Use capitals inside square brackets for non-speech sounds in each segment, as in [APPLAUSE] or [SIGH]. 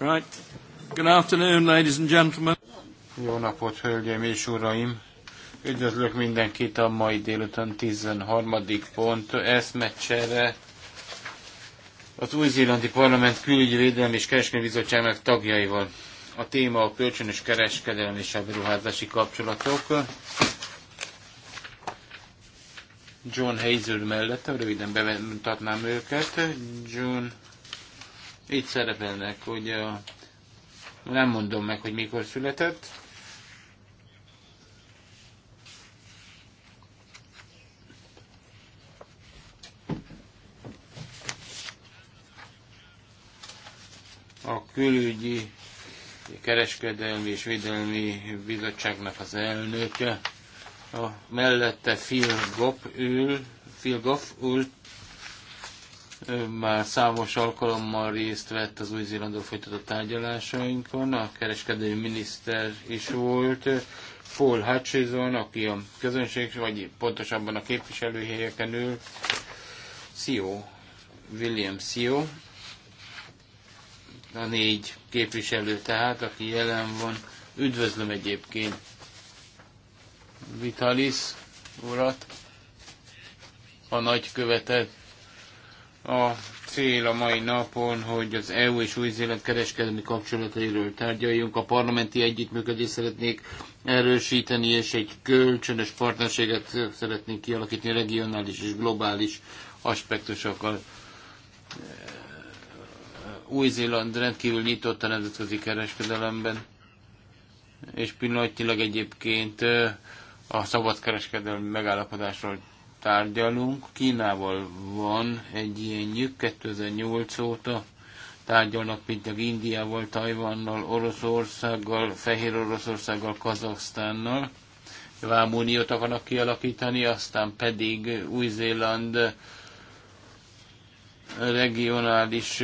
Right. Good afternoon, ladies and gentlemen. Jó napot, hölgyeim és uraim! Üdvözlök mindenkit a mai délután 13. pont eszmecsere. Az új-zélandi parlament védelmi és kereskedelmi bizottságnak tagjaival. A téma a kölcsönös kereskedelem és a beruházási kapcsolatok. John Hazel mellett, röviden bemutatnám őket. John itt szerepelnek, hogy a, nem mondom meg, hogy mikor született. A külügyi kereskedelmi és védelmi bizottságnak az elnöke. A mellette Phil Goff ül, Phil Goff ült, már számos alkalommal részt vett az Új-Zélandról folytatott tárgyalásainkon, a kereskedelmi miniszter is volt, Paul Hutchison, aki a közönség, vagy pontosabban a képviselőhelyeken ül, Szió, William Szió. a négy képviselő tehát, aki jelen van. Üdvözlöm egyébként Vitalis urat, a nagykövetet, a cél a mai napon, hogy az EU és Új-Zéland kereskedelmi kapcsolatairól tárgyaljunk. A parlamenti együttműködést szeretnék erősíteni, és egy kölcsönös partnerséget szeretnénk kialakítani regionális és globális aspektusokkal. Új-Zéland rendkívül nyitott a nemzetközi kereskedelemben, és pillanatnyilag egyébként a szabadkereskedelmi megállapodásról tárgyalunk. Kínával van egy ilyenjük 2008 óta. Tárgyalnak a Indiával, Tajvannal, Oroszországgal, Fehér Oroszországgal, Kazaksztánnal. Vámúniót akarnak kialakítani, aztán pedig Új-Zéland regionális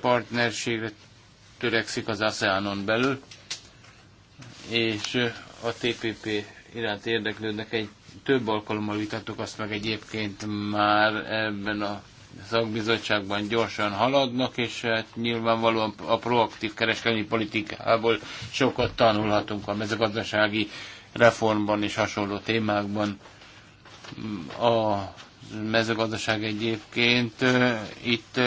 partnerségre törekszik az ASEAN-on belül, és a TPP iránt érdeklődnek egy több alkalommal vitattuk azt meg egyébként már ebben a szakbizottságban gyorsan haladnak, és hát nyilvánvalóan a proaktív kereskedelmi politikából sokat tanulhatunk a mezőgazdasági reformban és hasonló témákban. A mezőgazdaság egyébként itt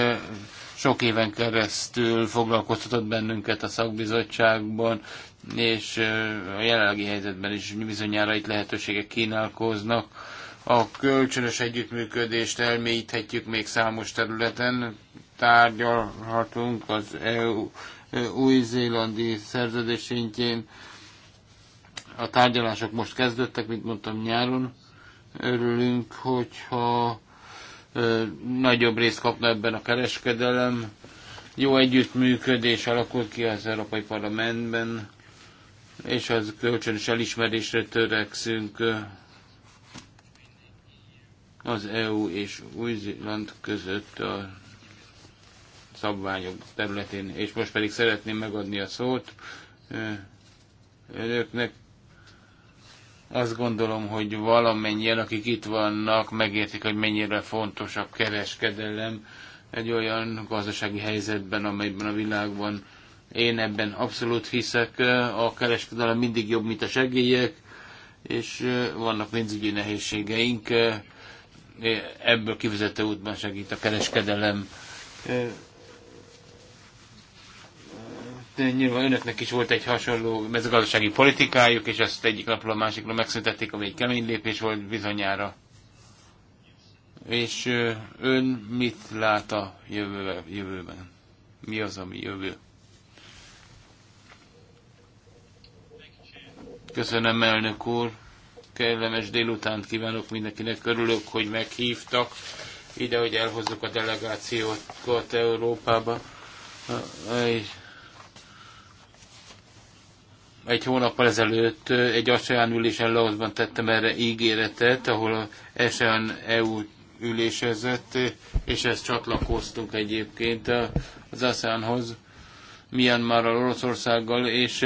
sok éven keresztül foglalkoztatott bennünket a szakbizottságban, és a jelenlegi helyzetben is bizonyára itt lehetőségek kínálkoznak. A kölcsönös együttműködést elmélyíthetjük még számos területen, tárgyalhatunk az EU új-zélandi szerződés szintjén. A tárgyalások most kezdődtek, mint mondtam nyáron. Örülünk, hogyha nagyobb részt kapna ebben a kereskedelem. Jó együttműködés alakult ki az Európai Parlamentben, és az kölcsönös elismerésre törekszünk az EU és Új-Zéland között a szabványok területén. És most pedig szeretném megadni a szót önöknek, azt gondolom, hogy valamennyien, akik itt vannak, megértik, hogy mennyire fontos a kereskedelem egy olyan gazdasági helyzetben, amelyben a világban én ebben abszolút hiszek. A kereskedelem mindig jobb, mint a segélyek, és vannak pénzügyi nehézségeink. Ebből kivezető útban segít a kereskedelem nyilván önöknek is volt egy hasonló mezőgazdasági politikájuk, és azt egyik napról a másikra megszüntették, ami egy kemény lépés volt bizonyára. És ön mit lát a jövőben? Mi az, ami jövő? Köszönöm, elnök úr! Kellemes délutánt kívánok mindenkinek. Örülök, hogy meghívtak ide, hogy elhozzuk a delegációkat Európába. És egy hónappal ezelőtt egy ASEAN ülésen Laosban tettem erre ígéretet, ahol ASEAN EU ülésezett, és ezt csatlakoztunk egyébként az ASEANhoz, már Oroszországgal, és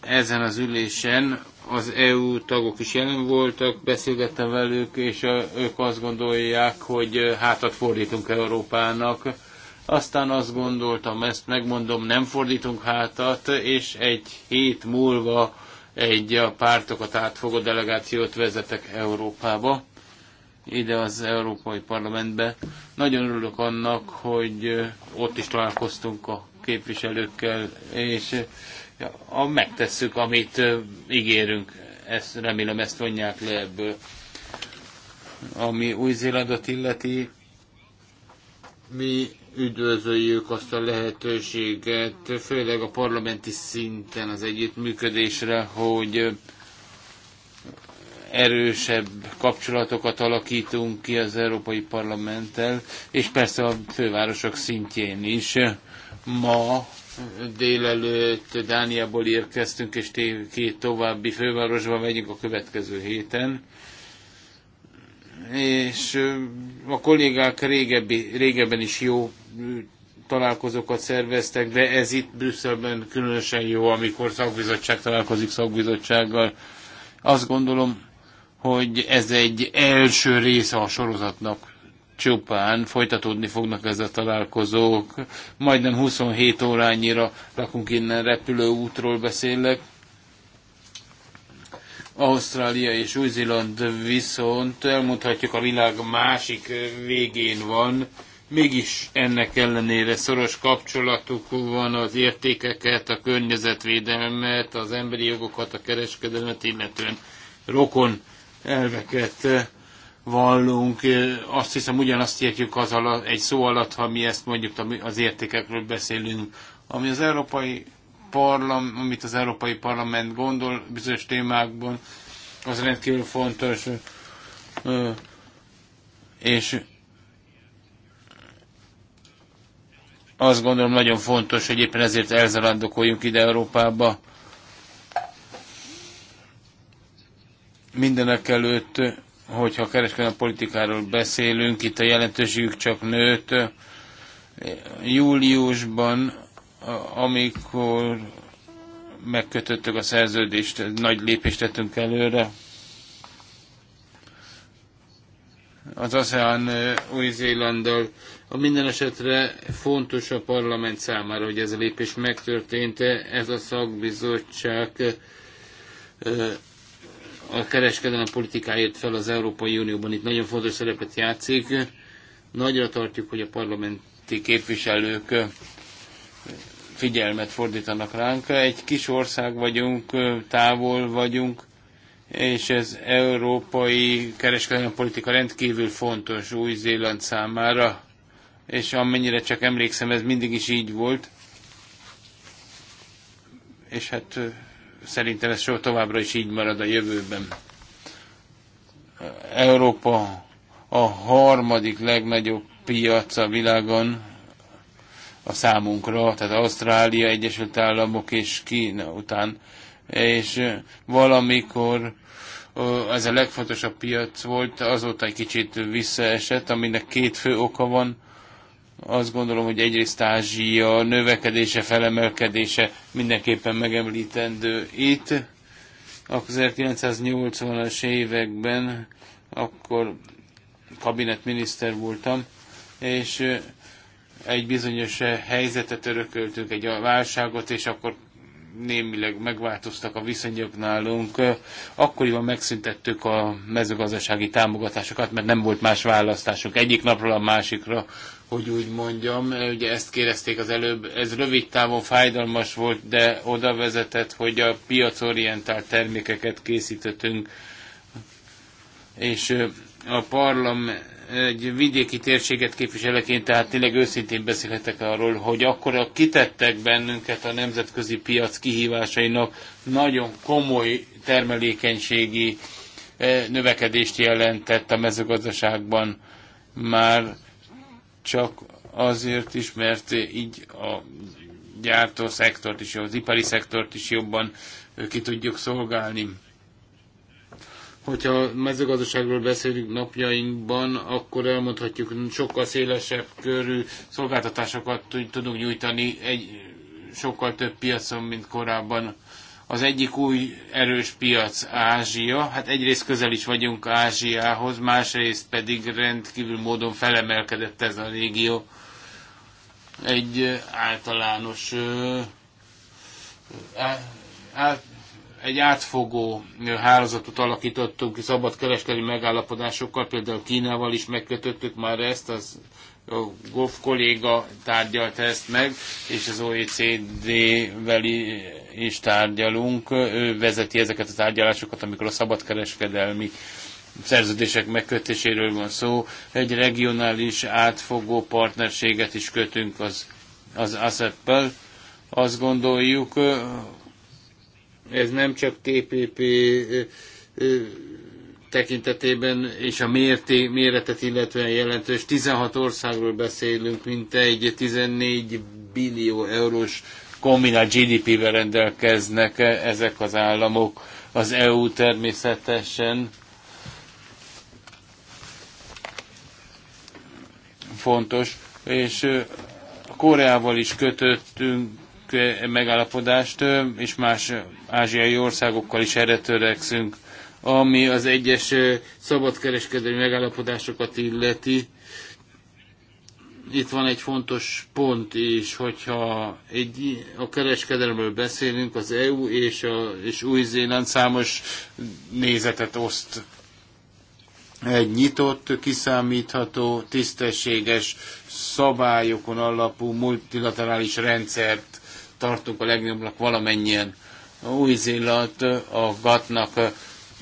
ezen az ülésen az EU tagok is jelen voltak, beszélgettem velük, és ők azt gondolják, hogy hátat fordítunk Európának, aztán azt gondoltam, ezt megmondom, nem fordítunk hátat, és egy hét múlva egy a pártokat átfogó delegációt vezetek Európába, ide az Európai Parlamentbe. Nagyon örülök annak, hogy ott is találkoztunk a képviselőkkel, és a, megtesszük, amit ígérünk. Ezt, remélem ezt vonják le ebből. Ami Új-Zélandot illeti, mi üdvözöljük azt a lehetőséget, főleg a parlamenti szinten az együttműködésre, hogy erősebb kapcsolatokat alakítunk ki az Európai Parlamenttel, és persze a fővárosok szintjén is. Ma délelőtt Dániából érkeztünk, és két további fővárosba megyünk a következő héten és a kollégák régebbi, régebben is jó találkozókat szerveztek, de ez itt Brüsszelben különösen jó, amikor szakbizottság találkozik szakbizottsággal. Azt gondolom, hogy ez egy első része a sorozatnak csupán folytatódni fognak ez a találkozók. Majdnem 27 órányira lakunk innen repülőútról beszélek. Ausztrália és Új-Zéland viszont elmondhatjuk a világ másik végén van, Mégis ennek ellenére szoros kapcsolatuk van az értékeket, a környezetvédelmet, az emberi jogokat, a kereskedelmet, illetően rokon elveket eh, vallunk. Eh, azt hiszem ugyanazt értjük az alatt, egy szó alatt, ha mi ezt mondjuk az értékekről beszélünk, ami az Európai Parlam, amit az Európai Parlament gondol bizonyos témákban, az rendkívül fontos. Eh, és azt gondolom nagyon fontos, hogy éppen ezért elzarándokoljunk ide Európába. Mindenek előtt, hogyha kereskedelmi politikáról beszélünk, itt a jelentőségük csak nőtt. Júliusban, amikor megkötöttük a szerződést, nagy lépést tettünk előre. Az ASEAN Új-Zélanddal a minden esetre fontos a parlament számára, hogy ez a lépés megtörtént. Ez a szakbizottság a kereskedelem politikáért fel az Európai Unióban itt nagyon fontos szerepet játszik. Nagyra tartjuk, hogy a parlamenti képviselők figyelmet fordítanak ránk. Egy kis ország vagyunk, távol vagyunk, és ez európai kereskedelmi politika rendkívül fontos Új-Zéland számára és amennyire csak emlékszem, ez mindig is így volt. És hát szerintem ez soha továbbra is így marad a jövőben. Európa a harmadik legnagyobb piac a világon a számunkra, tehát Ausztrália, Egyesült Államok és Kína után. És valamikor ez a legfontosabb piac volt, azóta egy kicsit visszaesett, aminek két fő oka van azt gondolom, hogy egyrészt Ázsia növekedése, felemelkedése mindenképpen megemlítendő itt. A 1980-as években akkor kabinetminiszter voltam, és egy bizonyos helyzetet örököltünk, egy válságot, és akkor némileg megváltoztak a viszonyok nálunk. Akkoriban megszüntettük a mezőgazdasági támogatásokat, mert nem volt más választásunk egyik napról a másikra, hogy úgy mondjam. Ugye ezt kérdezték az előbb, ez rövid távon fájdalmas volt, de oda vezetett, hogy a piacorientált termékeket készítettünk, és a parlament egy vidéki térséget képviseleként, tehát tényleg őszintén beszélhetek arról, hogy akkor a kitettek bennünket a nemzetközi piac kihívásainak nagyon komoly termelékenységi eh, növekedést jelentett a mezőgazdaságban már csak azért is, mert így a gyártószektort is, az ipari szektort is jobban ki tudjuk szolgálni hogyha mezőgazdaságról beszélünk napjainkban, akkor elmondhatjuk, hogy sokkal szélesebb körű szolgáltatásokat tudunk nyújtani egy sokkal több piacon, mint korábban. Az egyik új erős piac Ázsia, hát egyrészt közel is vagyunk Ázsiához, másrészt pedig rendkívül módon felemelkedett ez a régió. Egy általános egy átfogó hálózatot alakítottunk szabad kereskedelmi megállapodásokkal, például Kínával is megkötöttük már ezt, az a Goff kolléga tárgyalt ezt meg, és az OECD-vel is tárgyalunk. Ő vezeti ezeket a tárgyalásokat, amikor a szabadkereskedelmi szerződések megkötéséről van szó. Egy regionális átfogó partnerséget is kötünk az, az ASEP-pel. Azt gondoljuk, ez nem csak TPP tekintetében és a mérté, méretet illetően jelentős. 16 országról beszélünk, mint egy 14 billió eurós kombinált GDP-vel rendelkeznek ezek az államok. Az EU természetesen fontos, és Koreával is kötöttünk megállapodást, és más ázsiai országokkal is erre törekszünk, ami az egyes szabadkereskedelmi megállapodásokat illeti. Itt van egy fontos pont is, hogyha egy, a kereskedelemről beszélünk, az EU és, a, és Új-Zéland számos nézetet oszt egy nyitott, kiszámítható, tisztességes szabályokon alapú multilaterális rendszert tartunk a legjobbnak valamennyien. Új-Zéland a GATT-nak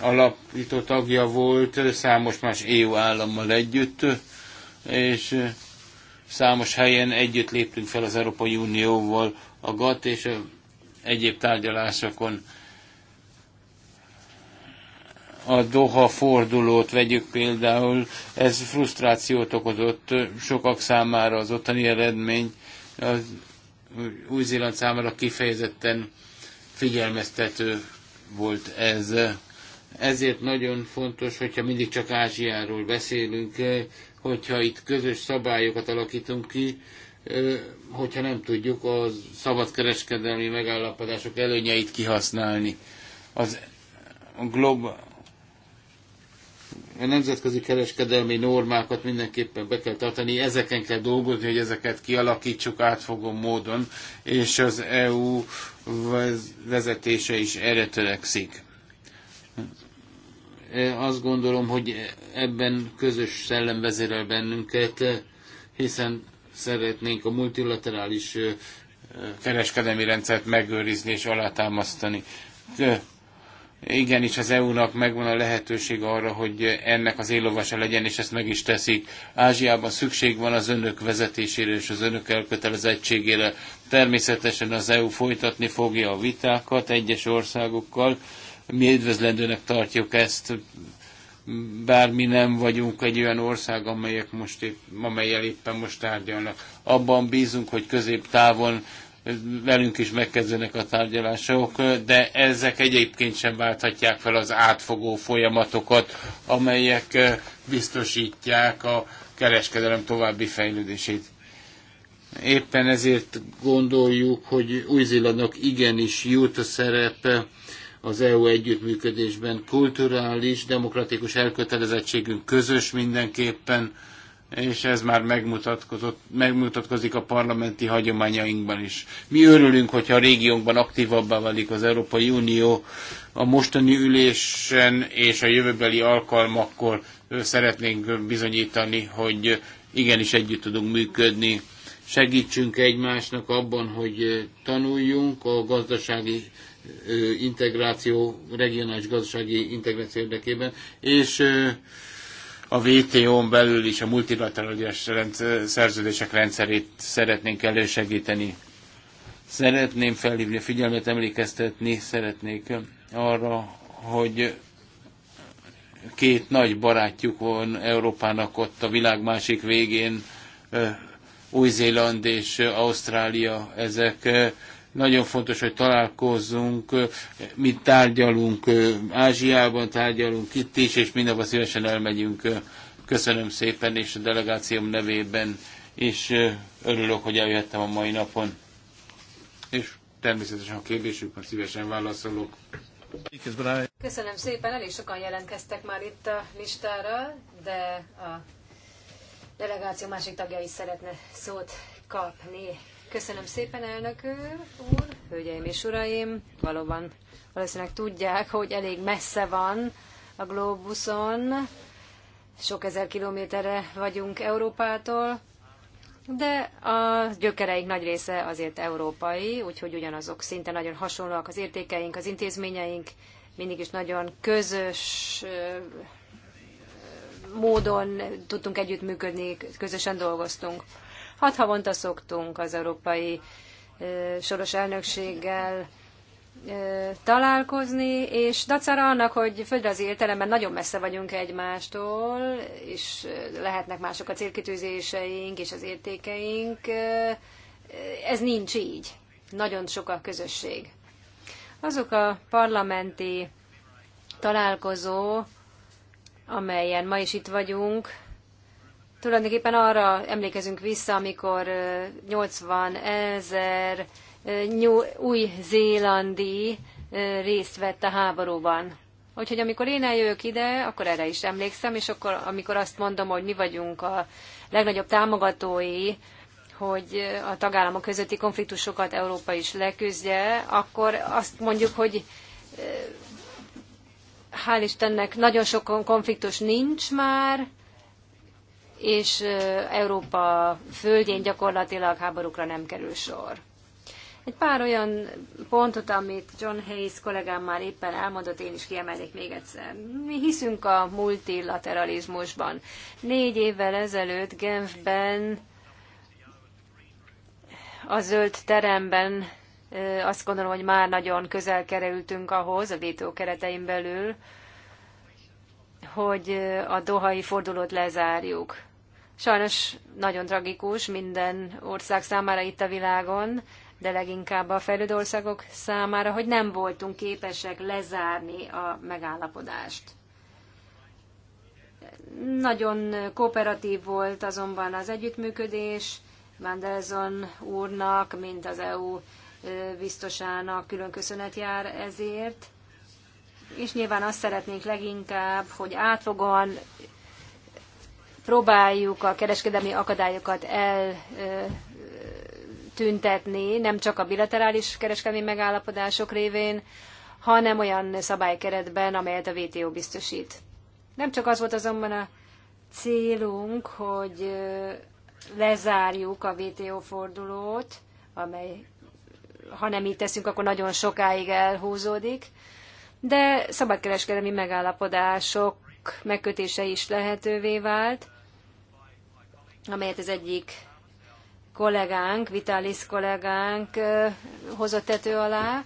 alapító tagja volt számos más EU állammal együtt, és számos helyen együtt léptünk fel az Európai Unióval a GATT és egyéb tárgyalásokon. A Doha fordulót vegyük például, ez frusztrációt okozott sokak számára az ottani eredmény. Az új-Zéland számára kifejezetten figyelmeztető volt ez. Ezért nagyon fontos, hogyha mindig csak Ázsiáról beszélünk, hogyha itt közös szabályokat alakítunk ki, hogyha nem tudjuk a szabadkereskedelmi megállapodások előnyeit kihasználni. Az a a nemzetközi kereskedelmi normákat mindenképpen be kell tartani, ezeken kell dolgozni, hogy ezeket kialakítsuk átfogó módon, és az EU vezetése is erre törekszik. Azt gondolom, hogy ebben közös szellem vezérel bennünket, hiszen szeretnénk a multilaterális kereskedelmi rendszert megőrizni és alátámasztani igenis az EU-nak megvan a lehetőség arra, hogy ennek az élovasa legyen, és ezt meg is teszik. Ázsiában szükség van az önök vezetésére és az önök elkötelezettségére. Természetesen az EU folytatni fogja a vitákat egyes országokkal. Mi üdvözlendőnek tartjuk ezt, bár mi nem vagyunk egy olyan ország, amelyek most épp, amelyel éppen most tárgyalnak. Abban bízunk, hogy középtávon velünk is megkezdenek a tárgyalások, de ezek egyébként sem válthatják fel az átfogó folyamatokat, amelyek eh, biztosítják a kereskedelem további fejlődését. Éppen ezért gondoljuk, hogy Új-Zélandnak igenis jut a szerepe az EU együttműködésben. Kulturális, demokratikus elkötelezettségünk közös mindenképpen, és ez már megmutatkozott, megmutatkozik a parlamenti hagyományainkban is. Mi örülünk, hogyha a régiónkban aktívabbá válik az Európai Unió a mostani ülésen és a jövőbeli alkalmakkor szeretnénk bizonyítani, hogy igenis együtt tudunk működni. Segítsünk egymásnak abban, hogy tanuljunk a gazdasági integráció, regionális gazdasági integráció érdekében, és a WTO-n belül is a multilaterális szerződések rendszerét szeretnénk elősegíteni. Szeretném felhívni a figyelmet, emlékeztetni szeretnék arra, hogy két nagy barátjuk van Európának ott a világ másik végén, Új-Zéland és Ausztrália, ezek nagyon fontos, hogy találkozzunk, mi tárgyalunk, Ázsiában tárgyalunk itt is, és mindenhova szívesen elmegyünk. Köszönöm szépen, és a delegációm nevében, és örülök, hogy eljöttem a mai napon. És természetesen a kérdésükben szívesen válaszolok. Köszönöm szépen, elég sokan jelentkeztek már itt a listára, de a delegáció másik tagja is szeretne szót kapni. Köszönöm szépen, elnök úr, hölgyeim és uraim. Valóban valószínűleg tudják, hogy elég messze van a globuson, Sok ezer kilométerre vagyunk Európától, de a gyökereik nagy része azért európai, úgyhogy ugyanazok szinte nagyon hasonlóak az értékeink, az intézményeink, mindig is nagyon közös módon tudtunk együttműködni, közösen dolgoztunk. Hat havonta szoktunk az európai soros elnökséggel találkozni, és dacára annak, hogy földrajzi értelemben nagyon messze vagyunk egymástól, és lehetnek mások a célkitűzéseink és az értékeink, ez nincs így. Nagyon sok a közösség. Azok a parlamenti találkozó, amelyen ma is itt vagyunk, Tulajdonképpen arra emlékezünk vissza, amikor 80 ezer új zélandi részt vett a háborúban. Úgyhogy amikor én eljövök ide, akkor erre is emlékszem, és akkor amikor azt mondom, hogy mi vagyunk a legnagyobb támogatói, hogy a tagállamok közötti konfliktusokat Európa is leküzdje, akkor azt mondjuk, hogy hál' Istennek nagyon sok konfliktus nincs már, és Európa földjén gyakorlatilag háborúkra nem kerül sor. Egy pár olyan pontot, amit John Hayes kollégám már éppen elmondott, én is kiemelnék még egyszer. Mi hiszünk a multilateralizmusban. Négy évvel ezelőtt Genfben, a zöld teremben azt gondolom, hogy már nagyon közel kerültünk ahhoz, a vétó keretein belül, hogy a dohai fordulót lezárjuk. Sajnos nagyon tragikus minden ország számára itt a világon, de leginkább a fejlődő országok számára, hogy nem voltunk képesek lezárni a megállapodást. Nagyon kooperatív volt azonban az együttműködés Mandelson úrnak, mint az EU biztosának külön köszönet jár ezért. És nyilván azt szeretnénk leginkább, hogy átfogóan próbáljuk a kereskedelmi akadályokat eltüntetni, nem csak a bilaterális kereskedelmi megállapodások révén, hanem olyan szabálykeretben, amelyet a WTO biztosít. Nem csak az volt azonban a célunk, hogy lezárjuk a WTO fordulót, amely ha nem így teszünk, akkor nagyon sokáig elhúzódik, de szabadkereskedelmi megállapodások megkötése is lehetővé vált, amelyet az egyik kollégánk, Vitalis kollégánk hozott tető alá,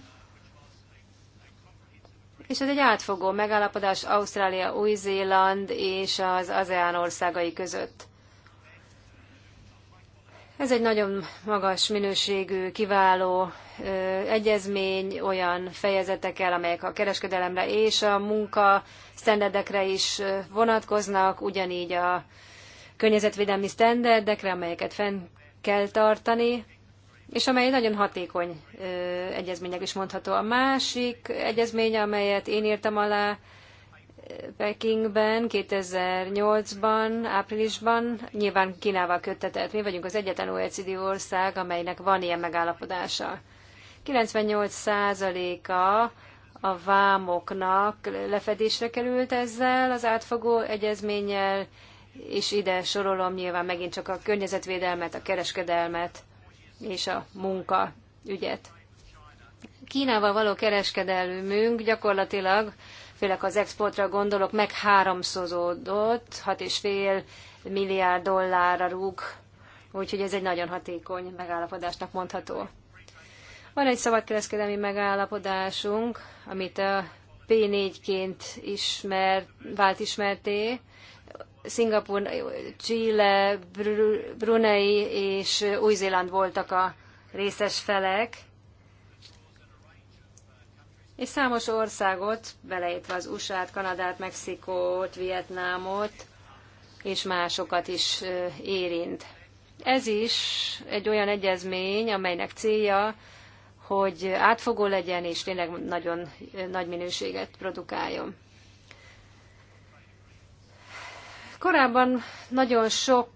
és ez egy átfogó megállapodás Ausztrália, Új-Zéland és az ASEAN országai között. Ez egy nagyon magas minőségű, kiváló ö, egyezmény olyan fejezetekkel, amelyek a kereskedelemre és a munka standardekre is vonatkoznak, ugyanígy a környezetvédelmi sztenderdekre, amelyeket fenn kell tartani, és amely nagyon hatékony ö, egyezménynek is mondható. A másik egyezmény, amelyet én írtam alá Pekingben 2008-ban, áprilisban, nyilván Kínával köttetett. Mi vagyunk az egyetlen OECD ország, amelynek van ilyen megállapodása. 98%-a a vámoknak lefedésre került ezzel az átfogó egyezménnyel, és ide sorolom nyilván megint csak a környezetvédelmet, a kereskedelmet és a munka ügyet. Kínával való kereskedelmünk gyakorlatilag, főleg az exportra gondolok, meg háromszozódott, 6,5 milliárd dollárra rúg, úgyhogy ez egy nagyon hatékony megállapodásnak mondható. Van egy szabadkereskedelmi megállapodásunk, amit a P4-ként ismer, vált ismerté, Szingapur, Chile, Brunei és Új-Zéland voltak a részes felek, és számos országot, beleértve az USA-t, Kanadát, Mexikót, Vietnámot és másokat is érint. Ez is egy olyan egyezmény, amelynek célja, hogy átfogó legyen és tényleg nagyon nagy minőséget produkáljon. Korábban nagyon sok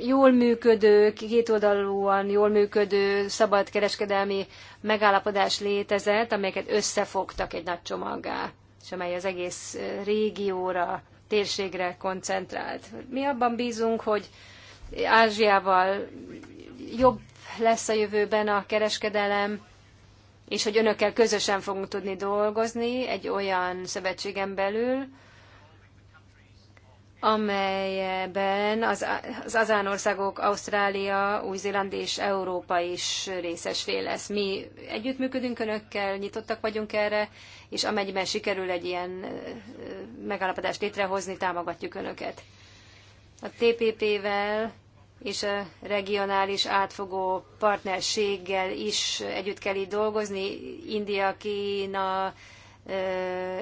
jól működő, kétoldalúan jól működő szabadkereskedelmi megállapodás létezett, amelyeket összefogtak egy nagy csomaggá, és amely az egész régióra, térségre koncentrált. Mi abban bízunk, hogy Ázsiával jobb lesz a jövőben a kereskedelem, és hogy önökkel közösen fogunk tudni dolgozni egy olyan szövetségen belül, amelyben az, az azán országok, Ausztrália, Új-Zéland és Európa is részes fél lesz. Mi együttműködünk önökkel, nyitottak vagyunk erre, és amennyiben sikerül egy ilyen megállapodást létrehozni, támogatjuk önöket. A TPP-vel és a regionális átfogó partnerséggel is együtt kell így dolgozni. India, Kína,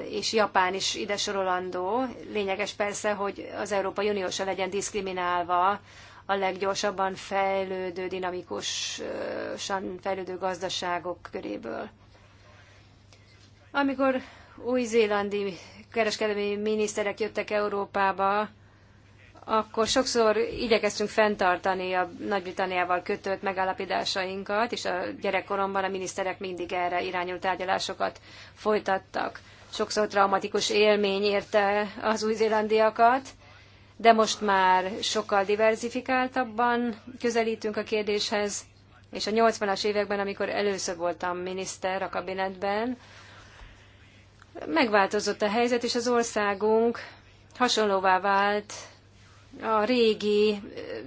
és Japán is ide sorolandó. Lényeges persze, hogy az Európai Unió se legyen diszkriminálva a leggyorsabban fejlődő, dinamikusan fejlődő gazdaságok köréből. Amikor új-zélandi kereskedelmi miniszterek jöttek Európába, akkor sokszor igyekeztünk fenntartani a Nagy-Britanniával kötött megállapításainkat, és a gyerekkoromban a miniszterek mindig erre irányuló tárgyalásokat folytattak. Sokszor traumatikus élmény érte az új-zélandiakat, de most már sokkal diversifikáltabban közelítünk a kérdéshez, és a 80-as években, amikor először voltam miniszter a kabinetben, megváltozott a helyzet, és az országunk hasonlóvá vált a régi eh,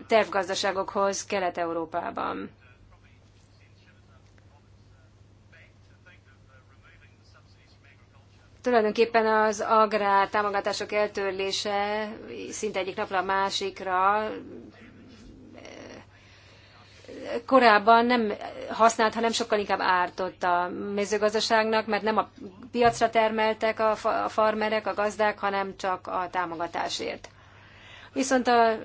tervgazdaságokhoz Kelet-Európában. Tulajdonképpen az agrár támogatások eltörlése szinte egyik napra a másikra eh, korábban nem használt, hanem sokkal inkább ártott a mezőgazdaságnak, mert nem a piacra termeltek a farmerek, a gazdák, hanem csak a támogatásért viszont a,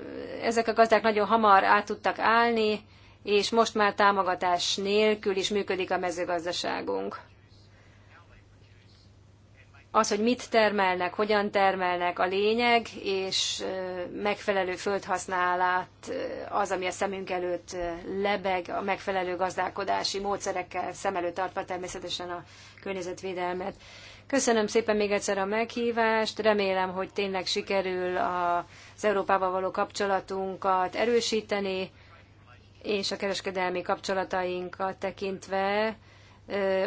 ezek a gazdák nagyon hamar át tudtak állni, és most már támogatás nélkül is működik a mezőgazdaságunk. Az, hogy mit termelnek, hogyan termelnek a lényeg, és megfelelő földhasználát az, ami a szemünk előtt lebeg, a megfelelő gazdálkodási módszerekkel szem előtt tartva természetesen a környezetvédelmet. Köszönöm szépen még egyszer a meghívást, remélem, hogy tényleg sikerül a az Európával való kapcsolatunkat erősíteni, és a kereskedelmi kapcsolatainkat tekintve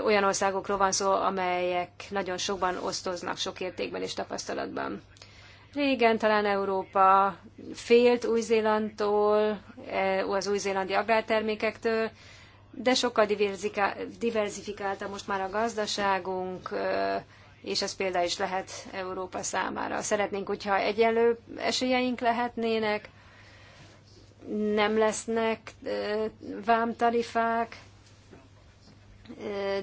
olyan országokról van szó, amelyek nagyon sokban osztoznak, sok értékben és tapasztalatban. Régen talán Európa félt Új-Zélandtól, e, az új-zélandi agrártermékektől, de sokkal diverzifikálta most már a gazdaságunk, és ez példa is lehet Európa számára. Szeretnénk, hogyha egyenlő esélyeink lehetnének, nem lesznek vámtarifák,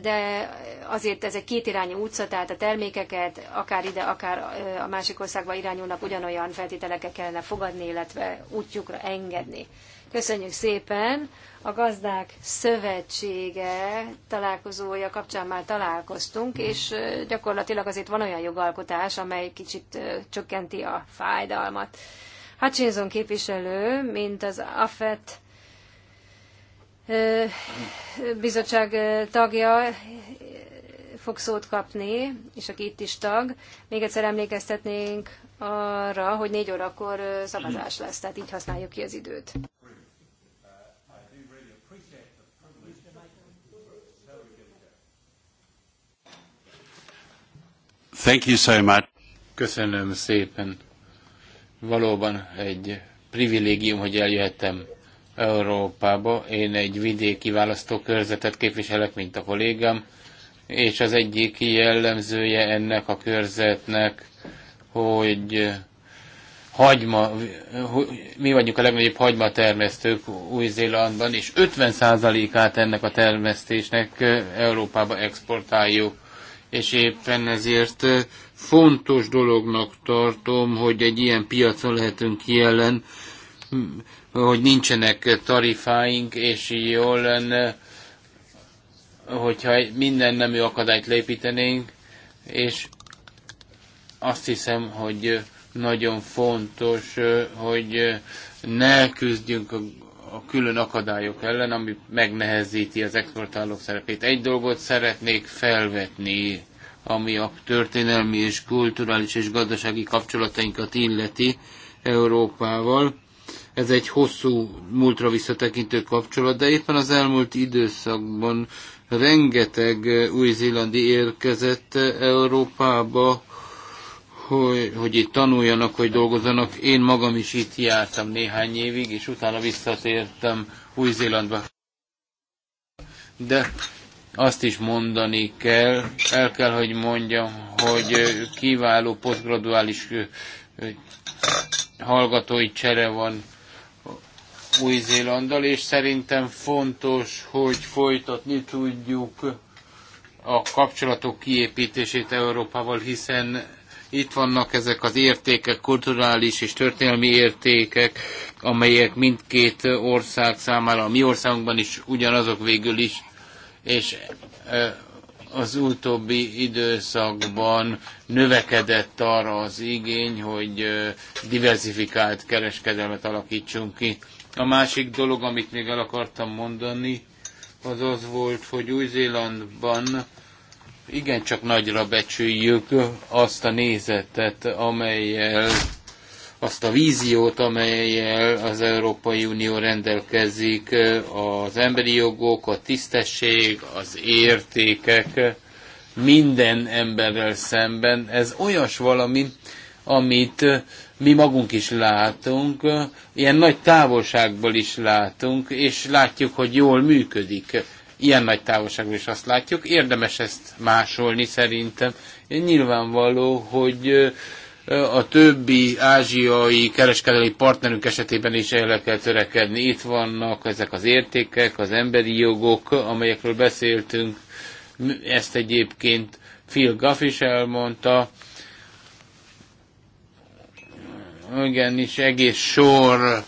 de azért ez egy kétirányú utca, tehát a termékeket akár ide, akár a másik országba irányulnak, ugyanolyan feltételekkel kellene fogadni, illetve útjukra engedni. Köszönjük szépen! A Gazdák Szövetsége találkozója kapcsán már találkoztunk, és gyakorlatilag azért van olyan jogalkotás, amely kicsit csökkenti a fájdalmat. Hutchinson képviselő, mint az AFET bizottság tagja fog szót kapni, és aki itt is tag. Még egyszer emlékeztetnénk arra, hogy négy órakor szavazás lesz, tehát így használjuk ki az időt. Thank you so much. Köszönöm szépen. Valóban egy privilégium, hogy eljöhettem Európába. Én egy vidéki választókörzetet képviselek, mint a kollégám, és az egyik jellemzője ennek a körzetnek, hogy hagyma, mi vagyunk a legnagyobb hagymatermesztők Új-Zélandban, és 50%-át ennek a termesztésnek Európába exportáljuk és éppen ezért eh, fontos dolognak tartom, hogy egy ilyen piacon lehetünk jelen, hm, hogy nincsenek tarifáink, és jól lenne, hogyha minden nemű akadályt lépítenénk, és azt hiszem, hogy nagyon fontos, eh, hogy eh, ne küzdjünk a külön akadályok ellen, ami megnehezíti az exportálók szerepét. Egy dolgot szeretnék felvetni, ami a történelmi és kulturális és gazdasági kapcsolatainkat illeti Európával. Ez egy hosszú múltra visszatekintő kapcsolat, de éppen az elmúlt időszakban rengeteg új-zélandi érkezett Európába, hogy, hogy itt tanuljanak, hogy dolgozzanak. Én magam is itt jártam néhány évig, és utána visszatértem Új-Zélandba. De azt is mondani kell, el kell, hogy mondjam, hogy kiváló posztgraduális hallgatói csere van Új-Zélanddal, és szerintem fontos, hogy folytatni tudjuk a kapcsolatok kiépítését Európával, hiszen itt vannak ezek az értékek, kulturális és történelmi értékek, amelyek mindkét ország számára, a mi országunkban is ugyanazok végül is, és az utóbbi időszakban növekedett arra az igény, hogy diversifikált kereskedelmet alakítsunk ki. A másik dolog, amit még el akartam mondani, az az volt, hogy Új-Zélandban igencsak nagyra becsüljük azt a nézetet, amelyel azt a víziót, amelyel az Európai Unió rendelkezik, az emberi jogok, a tisztesség, az értékek minden emberrel szemben. Ez olyas valami, amit mi magunk is látunk, ilyen nagy távolságból is látunk, és látjuk, hogy jól működik ilyen nagy távolságban is azt látjuk. Érdemes ezt másolni szerintem. Én Nyilvánvaló, hogy a többi ázsiai kereskedelmi partnerünk esetében is el kell törekedni. Itt vannak ezek az értékek, az emberi jogok, amelyekről beszéltünk. Ezt egyébként Phil Gaff is elmondta. Igen, és egész sor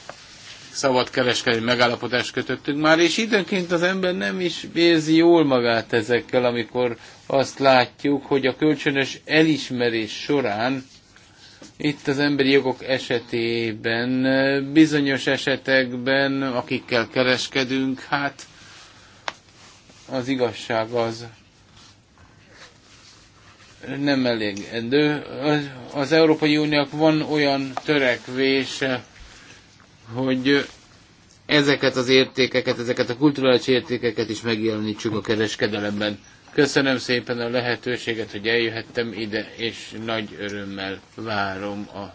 szabad kereskedelmi megállapodást kötöttünk már, és időnként az ember nem is érzi jól magát ezekkel, amikor azt látjuk, hogy a kölcsönös elismerés során itt az emberi jogok esetében, bizonyos esetekben, akikkel kereskedünk, hát az igazság az nem elég De Az Európai Uniónak van olyan törekvése, hogy ezeket az értékeket, ezeket a kulturális értékeket is megjelenítsük a kereskedelemben. Köszönöm szépen a lehetőséget, hogy eljöhettem ide, és nagy örömmel várom a,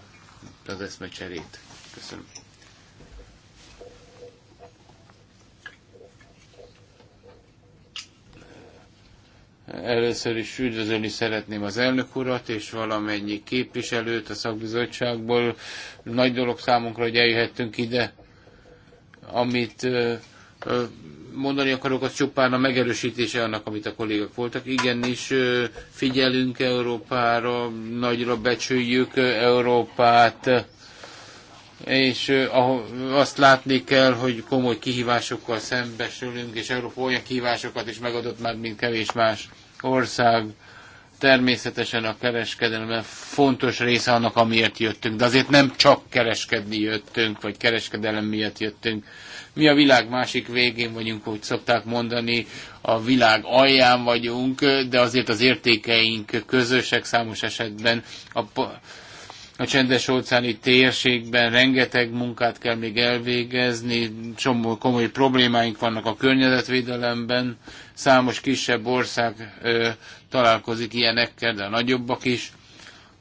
az eszmecserét. Köszönöm. Először is üdvözölni szeretném az elnök urat és valamennyi képviselőt a szakbizottságból. Nagy dolog számunkra, hogy eljöhettünk ide. Amit mondani akarok, az csupán a megerősítése annak, amit a kollégák voltak. Igenis figyelünk Európára, nagyra becsüljük Európát és azt látni kell, hogy komoly kihívásokkal szembesülünk, és Európa olyan kihívásokat is megadott már, mint kevés más ország. Természetesen a kereskedelem fontos része annak, amiért jöttünk, de azért nem csak kereskedni jöttünk, vagy kereskedelem miatt jöttünk. Mi a világ másik végén vagyunk, hogy szokták mondani, a világ alján vagyunk, de azért az értékeink közösek számos esetben. A a csendes óceáni térségben rengeteg munkát kell még elvégezni, csomó komoly problémáink vannak a környezetvédelemben, számos kisebb ország ö, találkozik ilyenekkel, de a nagyobbak is,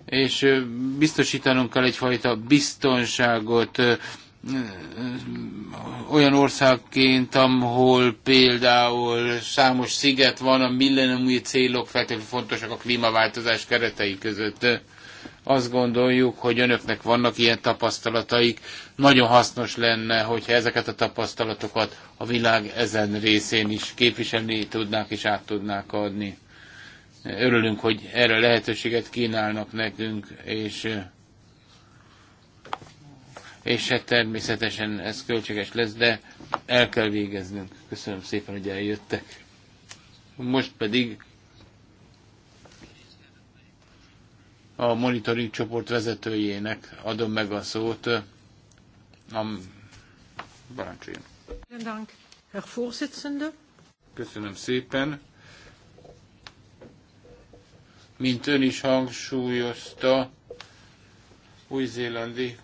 és ö, biztosítanunk kell egyfajta biztonságot ö, olyan országként, ahol például számos sziget van, a millenniumi célok feltétlenül fontosak a klímaváltozás keretei között. Azt gondoljuk, hogy önöknek vannak ilyen tapasztalataik. Nagyon hasznos lenne, hogyha ezeket a tapasztalatokat a világ ezen részén is képviselni tudnák és át tudnák adni. Örülünk, hogy erre lehetőséget kínálnak nekünk, és és hát természetesen ez költséges lesz, de el kell végeznünk. Köszönöm szépen, hogy eljöttek. Most pedig a monitoring csoport vezetőjének adom meg a szót. A Barancsén. Köszönöm szépen. Mint ön is hangsúlyozta, új-zélandi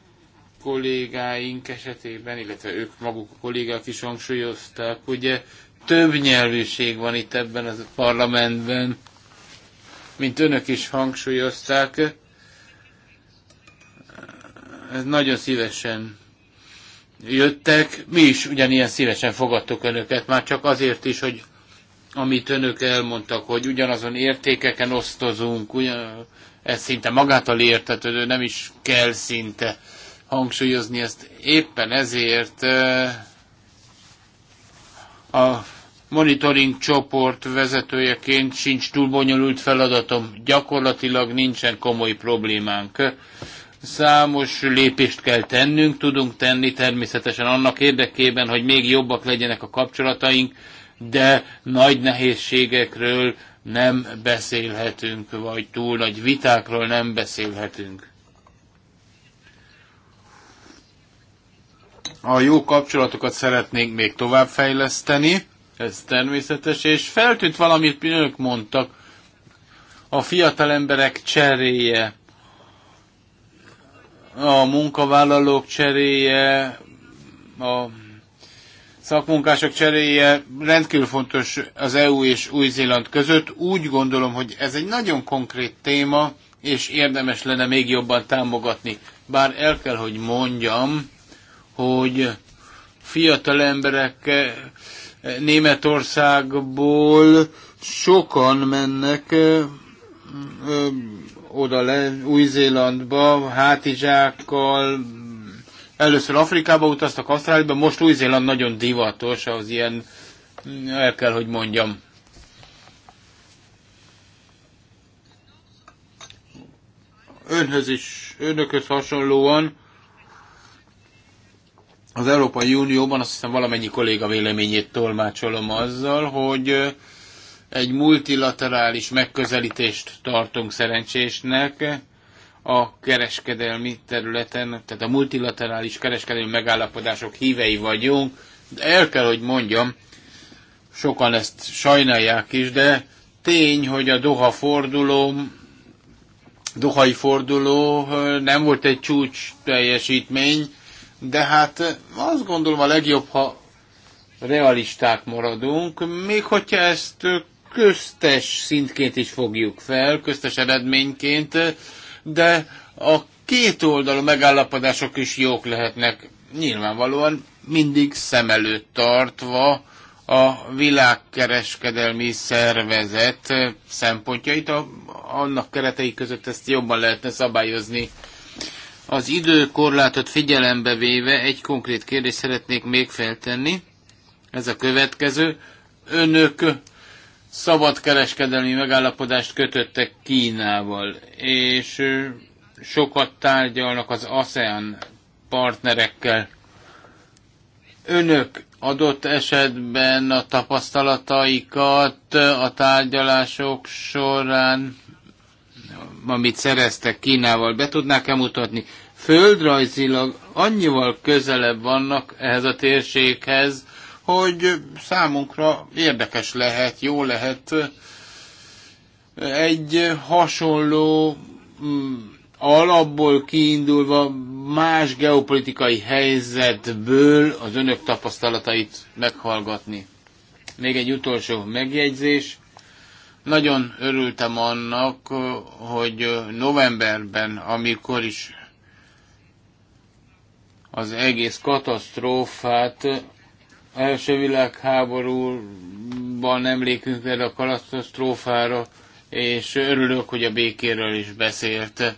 kollégáink esetében, illetve ők maguk a kollégák is hangsúlyozták, ugye több nyelvűség van itt ebben a parlamentben mint önök is hangsúlyozták, nagyon szívesen jöttek. Mi is ugyanilyen szívesen fogadtuk önöket, már csak azért is, hogy amit önök elmondtak, hogy ugyanazon értékeken osztozunk, ugyan, ez szinte magától értetődő, nem is kell szinte hangsúlyozni ezt. Éppen ezért eh, a monitoring csoport vezetőjeként sincs túl bonyolult feladatom, gyakorlatilag nincsen komoly problémánk. Számos lépést kell tennünk, tudunk tenni természetesen annak érdekében, hogy még jobbak legyenek a kapcsolataink, de nagy nehézségekről nem beszélhetünk, vagy túl nagy vitákról nem beszélhetünk. A jó kapcsolatokat szeretnénk még tovább fejleszteni. Ez természetes, és feltűnt valamit, mi önök mondtak, a fiatal emberek cseréje, a munkavállalók cseréje, a szakmunkások cseréje rendkívül fontos az EU és Új-Zéland között. Úgy gondolom, hogy ez egy nagyon konkrét téma, és érdemes lenne még jobban támogatni. Bár el kell, hogy mondjam, hogy fiatal emberek Németországból sokan mennek oda le Új-Zélandba, hátizsákkal, először Afrikába utaztak, Ausztráliába, most Új-Zéland nagyon divatos, az ilyen, el kell, hogy mondjam. Önhöz is, önökhöz hasonlóan az Európai Unióban, azt hiszem valamennyi kolléga véleményét tolmácsolom azzal, hogy egy multilaterális megközelítést tartunk szerencsésnek a kereskedelmi területen, tehát a multilaterális kereskedelmi megállapodások hívei vagyunk. De el kell, hogy mondjam, sokan ezt sajnálják is, de tény, hogy a Doha forduló, Dohai forduló nem volt egy csúcs teljesítmény, de hát eh, azt gondolom a legjobb, ha realisták maradunk, még hogyha ezt eh, köztes szintként is fogjuk fel, köztes eredményként, eh, de a két oldalú megállapodások is jók lehetnek, nyilvánvalóan mindig szem előtt tartva a világkereskedelmi szervezet szempontjait, a, annak keretei között ezt jobban lehetne szabályozni. Az időkorlátot figyelembe véve egy konkrét kérdést szeretnék még feltenni. Ez a következő. Önök szabadkereskedelmi megállapodást kötöttek Kínával, és sokat tárgyalnak az ASEAN partnerekkel. Önök adott esetben a tapasztalataikat a tárgyalások során amit szereztek Kínával, be tudnák-e mutatni? Földrajzilag annyival közelebb vannak ehhez a térséghez, hogy számunkra érdekes lehet, jó lehet egy hasonló mm, alapból kiindulva más geopolitikai helyzetből az önök tapasztalatait meghallgatni. Még egy utolsó megjegyzés. Nagyon örültem annak, hogy novemberben, amikor is az egész katasztrófát első világháborúban emlékünk erre a katasztrófára, és örülök, hogy a békéről is beszélt.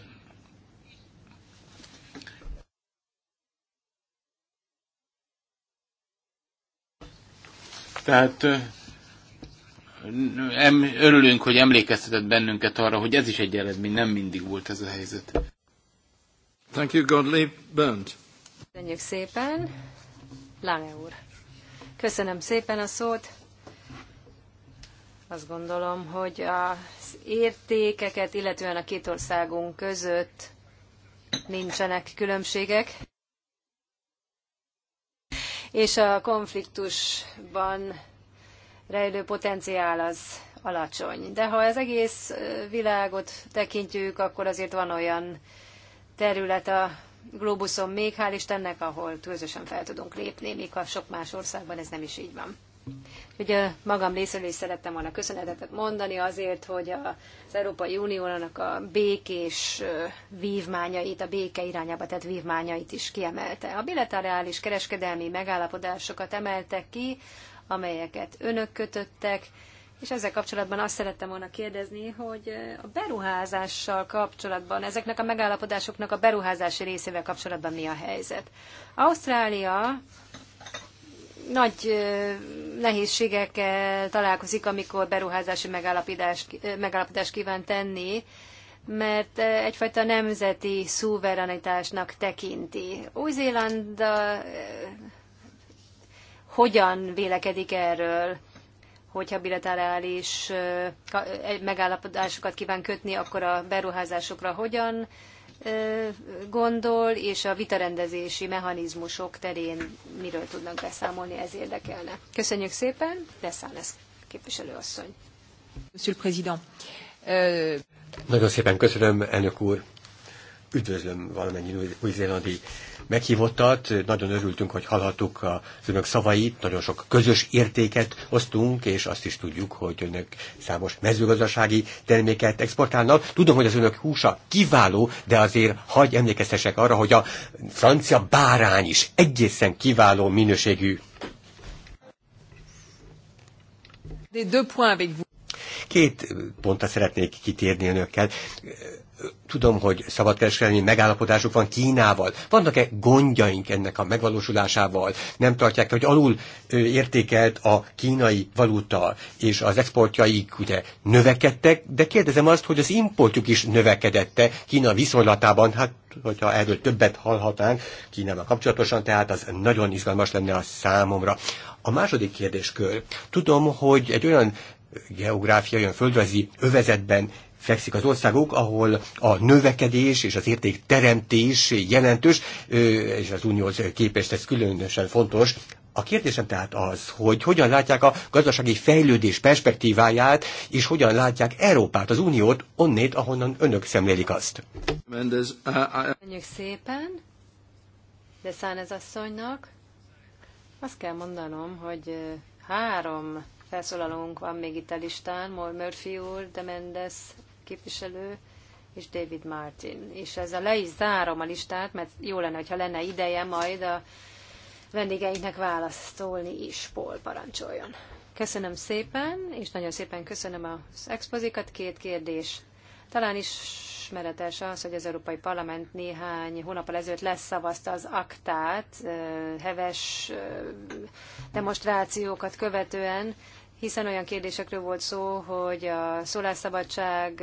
Tehát em, örülünk, hogy emlékeztetett bennünket arra, hogy ez is egy eredmény, nem mindig volt ez a helyzet. Thank you, Godley Bernd. Köszönjük szépen. Lange úr. Köszönöm szépen a szót. Azt gondolom, hogy az értékeket, illetően a két országunk között nincsenek különbségek. És a konfliktusban rejlő potenciál az alacsony. De ha az egész világot tekintjük, akkor azért van olyan terület a globuszon még, hál' Istennek, ahol tőzösen fel tudunk lépni, míg a sok más országban ez nem is így van. Ugye magam részéről is szerettem volna köszönetet mondani azért, hogy az Európai Uniónak a békés vívmányait, a béke irányába tett vívmányait is kiemelte. A bilaterális kereskedelmi megállapodásokat emelte ki amelyeket önök kötöttek, és ezzel kapcsolatban azt szerettem volna kérdezni, hogy a beruházással kapcsolatban, ezeknek a megállapodásoknak a beruházási részével kapcsolatban mi a helyzet? Ausztrália nagy nehézségekkel találkozik, amikor beruházási megállapodást, megállapodást kíván tenni, mert egyfajta nemzeti szuverenitásnak tekinti. Új-Zéland hogyan vélekedik erről, hogyha bilaterális megállapodásokat kíván kötni, akkor a beruházásokra hogyan gondol, és a vitarendezési mechanizmusok terén miről tudnak beszámolni, ez érdekelne. Köszönjük szépen, Leszánesz képviselőasszony. Monsieur le Président. Nagyon szépen köszönöm, elnök úr. Üdvözlöm valamennyi új-zélandi meghívottat. Nagyon örültünk, hogy hallhattuk az önök szavait, nagyon sok közös értéket osztunk, és azt is tudjuk, hogy önök számos mezőgazdasági terméket exportálnak. Tudom, hogy az önök húsa kiváló, de azért hagy emlékeztesek arra, hogy a francia bárány is egészen kiváló minőségű. Két pontra szeretnék kitérni önökkel. Tudom, hogy szabadkereskedelmi megállapodásuk van Kínával. Vannak-e gondjaink ennek a megvalósulásával? Nem tartják, hogy alul értékelt a kínai valuta, és az exportjaik ugye növekedtek, de kérdezem azt, hogy az importjuk is növekedette Kína viszonylatában, hát hogyha erről többet hallhatnánk Kínával kapcsolatosan, tehát az nagyon izgalmas lenne a számomra. A második kérdéskör. Tudom, hogy egy olyan geográfiai, olyan földrajzi övezetben fekszik az országok, ahol a növekedés és az érték teremtés jelentős, és az unióhoz képest ez különösen fontos. A kérdésem tehát az, hogy hogyan látják a gazdasági fejlődés perspektíváját, és hogyan látják Európát, az Uniót onnét, ahonnan önök szemlélik azt. Mendez, Köszönjük szépen, de ez asszonynak. Azt kell mondanom, hogy három felszólalónk van még itt a listán, Murphy úr, de Mendes képviselő, és David Martin. És ezzel le is zárom a listát, mert jó lenne, ha lenne ideje majd a vendégeinknek válaszolni is, Paul parancsoljon. Köszönöm szépen, és nagyon szépen köszönöm az expozikat. Két kérdés. Talán ismeretes az, hogy az Európai Parlament néhány hónappal ezelőtt leszavazta az aktát, heves demonstrációkat követően, hiszen olyan kérdésekről volt szó, hogy a szólásszabadság,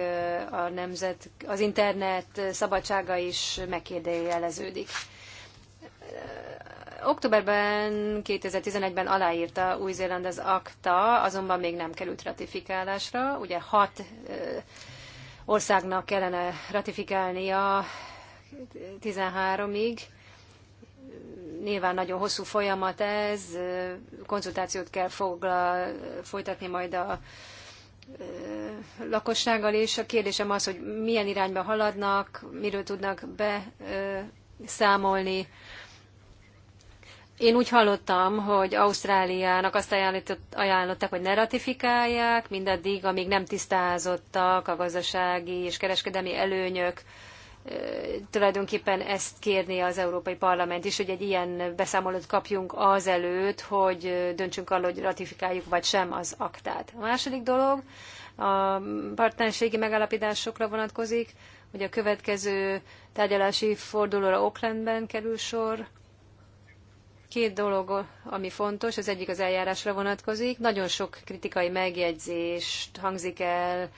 a nemzet, az internet szabadsága is megkérdőjeleződik. Októberben 2011-ben aláírta Új-Zéland az akta, azonban még nem került ratifikálásra. Ugye hat országnak kellene ratifikálnia 13-ig, Nyilván nagyon hosszú folyamat ez, konzultációt kell fogla, folytatni majd a lakossággal, és a kérdésem az, hogy milyen irányba haladnak, miről tudnak beszámolni. Én úgy hallottam, hogy Ausztráliának azt ajánlották, hogy ne ratifikálják, mindaddig, amíg nem tisztázottak a gazdasági és kereskedelmi előnyök, tulajdonképpen ezt kérné az Európai Parlament is, hogy egy ilyen beszámolót kapjunk azelőtt, hogy döntsünk arról, hogy ratifikáljuk vagy sem az aktát. A második dolog a partnerségi megállapításokra vonatkozik, hogy a következő tárgyalási fordulóra Oaklandben kerül sor. Két dolog, ami fontos, az egyik az eljárásra vonatkozik. Nagyon sok kritikai megjegyzést hangzik el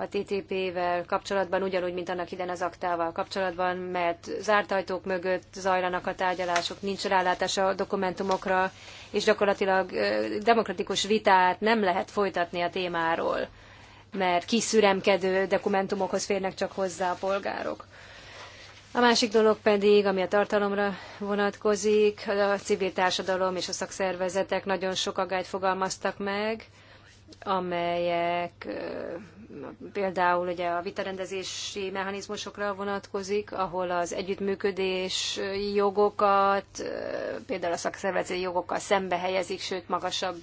a TTP-vel kapcsolatban, ugyanúgy, mint annak idén az aktával kapcsolatban, mert zárt ajtók mögött zajlanak a tárgyalások, nincs rálátás a dokumentumokra, és gyakorlatilag demokratikus vitát nem lehet folytatni a témáról, mert kiszüremkedő dokumentumokhoz férnek csak hozzá a polgárok. A másik dolog pedig, ami a tartalomra vonatkozik, a civil társadalom és a szakszervezetek nagyon sok agályt fogalmaztak meg, amelyek például ugye a vitarendezési mechanizmusokra vonatkozik, ahol az együttműködés jogokat, például a szakszervezeti jogokkal szembe helyezik, sőt magasabb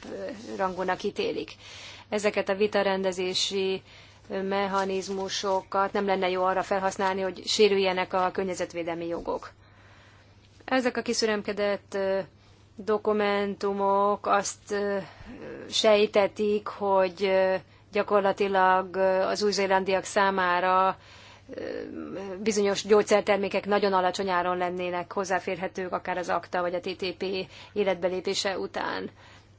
rangúnak ítélik. Ezeket a vitarendezési mechanizmusokat nem lenne jó arra felhasználni, hogy sérüljenek a környezetvédelmi jogok. Ezek a kiszüremkedett dokumentumok azt sejtetik, hogy gyakorlatilag az új-zélandiak számára bizonyos gyógyszertermékek nagyon alacsony áron lennének hozzáférhetők, akár az akta vagy a TTP életbelépése után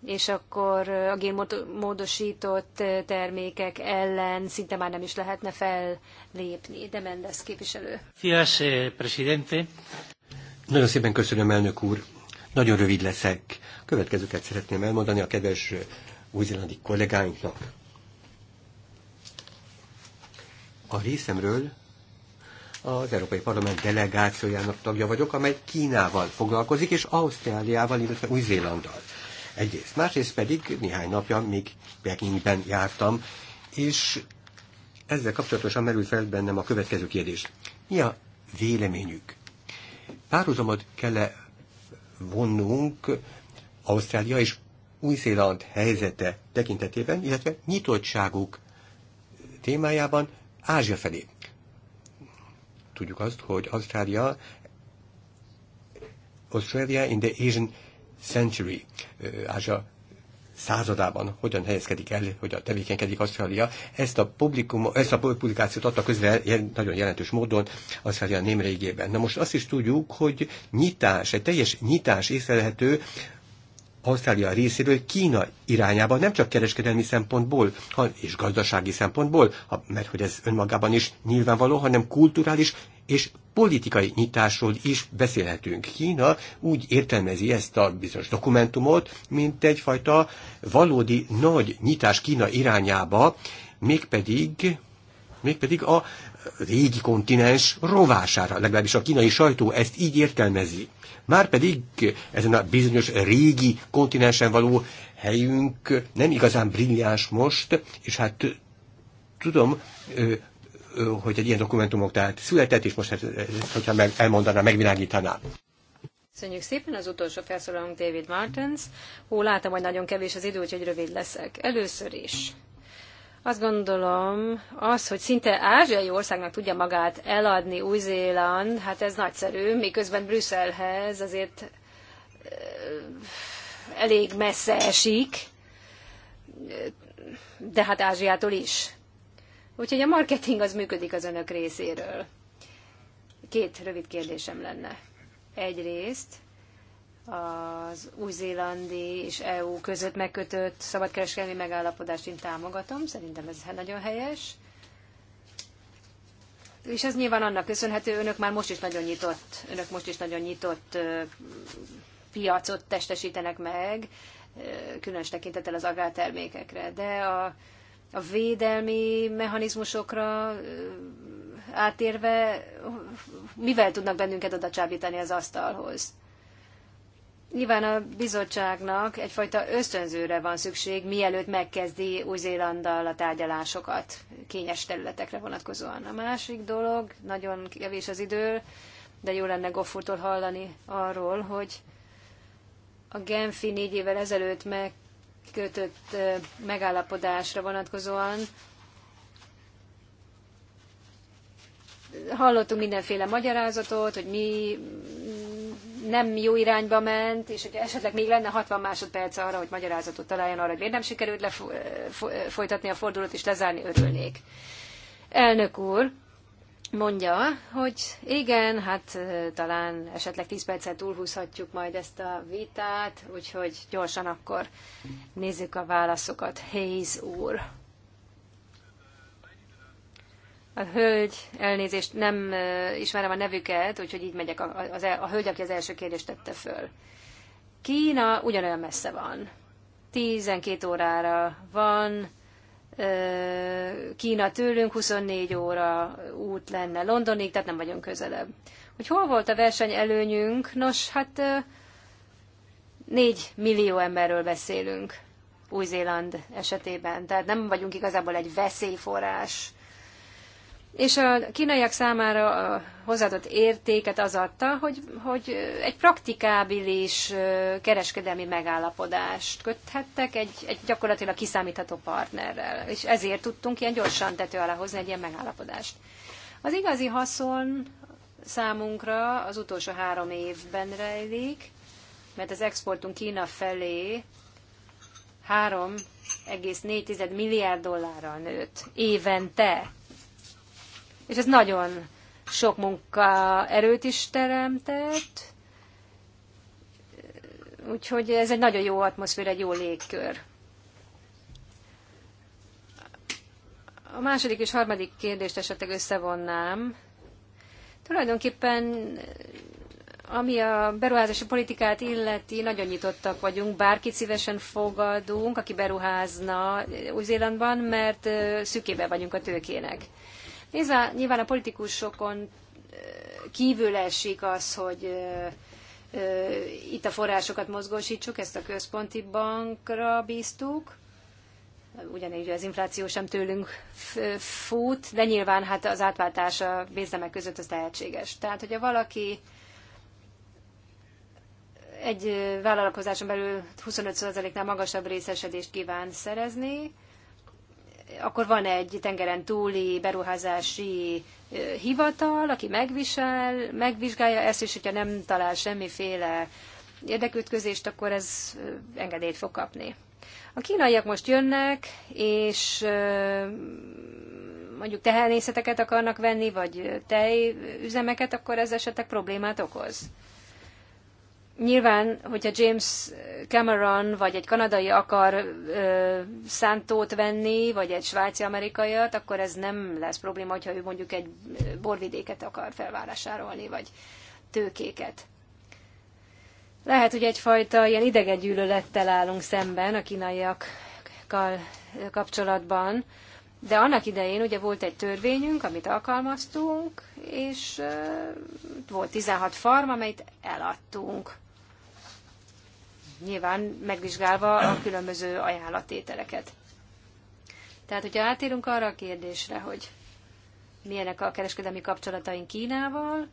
és akkor a génmódosított termékek ellen szinte már nem is lehetne fellépni. De Mendes képviselő. Fias, eh, presidente. Nagyon szépen köszönöm, elnök úr. Nagyon rövid leszek. Következőket szeretném elmondani a kedves új-zélandi kollégáinknak. A részemről az Európai Parlament delegációjának tagja vagyok, amely Kínával foglalkozik, és Ausztráliával, illetve Új-Zélanddal. Egyrészt. Másrészt pedig néhány napja még Pekingben jártam, és ezzel kapcsolatosan merül fel bennem a következő kérdés. Mi a véleményük? Párhuzamot kell-e vonnunk Ausztrália és Új-Zéland helyzete tekintetében, illetve nyitottságuk témájában, Ázsia felé. Tudjuk azt, hogy Ausztrália Australia in the Asian Century, Ázsia századában hogyan helyezkedik el, hogyan tevékenykedik Ausztrália. Ezt a, publikum, ezt a publikációt adta közre nagyon jelentős módon Ausztrália némrégében. Na most azt is tudjuk, hogy nyitás, egy teljes nyitás észrelehető Ausztrália részéről Kína irányába, nem csak kereskedelmi szempontból és gazdasági szempontból, mert hogy ez önmagában is nyilvánvaló, hanem kulturális és politikai nyitásról is beszélhetünk. Kína úgy értelmezi ezt a bizonyos dokumentumot, mint egyfajta valódi nagy nyitás Kína irányába, mégpedig, mégpedig a régi kontinens rovására, legalábbis a kínai sajtó ezt így értelmezi. Márpedig ezen a bizonyos régi kontinensen való helyünk nem igazán brilliáns most, és hát tudom, hogy egy ilyen dokumentumok tehát született, és most, hát, hogyha meg, elmondaná, megvilágítaná. Köszönjük szépen, az utolsó felszólalunk David Martens. Hú, látom, hogy nagyon kevés az idő, úgyhogy rövid leszek. Először is azt gondolom, az, hogy szinte ázsiai országnak tudja magát eladni Új-Zéland, hát ez nagyszerű, miközben Brüsszelhez azért elég messze esik, de hát Ázsiától is. Úgyhogy a marketing az működik az önök részéről. Két rövid kérdésem lenne. Egyrészt, az új-zélandi és EU között megkötött szabadkereskedelmi megállapodást én támogatom, szerintem ez nagyon helyes. És ez nyilván annak köszönhető, önök már most is nagyon nyitott, önök most is nagyon nyitott piacot testesítenek meg, különös tekintettel az agrártermékekre. De a, a védelmi mechanizmusokra átérve, mivel tudnak bennünket oda csábítani az asztalhoz? Nyilván a bizottságnak egyfajta ösztönzőre van szükség, mielőtt megkezdi Új-Zélanddal a tárgyalásokat kényes területekre vonatkozóan. A másik dolog, nagyon kevés az idő, de jó lenne Goffurtól hallani arról, hogy a Genfi négy évvel ezelőtt megkötött megállapodásra vonatkozóan hallottunk mindenféle magyarázatot, hogy mi nem jó irányba ment, és hogy esetleg még lenne 60 másodperc arra, hogy magyarázatot találjon arra, hogy miért nem sikerült lefolytatni a fordulót és lezárni, örülnék. Elnök úr mondja, hogy igen, hát talán esetleg 10 percet túlhúzhatjuk majd ezt a vitát, úgyhogy gyorsan akkor nézzük a válaszokat. Hayes úr. A hölgy, elnézést, nem ismerem a nevüket, úgyhogy így megyek. A, a, a hölgy, aki az első kérdést tette föl. Kína ugyanolyan messze van. 12 órára van, Kína tőlünk 24 óra út lenne Londonig, tehát nem vagyunk közelebb. Hogy hol volt a verseny előnyünk? Nos, hát 4 millió emberről beszélünk Új-Zéland esetében, tehát nem vagyunk igazából egy veszélyforrás és a kínaiak számára a hozzáadott értéket az adta, hogy, hogy egy praktikábilis kereskedelmi megállapodást köthettek egy, egy gyakorlatilag kiszámítható partnerrel, és ezért tudtunk ilyen gyorsan tető alá hozni egy ilyen megállapodást. Az igazi haszon számunkra az utolsó három évben rejlik, mert az exportunk Kína felé 3,4 milliárd dollárral nőtt évente és ez nagyon sok munka erőt is teremtett, úgyhogy ez egy nagyon jó atmoszféra, egy jó légkör. A második és harmadik kérdést esetleg összevonnám. Tulajdonképpen ami a beruházási politikát illeti, nagyon nyitottak vagyunk, bárkit szívesen fogadunk, aki beruházna Új-Zélandban, mert szükébe vagyunk a tőkének. Nyilván a politikusokon kívül esik az, hogy itt a forrásokat mozgósítsuk, ezt a központi bankra bíztuk, ugyanígy az infláció sem tőlünk fut, de nyilván hát az átváltás a bézlemek között az tehetséges. Tehát, hogyha valaki egy vállalkozáson belül 25%-nál magasabb részesedést kíván szerezni, akkor van egy tengeren túli beruházási hivatal, aki megvisel, megvizsgálja ezt, és hogyha nem talál semmiféle érdekütközést, akkor ez engedélyt fog kapni. A kínaiak most jönnek, és mondjuk tehenészeteket akarnak venni, vagy tejüzemeket, akkor ez esetleg problémát okoz. Nyilván, hogyha James Cameron vagy egy kanadai akar ö, szántót venni, vagy egy svájci amerikaiat, akkor ez nem lesz probléma, hogyha ő mondjuk egy borvidéket akar felvásárolni, vagy tőkéket. Lehet, hogy egyfajta ilyen gyűlölettel állunk szemben a kínaiakkal kapcsolatban, de annak idején ugye volt egy törvényünk, amit alkalmaztunk, és volt 16 farm, amelyet eladtunk nyilván megvizsgálva a különböző ajánlatételeket. Tehát, hogyha átérünk arra a kérdésre, hogy milyenek a kereskedelmi kapcsolataink Kínával,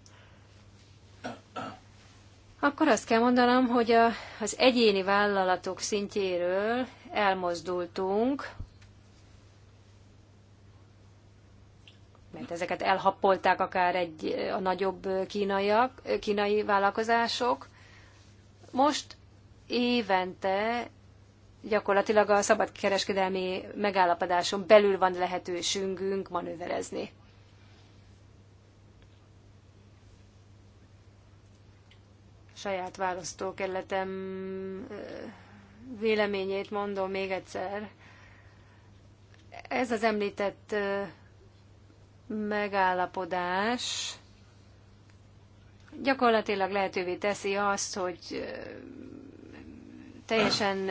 akkor azt kell mondanom, hogy a, az egyéni vállalatok szintjéről elmozdultunk, mert ezeket elhappolták akár egy, a nagyobb kínaiak, kínai vállalkozások. Most évente gyakorlatilag a szabadkereskedelmi megállapodáson belül van lehetőségünk manőverezni. Saját választókerületem véleményét mondom még egyszer. Ez az említett megállapodás gyakorlatilag lehetővé teszi azt, hogy teljesen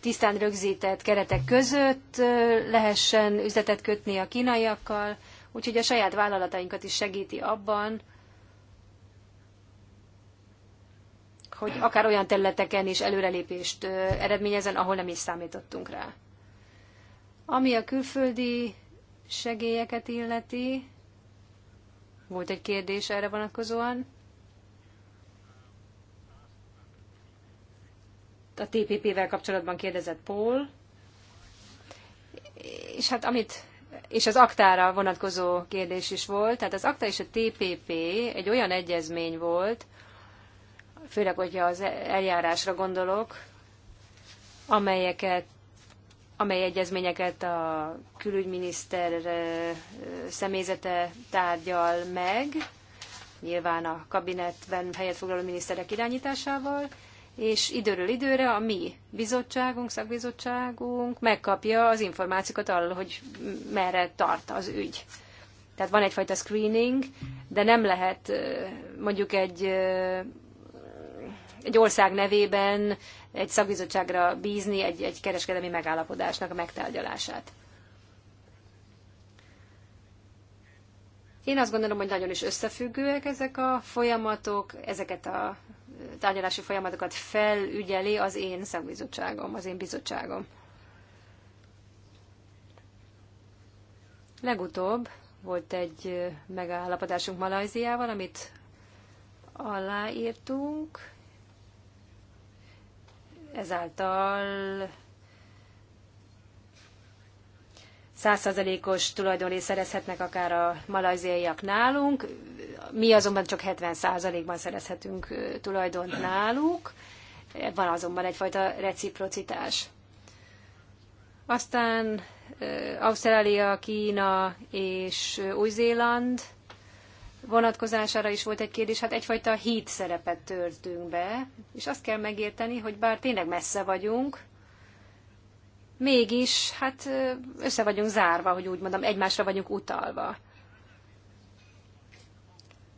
tisztán rögzített keretek között lehessen üzletet kötni a kínaiakkal, úgyhogy a saját vállalatainkat is segíti abban, hogy akár olyan területeken is előrelépést eredményezen, ahol nem is számítottunk rá. Ami a külföldi segélyeket illeti, volt egy kérdés erre vonatkozóan. a TPP-vel kapcsolatban kérdezett Paul, és hát amit és az aktára vonatkozó kérdés is volt, tehát az akta és a TPP egy olyan egyezmény volt, főleg, hogyha az eljárásra gondolok, amelyeket amely egyezményeket a külügyminiszter személyzete tárgyal meg, nyilván a kabinetben helyet foglaló miniszterek irányításával, és időről időre a mi bizottságunk, szakbizottságunk megkapja az információkat arról, hogy merre tart az ügy. Tehát van egyfajta screening, de nem lehet mondjuk egy, egy ország nevében egy szakbizottságra bízni egy, egy kereskedelmi megállapodásnak a megtárgyalását. Én azt gondolom, hogy nagyon is összefüggőek ezek a folyamatok, ezeket a tárgyalási folyamatokat felügyeli az én szakbizottságom, az én bizottságom. Legutóbb volt egy megállapodásunk Malajziával, amit aláírtunk, ezáltal százszerzelékos tulajdonrészt szerezhetnek akár a malajziaiak nálunk, mi azonban csak 70 százalékban szerezhetünk tulajdont náluk, van azonban egyfajta reciprocitás. Aztán Ausztrália, Kína és Új-Zéland vonatkozására is volt egy kérdés, hát egyfajta híd szerepet törtünk be, és azt kell megérteni, hogy bár tényleg messze vagyunk, mégis hát össze vagyunk zárva, hogy úgy mondom, egymásra vagyunk utalva.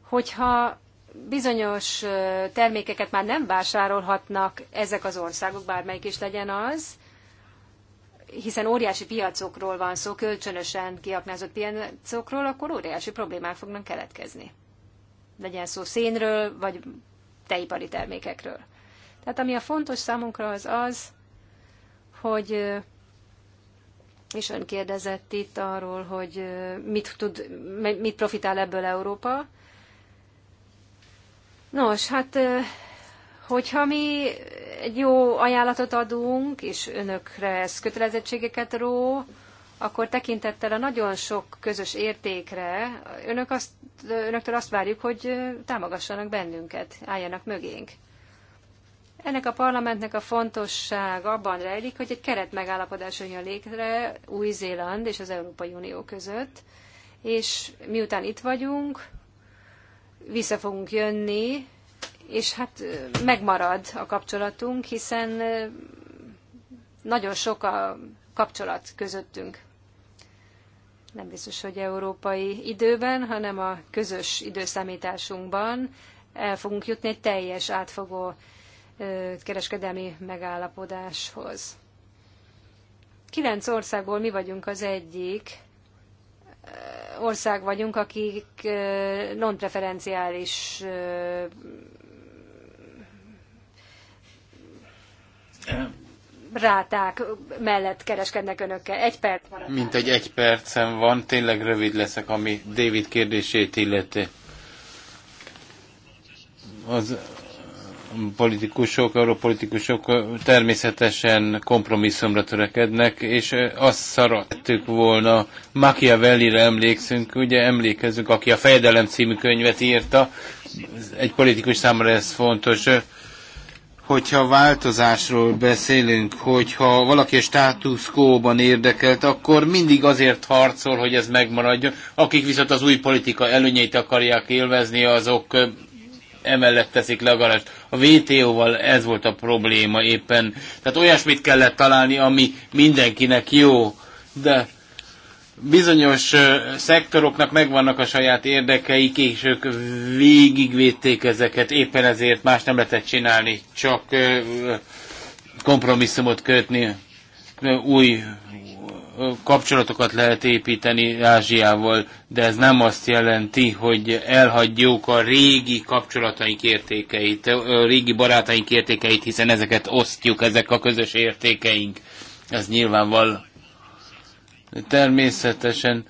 Hogyha bizonyos termékeket már nem vásárolhatnak ezek az országok, bármelyik is legyen az, hiszen óriási piacokról van szó, kölcsönösen kiaknázott piacokról, akkor óriási problémák fognak keletkezni. Legyen szó szénről, vagy teipari termékekről. Tehát ami a fontos számunkra az az, hogy és ön kérdezett itt arról, hogy mit, tud, mit profitál ebből Európa. Nos, hát hogyha mi egy jó ajánlatot adunk, és önökre ez kötelezettségeket ró, akkor tekintettel a nagyon sok közös értékre önök azt, önöktől azt várjuk, hogy támogassanak bennünket, álljanak mögénk. Ennek a parlamentnek a fontosság abban rejlik, hogy egy keretmegállapodás jön létre Új-Zéland és az Európai Unió között, és miután itt vagyunk, vissza fogunk jönni, és hát megmarad a kapcsolatunk, hiszen nagyon sok a kapcsolat közöttünk. Nem biztos, hogy európai időben, hanem a közös időszámításunkban el fogunk jutni egy teljes átfogó kereskedelmi megállapodáshoz. Kilenc országból mi vagyunk az egyik ország vagyunk, akik non-preferenciális ráták mellett kereskednek önökkel. Egy perc maradt. Mint egy egy percen van, tényleg rövid leszek, ami David kérdését illeti. Az politikusok, europolitikusok természetesen kompromisszumra törekednek, és azt szarattuk volna, Machiavellire emlékszünk, ugye emlékezünk, aki a Fejedelem című könyvet írta, egy politikus számára ez fontos, hogyha változásról beszélünk, hogyha valaki a status érdekelt, akkor mindig azért harcol, hogy ez megmaradjon. Akik viszont az új politika előnyeit akarják élvezni, azok emellett teszik le a garást. A VTO-val ez volt a probléma éppen. Tehát olyasmit kellett találni, ami mindenkinek jó, de bizonyos szektoroknak megvannak a saját érdekeik, és ők végigvédték ezeket, éppen ezért más nem lehetett csinálni, csak kompromisszumot kötni, új kapcsolatokat lehet építeni Ázsiával, de ez nem azt jelenti, hogy elhagyjuk a régi kapcsolataink értékeit, a régi barátaink értékeit, hiszen ezeket osztjuk, ezek a közös értékeink. Ez nyilvánvaló. Természetesen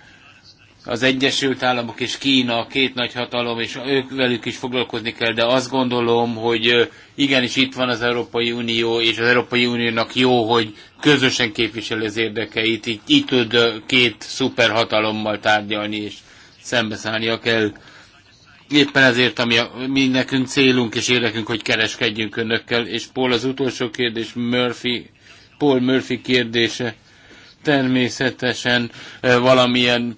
az Egyesült Államok és Kína a két nagy hatalom, és ők velük is foglalkozni kell, de azt gondolom, hogy igenis itt van az Európai Unió, és az Európai Uniónak jó, hogy közösen képviseli az érdekeit, így, így tud két szuperhatalommal tárgyalni és szembeszállnia kell. Éppen ezért, ami a, mi nekünk célunk és érdekünk, hogy kereskedjünk önökkel. És Paul, az utolsó kérdés, Murphy, Paul Murphy kérdése. Természetesen valamilyen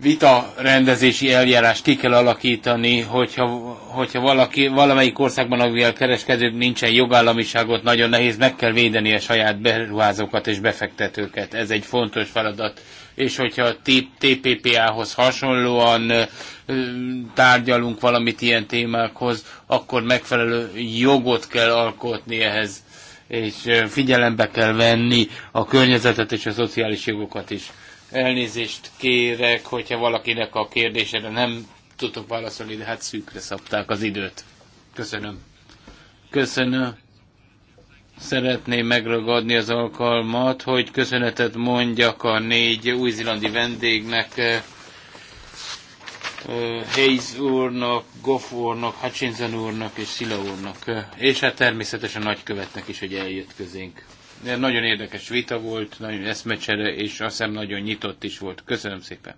vita rendezési eljárást ki kell alakítani, hogyha, hogyha valaki, valamelyik országban, amivel kereskedők nincsen jogállamiságot, nagyon nehéz, meg kell védeni a saját beruházókat és befektetőket. Ez egy fontos feladat. És hogyha a TPPA-hoz hasonlóan tárgyalunk valamit ilyen témákhoz, akkor megfelelő jogot kell alkotni ehhez, és figyelembe kell venni a környezetet és a szociális jogokat is Elnézést kérek, hogyha valakinek a kérdésére nem tudok válaszolni, de hát szűkre szabták az időt. Köszönöm. Köszönöm. Szeretném megragadni az alkalmat, hogy köszönetet mondjak a négy újzilandi vendégnek, eh, eh, Hayes úrnak, Goff úrnak, Hutchinson úrnak és Sila úrnak, eh, és hát természetesen nagykövetnek is, hogy eljött közénk. Nagyon érdekes vita volt, nagyon eszmecsere, és azt hiszem nagyon nyitott is volt. Köszönöm szépen!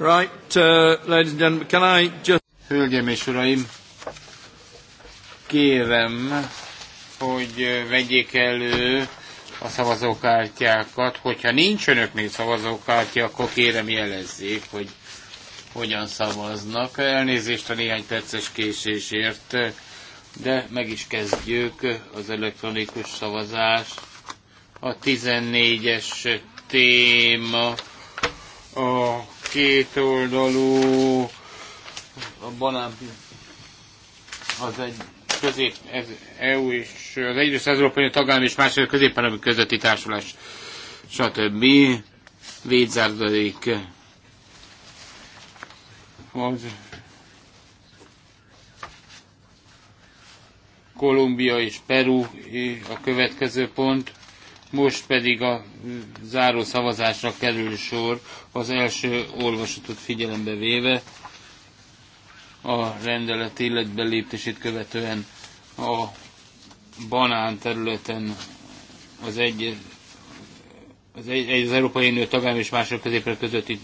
Right, uh, ladies and gentlemen, can I just... Hölgyeim és uraim, kérem, hogy vegyék elő a szavazókártyákat. Hogyha nincs önöknél szavazókártya, akkor kérem jelezzék, hogy hogyan szavaznak. Elnézést a néhány perces késésért, de meg is kezdjük az elektronikus szavazás, A 14-es téma a kétoldalú a banán az egy közép ez, EU és az egyrészt Európai Tagállam és másrészt középen közötti társulás stb. Védzárdalék. az Kolumbia és Peru a következő pont. Most pedig a záró szavazásra kerül sor az első olvasatot figyelembe véve a rendelet életbe lépését követően a banán területen az egy az, egy, egy az Európai Unió tagállam és mások középre közötti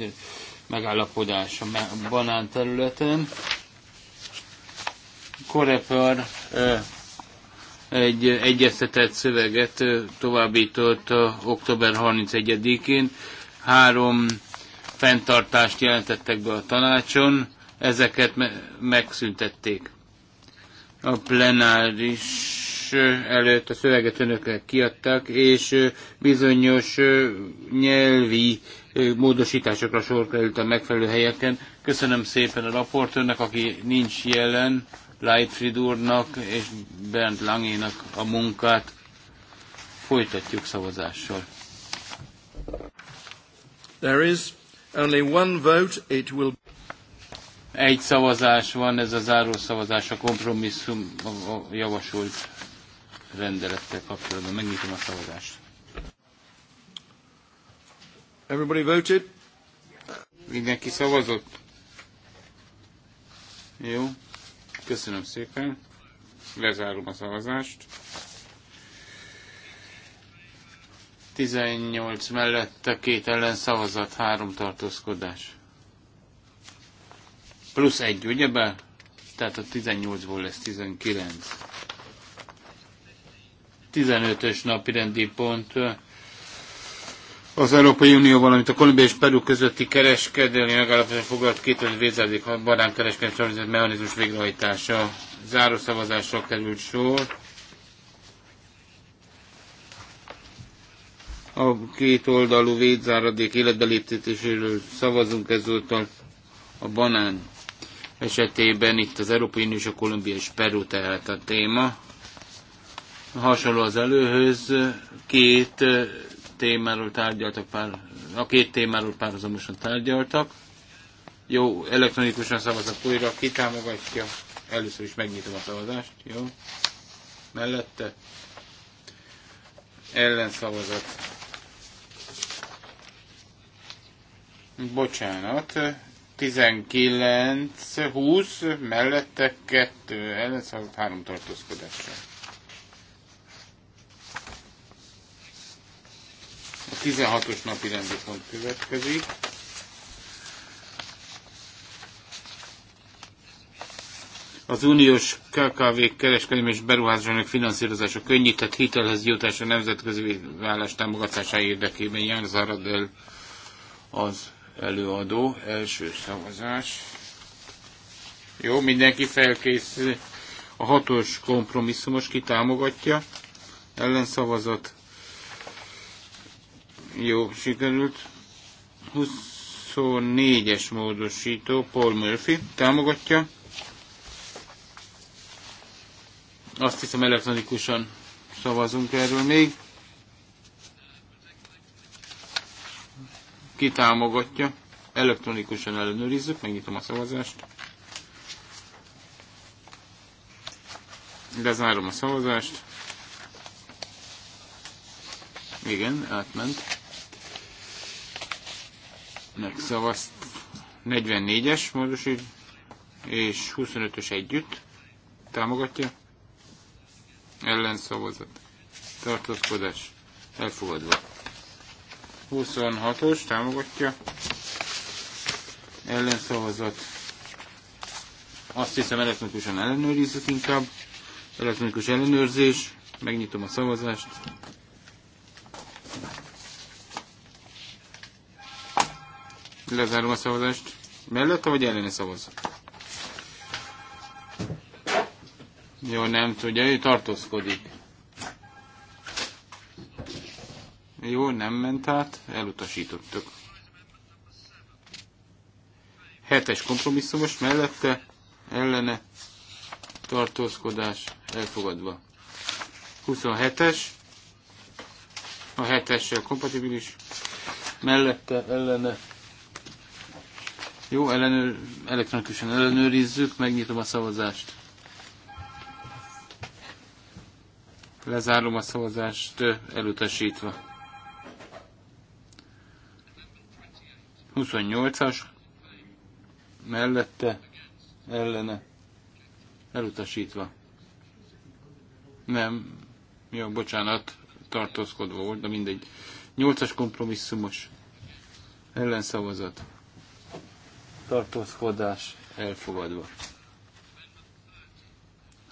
megállapodás a banán területen. Koreper egy egyeztetett szöveget továbbított október 31-én. Három fenntartást jelentettek be a tanácson, ezeket me megszüntették. A plenáris előtt a szöveget önöknek kiadtak, és bizonyos nyelvi módosításokra sor került a megfelelő helyeken. Köszönöm szépen a raportőrnek, aki nincs jelen. Leitfried úrnak és Bernd Langénak a munkát. Folytatjuk szavazással. There is only one vote, it will egy szavazás van, ez a záró szavazás a kompromisszum a javasolt rendelettel kapcsolatban. Megnyitom a szavazást. Everybody voted? Mindenki szavazott? Jó. Köszönöm szépen. Lezárom a szavazást. 18 mellette két ellen szavazat, három tartózkodás. Plusz egy, ugye be? Tehát a 18-ból lesz 19. 15-ös napi rendi pont az Európai Unió, valamint a Kolumbia és Peru közötti kereskedelmi megállapodás foglalt 2006 baránkereskedelmi szervezet mechanizmus végrehajtása. Záró szavazásra került sor. A két oldalú védzáradék életbeléptetéséről szavazunk ezúttal a banán esetében itt az Európai Unió és a Kolumbia és Peru tehát a téma. Hasonló az előhöz, két témáról tárgyaltak pár, a két témáról párhuzamosan tárgyaltak. Jó, elektronikusan szavazok újra, ki támogatja. Először is megnyitom a szavazást, jó. Mellette ellen szavazat. Bocsánat, 19, 20, mellette 2 szavazat, 3 tartózkodással. A 16-os napi rendi pont következik. az uniós KKV kereskedelmi és beruházásának finanszírozása könnyített hitelhez jutása nemzetközi vállás támogatása érdekében Jan Zaradel az előadó. Első szavazás. Jó, mindenki felkészül. A hatos kompromisszumos kitámogatja. Ellenszavazat jó, sikerült. 24-es módosító, Paul Murphy támogatja. Azt hiszem elektronikusan szavazunk erről még. Ki támogatja? Elektronikusan ellenőrizzük, megnyitom a szavazást. Lezárom a szavazást. Igen, átment megszavazt. 44-es módosít, és 25-ös együtt támogatja. Ellenszavazat. Tartózkodás. Elfogadva. 26-os támogatja. Ellenszavazat. Azt hiszem elektronikusan ellenőrizzük inkább. Elektronikus ellenőrzés. Megnyitom a szavazást. Lezárom a szavazást. Mellette vagy ellene szavaz? Jó, nem tudja, ő tartózkodik. Jó, nem ment át, elutasítottuk. Hetes kompromisszumos mellette, ellene, tartózkodás, elfogadva. 27-es, a 7-essel kompatibilis, mellette, ellene, jó, ellenőr, elektronikusan ellenőrizzük, megnyitom a szavazást. Lezárom a szavazást elutasítva. 28-as, mellette, ellene, elutasítva. Nem, jó, bocsánat, tartózkodva volt, de mindegy. 8-as kompromisszumos ellenszavazat tartózkodás elfogadva.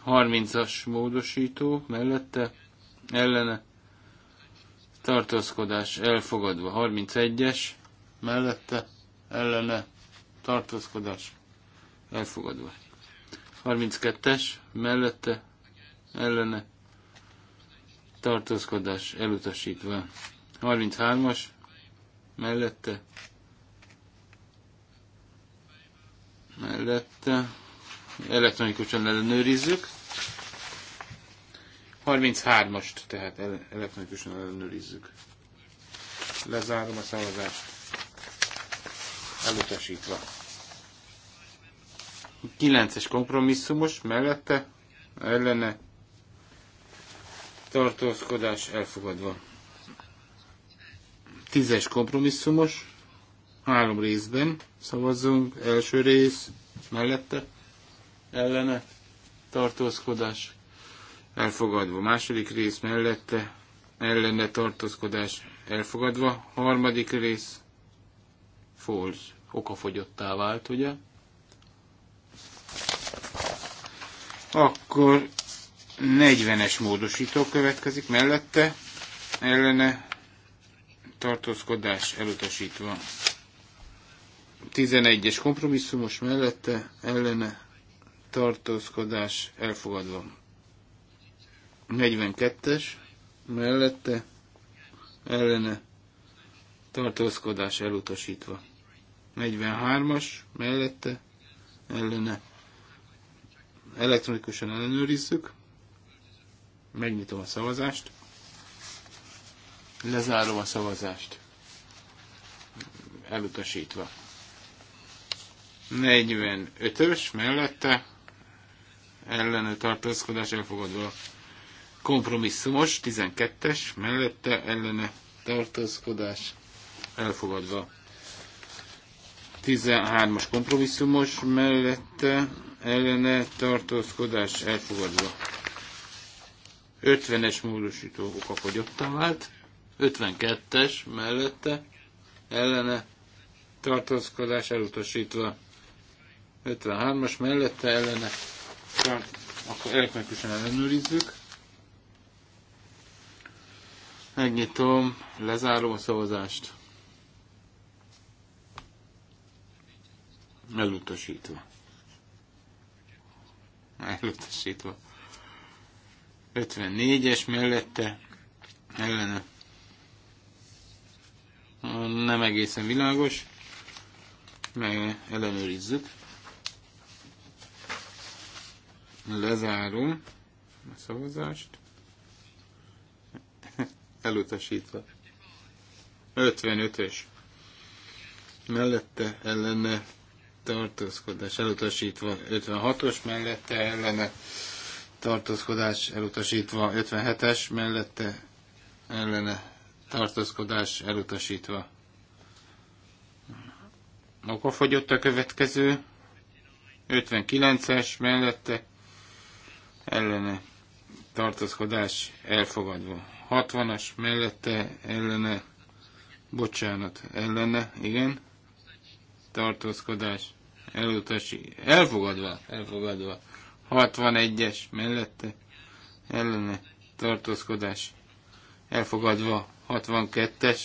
30-as módosító mellette ellene tartózkodás elfogadva. 31-es mellette ellene tartózkodás elfogadva. 32-es mellette ellene tartózkodás elutasítva. 33-as mellette mellette elektronikusan ellenőrizzük. 33-ast tehát elektronikusan ellenőrizzük. Lezárom a szavazást. Elutasítva. 9-es kompromisszumos mellette ellene tartózkodás elfogadva. 10-es kompromisszumos Három részben szavazzunk. Első rész mellette ellene tartózkodás elfogadva. Második rész mellette ellene tartózkodás elfogadva. Harmadik rész false, okafogyottá vált, ugye? Akkor 40-es módosító következik mellette, ellene tartózkodás elutasítva. 11-es kompromisszumos mellette ellene tartózkodás elfogadva. 42-es mellette ellene tartózkodás elutasítva. 43-as mellette ellene elektronikusan ellenőrizzük. Megnyitom a szavazást. Lezárom a szavazást. Elutasítva. 45-ös mellette ellene tartózkodás elfogadva. Kompromisszumos 12-es mellette ellene tartózkodás elfogadva. 13-as kompromisszumos mellette ellene tartózkodás elfogadva. 50-es módosító okafogyottá vált, 52-es mellette ellene tartózkodás elutasítva. 53-as mellette ellene, akkor elektronikusan ellenőrizzük. Megnyitom, lezárom a szavazást. Elutasítva. Elutasítva. 54-es mellette ellene. Nem egészen világos. Meg ellenőrizzük. Lezárom a szavazást. Elutasítva. 55-ös. Mellette ellene tartózkodás elutasítva. 56-os mellette ellene tartózkodás elutasítva. 57-es mellette ellene tartózkodás elutasítva. fogyott a következő. 59-es mellette ellene tartózkodás elfogadva. 60-as mellette ellene, bocsánat, ellene, igen, tartózkodás elutasi, elfogadva, elfogadva. 61-es mellette ellene tartózkodás elfogadva. 62-es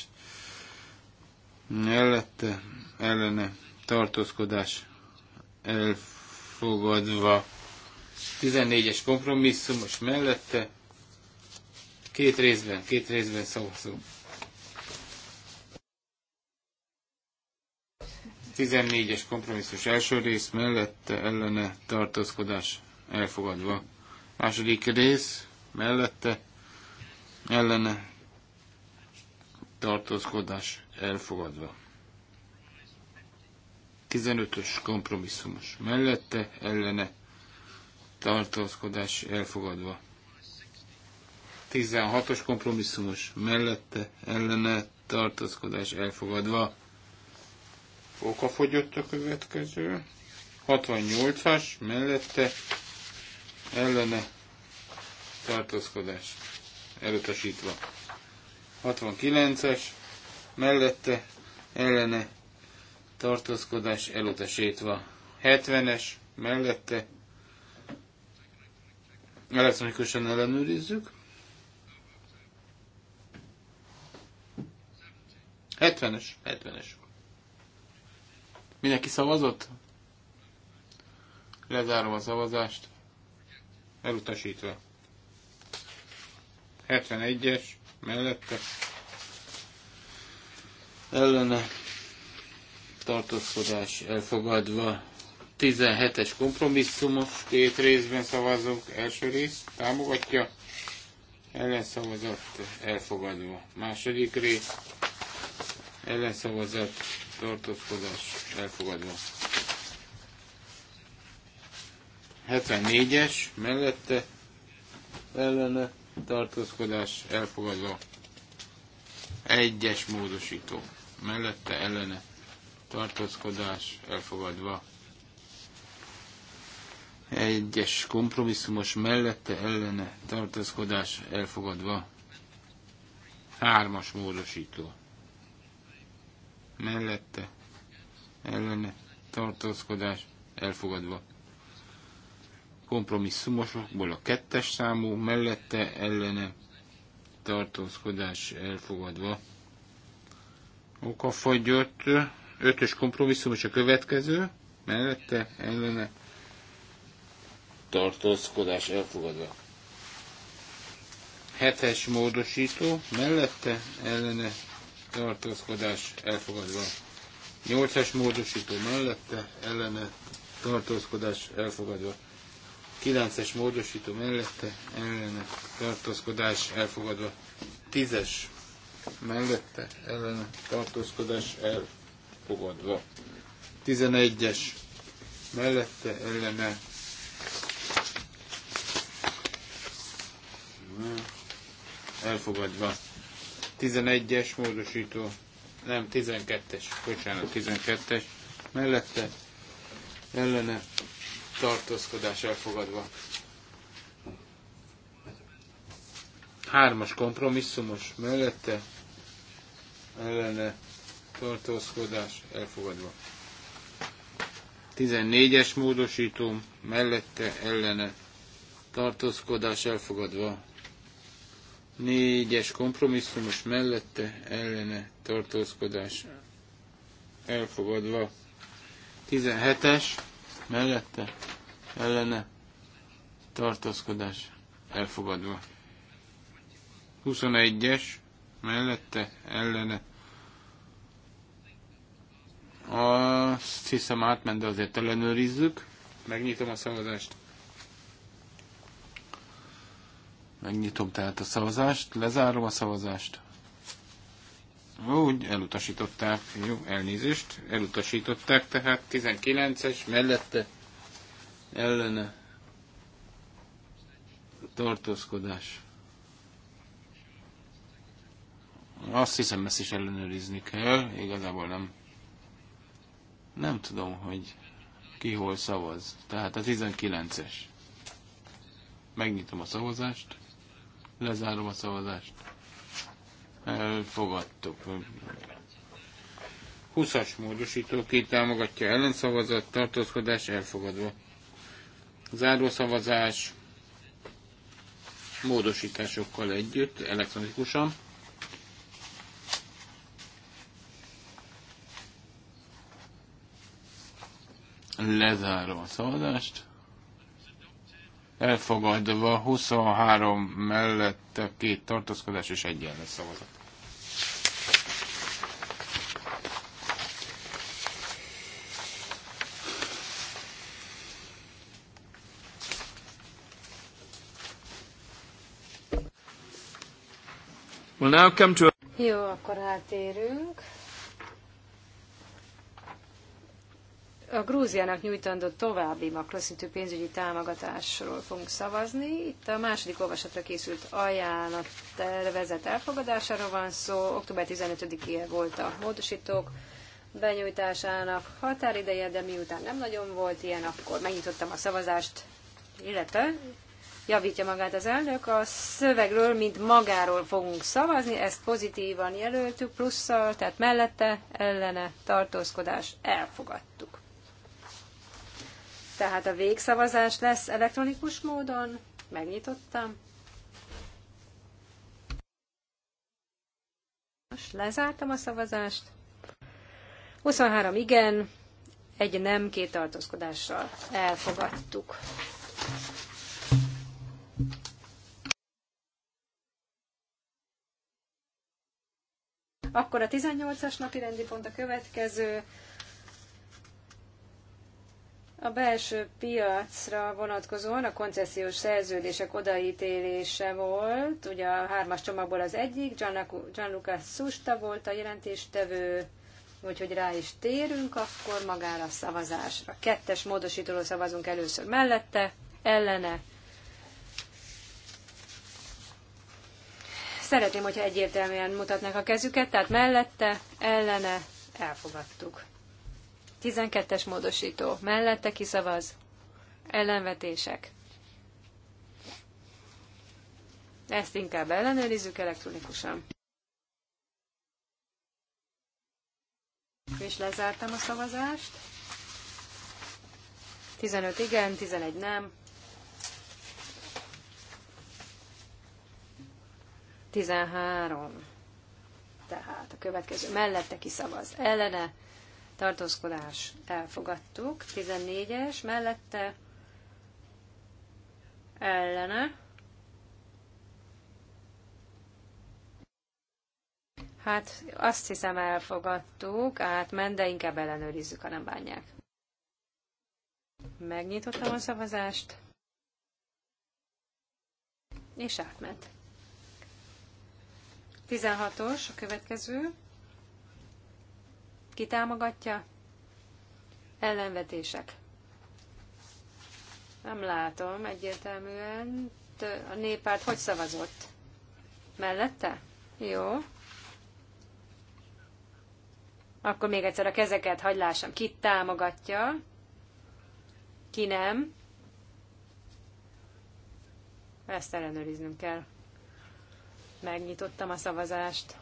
mellette ellene tartózkodás elfogadva. 14-es kompromisszumos mellette. Két részben, két részben szavazunk. 14-es kompromisszus első rész mellette ellene tartózkodás elfogadva. Második rész mellette ellene tartózkodás elfogadva. 15-ös kompromisszumos mellette ellene tartózkodás elfogadva. 16-os kompromisszumos mellette ellene tartózkodás elfogadva. fogyott a következő. 68-as mellette ellene tartózkodás elutasítva. 69-es mellette ellene tartózkodás elutasítva. 70-es mellette Elektronikusan ellenőrizzük. 70-es, 70-es. Mindenki szavazott? Lezárom a szavazást. Elutasítva. 71-es mellette. Ellene tartózkodás elfogadva. 17-es kompromisszumos, két részben szavazunk, első rész támogatja, ellenszavazat elfogadva. Második rész ellenszavazat tartózkodás elfogadva. 74-es mellette ellene tartózkodás elfogadva. Egyes módosító mellette ellene tartózkodás elfogadva egyes kompromisszumos mellette ellene tartózkodás elfogadva. Hármas módosító. Mellette ellene tartózkodás elfogadva. Kompromisszumosokból a kettes számú mellette ellene tartózkodás elfogadva. Oka fagyott. Ötös kompromisszum és a következő. Mellette ellene tartózkodás elfogadva. Hetes módosító, mellette ellene tartózkodás elfogadva. Nyolcas módosító, mellette ellene tartózkodás elfogadva. Kilences módosító, mellette ellene tartózkodás elfogadva. Tízes mellette ellene tartózkodás elfogadva. Tizenegyes mellette ellene Elfogadva. 11-es módosító, nem 12-es, bocsánat, 12-es, mellette ellene tartózkodás elfogadva. Hármas kompromisszumos, mellette ellene tartózkodás elfogadva. 14-es módosító, mellette ellene tartózkodás elfogadva. Négyes kompromisszumos mellette ellene tartózkodás elfogadva. 17-es mellette ellene tartózkodás elfogadva. 21-es mellette ellene azt hiszem átment, de azért ellenőrizzük. Megnyitom a szavazást. Megnyitom tehát a szavazást, lezárom a szavazást. Úgy elutasították, jó, elnézést, elutasították tehát 19-es mellette ellene tartózkodás. Azt hiszem, ezt is ellenőrizni kell, igazából nem. Nem tudom, hogy ki hol szavaz. Tehát a 19-es. Megnyitom a szavazást. Lezárom a szavazást. Elfogadtuk. 20-as módosító, ki támogatja ellenszavazat, tartózkodás elfogadva. Zárószavazás módosításokkal együtt, elektronikusan. Lezárom a szavazást elfogadva 23 mellett két tartózkodás és egy ellen szavazat. Well, now come to... a Jó, akkor átérünk A Grúziának nyújtandó további makroszintű pénzügyi támogatásról fogunk szavazni. Itt a második olvasatra készült ajánlat tervezet elfogadására van szó. Október 15-e volt a módosítók benyújtásának határideje, de miután nem nagyon volt ilyen, akkor megnyitottam a szavazást, illetve javítja magát az elnök. A szövegről, mint magáról fogunk szavazni, ezt pozitívan jelöltük, plusszal, tehát mellette, ellene, tartózkodás, elfogadtuk. Tehát a végszavazás lesz elektronikus módon. Megnyitottam. Most lezártam a szavazást. 23 igen, egy nem, két tartózkodással elfogadtuk. Akkor a 18-as napi rendi pont a következő, a belső piacra vonatkozóan a koncesziós szerződések odaítélése volt, ugye a hármas csomagból az egyik, Gianluca Susta volt a jelentéstevő, úgyhogy rá is térünk, akkor magára a szavazásra. Kettes módosítóról szavazunk először mellette, ellene. Szeretném, hogyha egyértelműen mutatnak a kezüket, tehát mellette, ellene, elfogadtuk. 12-es módosító. Mellette kiszavaz. Ellenvetések. Ezt inkább ellenőrizzük elektronikusan. És lezártam a szavazást. 15 igen, 11 nem. 13. Tehát a következő mellette kiszavaz. Ellene tartózkodás elfogadtuk, 14-es mellette ellene, Hát azt hiszem elfogadtuk, átment, de inkább ellenőrizzük, ha nem bánják. Megnyitottam a szavazást, és átment. 16-os a következő, ki támogatja? Ellenvetések. Nem látom egyértelműen. A néppárt hogy szavazott? Mellette? Jó. Akkor még egyszer a kezeket hagylásom. Ki támogatja? Ki nem? Ezt ellenőriznünk kell. Megnyitottam a szavazást.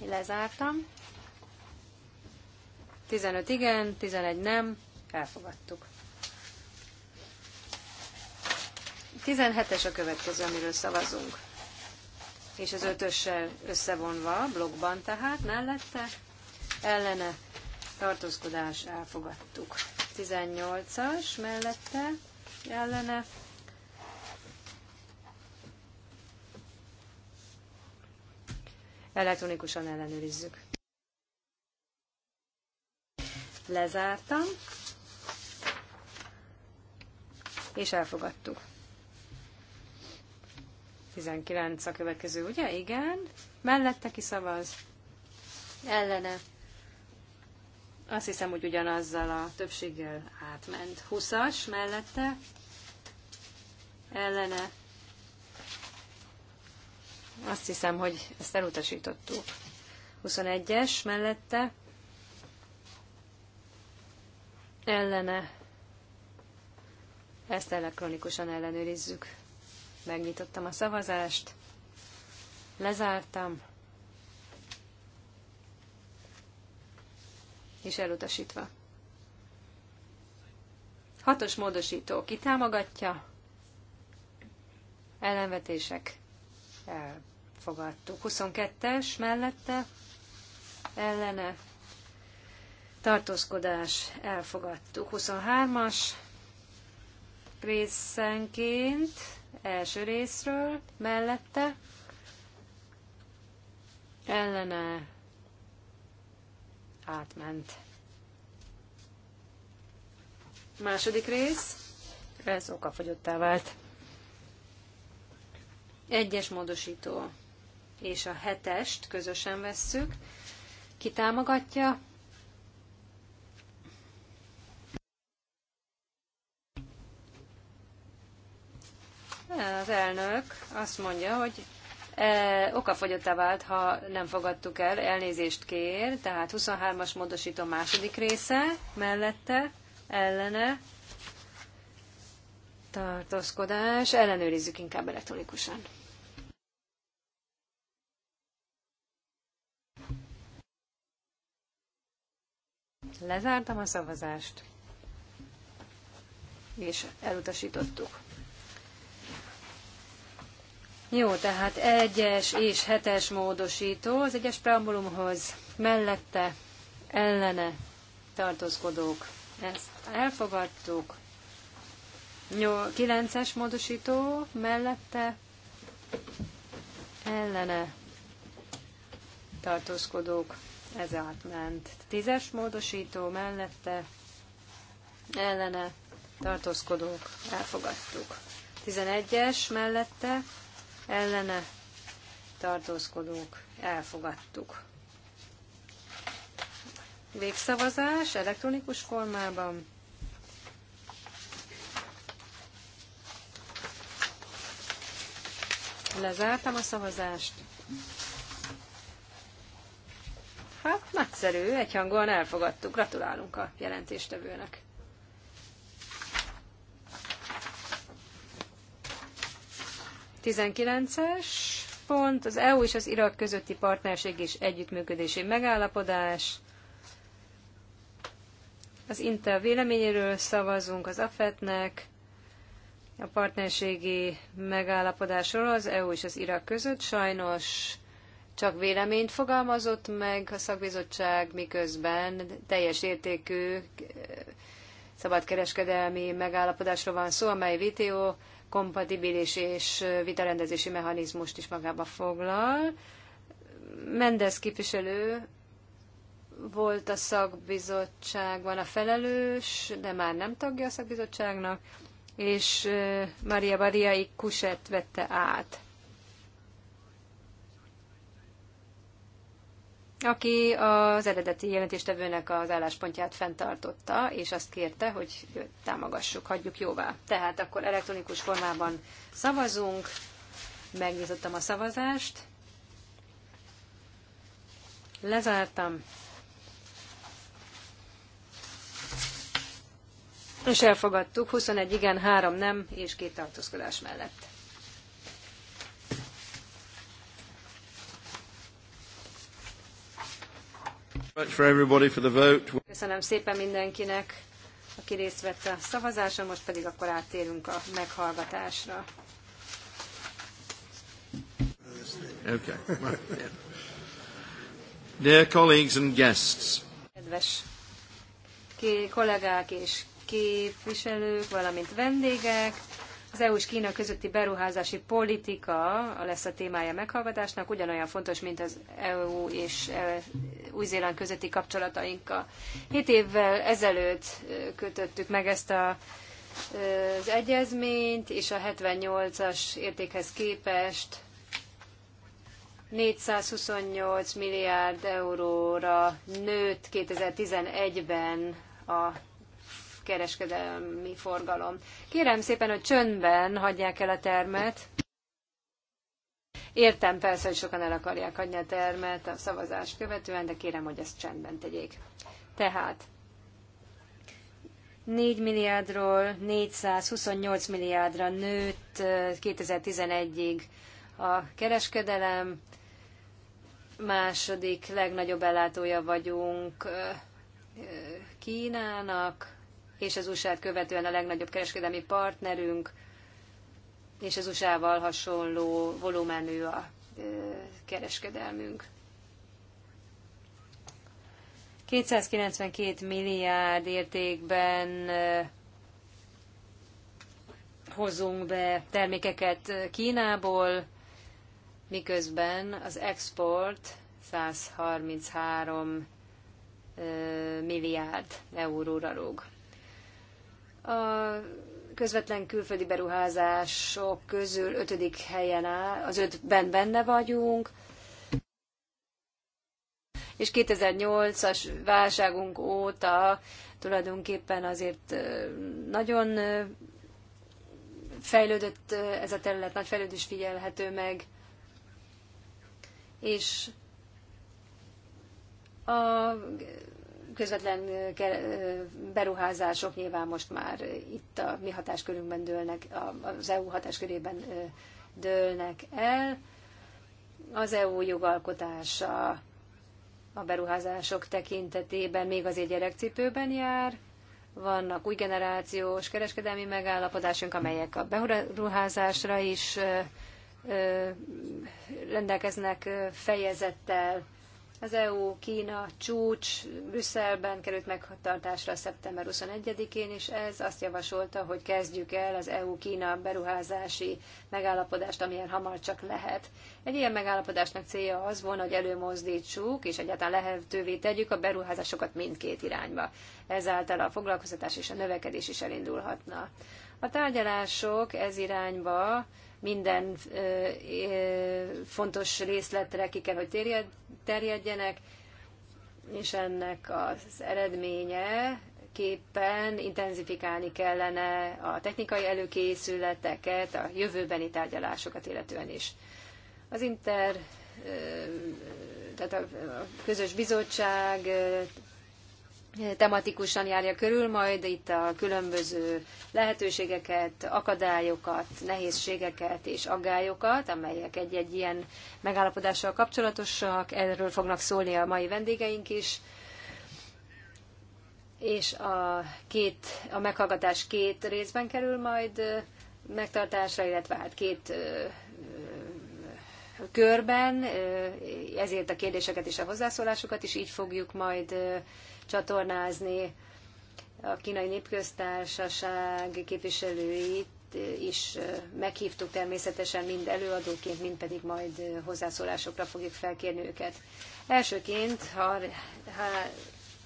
Lezártam. 15 igen, 11 nem, elfogadtuk. 17-es a következő, amiről szavazunk. És az ötössel összevonva, blogban tehát, mellette, ellene, tartózkodás, elfogadtuk. 18-as mellette, ellene, Elektronikusan ellenőrizzük. Lezártam, és elfogadtuk. 19 a következő, ugye? Igen. Mellette kiszavaz. Ellene. Azt hiszem, hogy ugyanazzal a többséggel átment. 20-as mellette. Ellene azt hiszem, hogy ezt elutasítottuk. 21-es mellette ellene. Ezt elektronikusan ellenőrizzük. Megnyitottam a szavazást, lezártam, és elutasítva. Hatos módosító kitámogatja, ellenvetések Yeah fogadtuk 22-es mellette ellene tartózkodás elfogadtuk. 23-as részenként első részről mellette ellene átment. Második rész, ez okafogyottá vált. Egyes módosító és a hetest közösen vesszük. Ki támogatja? Az elnök azt mondja, hogy e, okafogyottá vált, ha nem fogadtuk el, elnézést kér, tehát 23-as módosító második része mellette, ellene, tartózkodás, ellenőrizzük inkább elektronikusan. Lezártam a szavazást, és elutasítottuk. Jó, tehát egyes és hetes módosító az egyes preambulumhoz mellette ellene tartózkodók. Ezt elfogadtuk. Jó, kilences módosító mellette ellene tartózkodók ez átment. Tízes módosító mellette ellene tartózkodók elfogadtuk. Tizenegyes mellette ellene tartózkodók elfogadtuk. Végszavazás elektronikus formában. Lezártam a szavazást. Hát nagyszerű, egyhangúan elfogadtuk. Gratulálunk a jelentéstevőnek. Tizenkilences pont az EU és az Irak közötti partnerség és együttműködési megállapodás. Az Intel véleményéről szavazunk az AFET-nek, a partnerségi megállapodásról az EU és az Irak között. Sajnos csak véleményt fogalmazott meg a szakbizottság, miközben teljes értékű eh, szabadkereskedelmi megállapodásról van szó, amely VTO kompatibilis és eh, vitarendezési mechanizmust is magába foglal. Mendez képviselő volt a szakbizottságban a felelős, de már nem tagja a szakbizottságnak, és eh, Maria Bariai Kuset vette át. aki az eredeti jelentéstevőnek az álláspontját fenntartotta, és azt kérte, hogy támogassuk, hagyjuk jóvá. Tehát akkor elektronikus formában szavazunk, megnyitottam a szavazást, lezártam, és elfogadtuk 21 igen, 3 nem, és két tartózkodás mellett. Köszönöm szépen mindenkinek, aki részt vett a szavazáson, most pedig akkor áttérünk a meghallgatásra. Okay. Dear colleagues and guests. Kedves kollégák és képviselők, valamint vendégek, az EU és Kína közötti beruházási politika lesz a témája meghallgatásnak, ugyanolyan fontos, mint az EU és e, Új-Zéland közötti kapcsolatainkkal. Hét évvel ezelőtt kötöttük meg ezt a az egyezményt, és a 78-as értékhez képest 428 milliárd euróra nőtt 2011-ben a kereskedelmi forgalom. Kérem szépen, hogy csöndben hagyják el a termet. Értem persze, hogy sokan el akarják hagyni a termet a szavazást követően, de kérem, hogy ezt csendben tegyék. Tehát 4 milliárdról 428 milliárdra nőtt 2011-ig eh, a kereskedelem. Második legnagyobb ellátója vagyunk eh, eh, Kínának, és az usa követően a legnagyobb kereskedelmi partnerünk, és az USA-val hasonló volumenű a kereskedelmünk. 292 milliárd értékben hozunk be termékeket Kínából, miközben az export 133 milliárd euróra rúg. A közvetlen külföldi beruházások közül ötödik helyen áll, az ötben benne vagyunk, és 2008-as válságunk óta tulajdonképpen azért nagyon fejlődött ez a terület, nagy fejlődés figyelhető meg, és a közvetlen beruházások nyilván most már itt a mi hatáskörünkben dőlnek, az EU hatáskörében dőlnek el. Az EU jogalkotása a beruházások tekintetében még azért gyerekcipőben jár, vannak új generációs kereskedelmi megállapodásunk, amelyek a beruházásra is rendelkeznek fejezettel, az EU-Kína csúcs Brüsszelben került megtartásra szeptember 21-én, és ez azt javasolta, hogy kezdjük el az EU-Kína beruházási megállapodást, amilyen hamar csak lehet. Egy ilyen megállapodásnak célja az volna, hogy előmozdítsuk, és egyáltalán lehetővé tegyük a beruházásokat mindkét irányba. Ezáltal a foglalkoztatás és a növekedés is elindulhatna. A tárgyalások ez irányba minden fontos részletre ki kell, hogy terjedjenek, és ennek az eredménye képpen intenzifikálni kellene a technikai előkészületeket, a jövőbeni tárgyalásokat illetően is. Az Inter, tehát a közös bizottság tematikusan járja körül, majd itt a különböző lehetőségeket, akadályokat, nehézségeket és aggályokat, amelyek egy-egy ilyen megállapodással kapcsolatosak, erről fognak szólni a mai vendégeink is. És a, két, a meghallgatás két részben kerül majd megtartásra, illetve hát két körben, ezért a kérdéseket és a hozzászólásokat is így fogjuk majd csatornázni. A kínai népköztársaság képviselőit is meghívtuk természetesen mind előadóként, mind pedig majd hozzászólásokra fogjuk felkérni őket. Elsőként, ha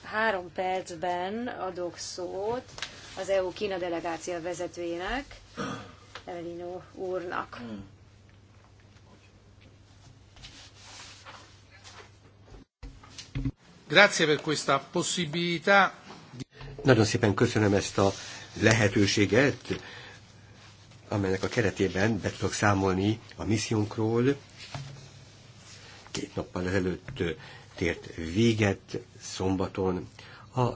három percben adok szót az EU-Kína delegáció vezetőjének, Evelino úrnak. Hmm. Grazie per questa possibilità. Nagyon szépen köszönöm ezt a lehetőséget, amelynek a keretében be tudok számolni a missziónkról. Két nappal ezelőtt tért véget szombaton a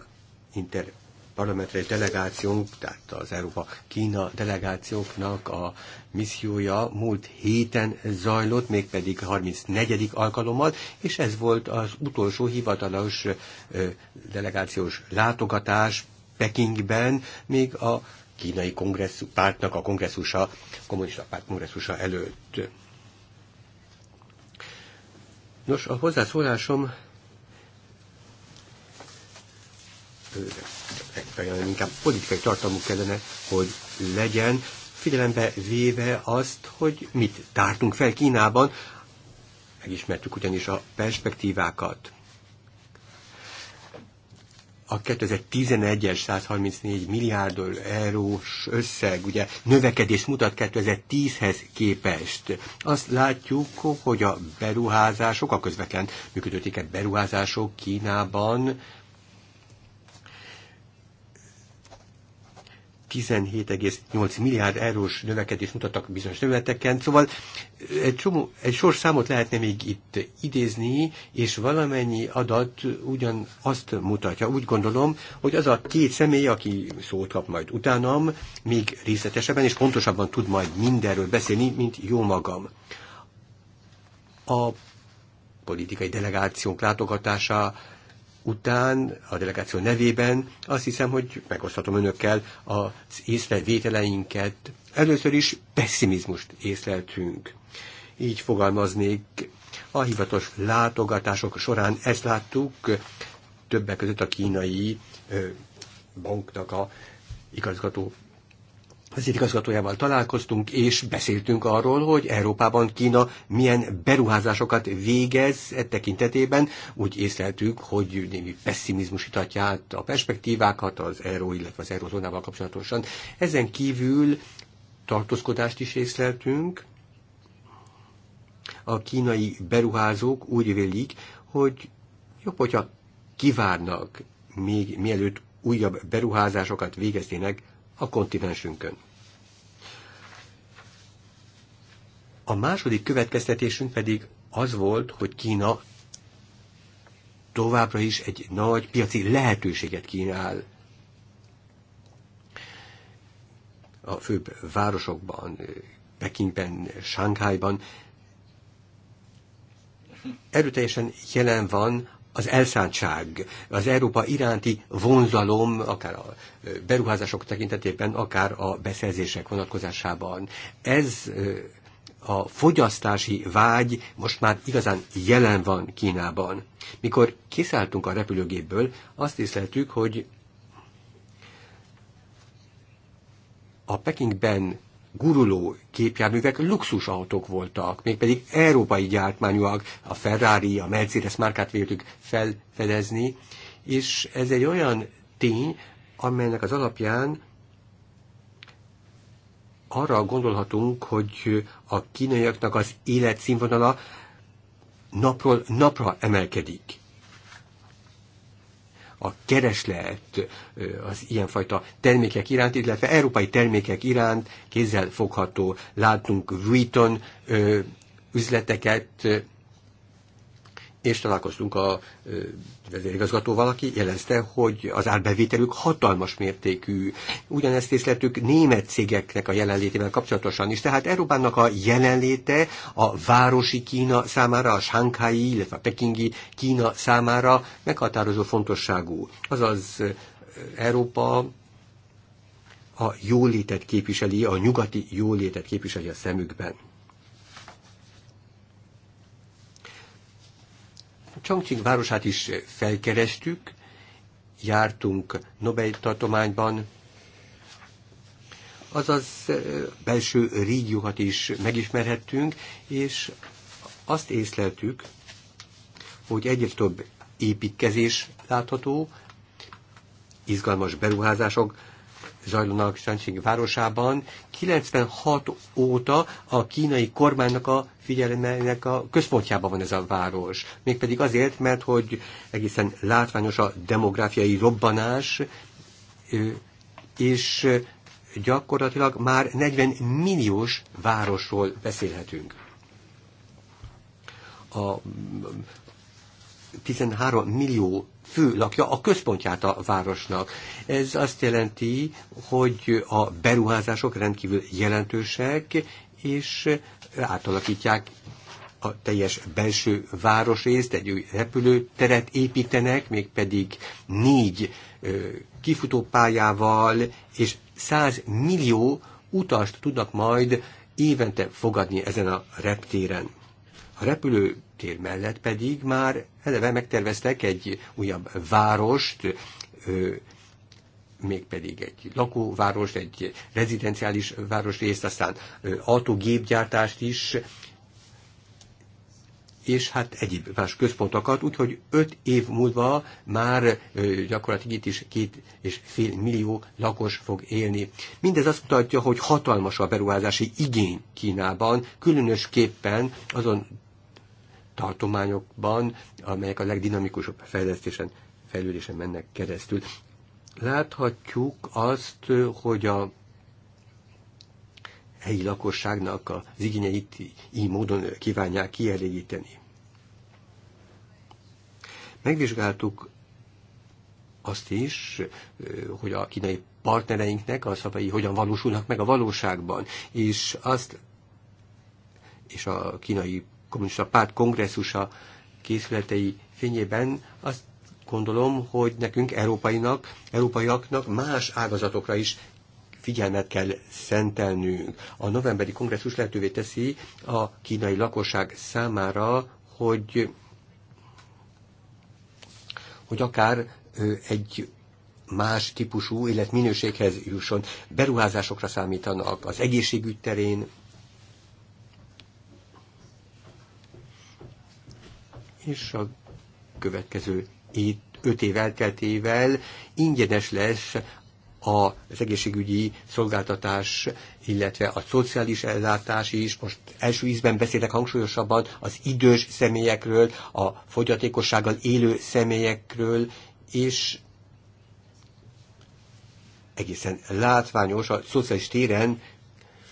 Inter parlamentre delegációnk, tehát az Európa-Kína delegációknak a missziója múlt héten zajlott, mégpedig 34. alkalommal, és ez volt az utolsó hivatalos delegációs látogatás Pekingben, még a kínai kongresszus, pártnak a kongresszusa, kommunista párt kongresszusa előtt. Nos, a hozzászólásom inkább politikai tartalmú kellene, hogy legyen, figyelembe véve azt, hogy mit tártunk fel Kínában, megismertük ugyanis a perspektívákat. A 2011-es 134 milliárd eurós összeg, ugye növekedés mutat 2010-hez képest. Azt látjuk, hogy a beruházások, a közvetlen működőtéket beruházások Kínában 17,8 milliárd eurós növekedést mutattak bizonyos területeken, szóval egy, csomó, egy sor számot lehetne még itt idézni, és valamennyi adat ugyan azt mutatja. Úgy gondolom, hogy az a két személy, aki szót kap majd utánam, még részletesebben és pontosabban tud majd mindenről beszélni, mint jó magam. A politikai delegációnk látogatása után a delegáció nevében azt hiszem, hogy megosztatom önökkel az észrevételeinket. Először is pessimizmust észleltünk. Így fogalmaznék, a hivatos látogatások során ezt láttuk, többek között a kínai banknak a igazgató az igazgatójával találkoztunk, és beszéltünk arról, hogy Európában Kína milyen beruházásokat végez e tekintetében. Úgy észleltük, hogy némi pessimizmus itatja át a perspektívákat az euró, illetve az eurozónával kapcsolatosan. Ezen kívül tartózkodást is észleltünk. A kínai beruházók úgy vélik, hogy jobb, hogyha kivárnak még mielőtt újabb beruházásokat végeznének a kontinensünkön. A második következtetésünk pedig az volt, hogy Kína továbbra is egy nagy piaci lehetőséget kínál a főbb városokban, Pekingben, Sánkhájban. Erőteljesen jelen van az elszántság, az Európa iránti vonzalom, akár a beruházások tekintetében, akár a beszerzések vonatkozásában. Ez a fogyasztási vágy most már igazán jelen van Kínában. Mikor kiszálltunk a repülőgépből, azt észleltük, hogy a Pekingben guruló képjárművek luxusautók voltak, mégpedig európai gyártmányúak, a Ferrari, a Mercedes márkát véltük felfedezni, és ez egy olyan tény, amelynek az alapján arra gondolhatunk, hogy a kínaiaknak az életszínvonala napról napra emelkedik a kereslet az ilyenfajta termékek iránt, illetve európai termékek iránt kézzel fogható. Látunk Vuitton üzleteket, és találkoztunk a vezérigazgatóval, aki jelezte, hogy az árbevételük hatalmas mértékű. Ugyanezt észletük német cégeknek a jelenlétével kapcsolatosan is. Tehát Európának a jelenléte a városi Kína számára, a Sánkhái, illetve a Pekingi Kína számára meghatározó fontosságú. Azaz Európa a jólétet képviseli, a nyugati jólétet képviseli a szemükben. Chongqing városát is felkerestük, jártunk Nobel-tartományban, azaz belső régiókat is megismerhettünk, és azt észleltük, hogy egyre több építkezés látható, izgalmas beruházások zajlanak Sancsing városában. 96 óta a kínai kormánynak a figyelmének a központjában van ez a város. Mégpedig azért, mert hogy egészen látványos a demográfiai robbanás, és gyakorlatilag már 40 milliós városról beszélhetünk. A 13 millió fő lakja a központját a városnak. Ez azt jelenti, hogy a beruházások rendkívül jelentősek, és átalakítják a teljes belső városrészt, egy új repülőteret építenek, mégpedig négy kifutópályával, és 100 millió utast tudnak majd évente fogadni ezen a reptéren. A repülő tér mellett pedig már eleve megterveztek egy újabb várost, mégpedig egy lakóvárost, egy rezidenciális városrészt, aztán autógépgyártást is, és hát egyéb más központokat, úgyhogy öt év múlva már gyakorlatilag itt is két és fél millió lakos fog élni. Mindez azt mutatja, hogy hatalmas a beruházási igény Kínában, különösképpen azon tartományokban, amelyek a legdinamikusabb fejlesztésen, fejlődésen mennek keresztül. Láthatjuk azt, hogy a helyi lakosságnak az igényeit így módon kívánják kielégíteni. Megvizsgáltuk azt is, hogy a kínai partnereinknek a szavai hogyan valósulnak meg a valóságban, és azt és a kínai kommunista párt kongresszusa készületei fényében azt gondolom, hogy nekünk európainak, európaiaknak más ágazatokra is figyelmet kell szentelnünk. A novemberi kongresszus lehetővé teszi a kínai lakosság számára, hogy, hogy akár egy más típusú életminőséghez jusson. Beruházásokra számítanak az egészségügy terén, és a következő itt öt év elteltével ingyenes lesz az egészségügyi szolgáltatás, illetve a szociális ellátás is. Most első ízben beszélek hangsúlyosabban az idős személyekről, a fogyatékossággal élő személyekről, és egészen látványos a szociális téren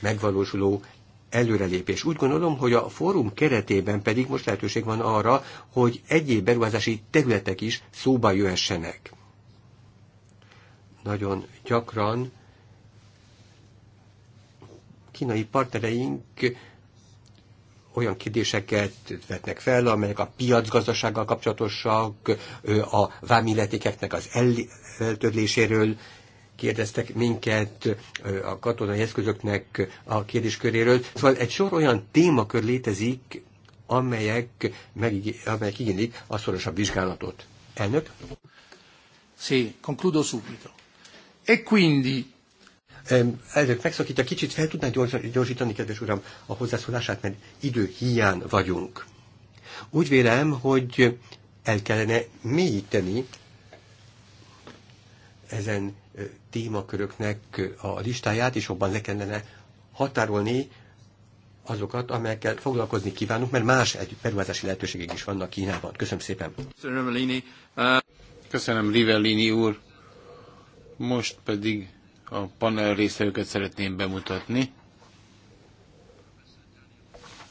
megvalósuló előrelépés. Úgy gondolom, hogy a fórum keretében pedig most lehetőség van arra, hogy egyéb beruházási területek is szóba jöhessenek. Nagyon gyakran kínai partnereink olyan kérdéseket vetnek fel, amelyek a piacgazdasággal kapcsolatosak, a vámilletékeknek az eltörléséről kérdeztek minket a katonai eszközöknek a kérdésköréről. Szóval egy sor olyan témakör létezik, amelyek, meg, amelyek igénylik a szorosabb vizsgálatot. Elnök? Sí, concludo subito. E quindi... Elnök megszakítja, kicsit fel tudná gyorsítani, kedves uram, a hozzászólását, mert idő hiány vagyunk. Úgy vélem, hogy el kellene mélyíteni ezen témaköröknek a listáját, és jobban le kellene határolni azokat, amelyekkel foglalkozni kívánunk, mert más egy beruházási lehetőségek is vannak Kínában. Köszönöm szépen. Köszönöm, Rivellini. Köszönöm, úr. Most pedig a panel részevőket szeretném bemutatni.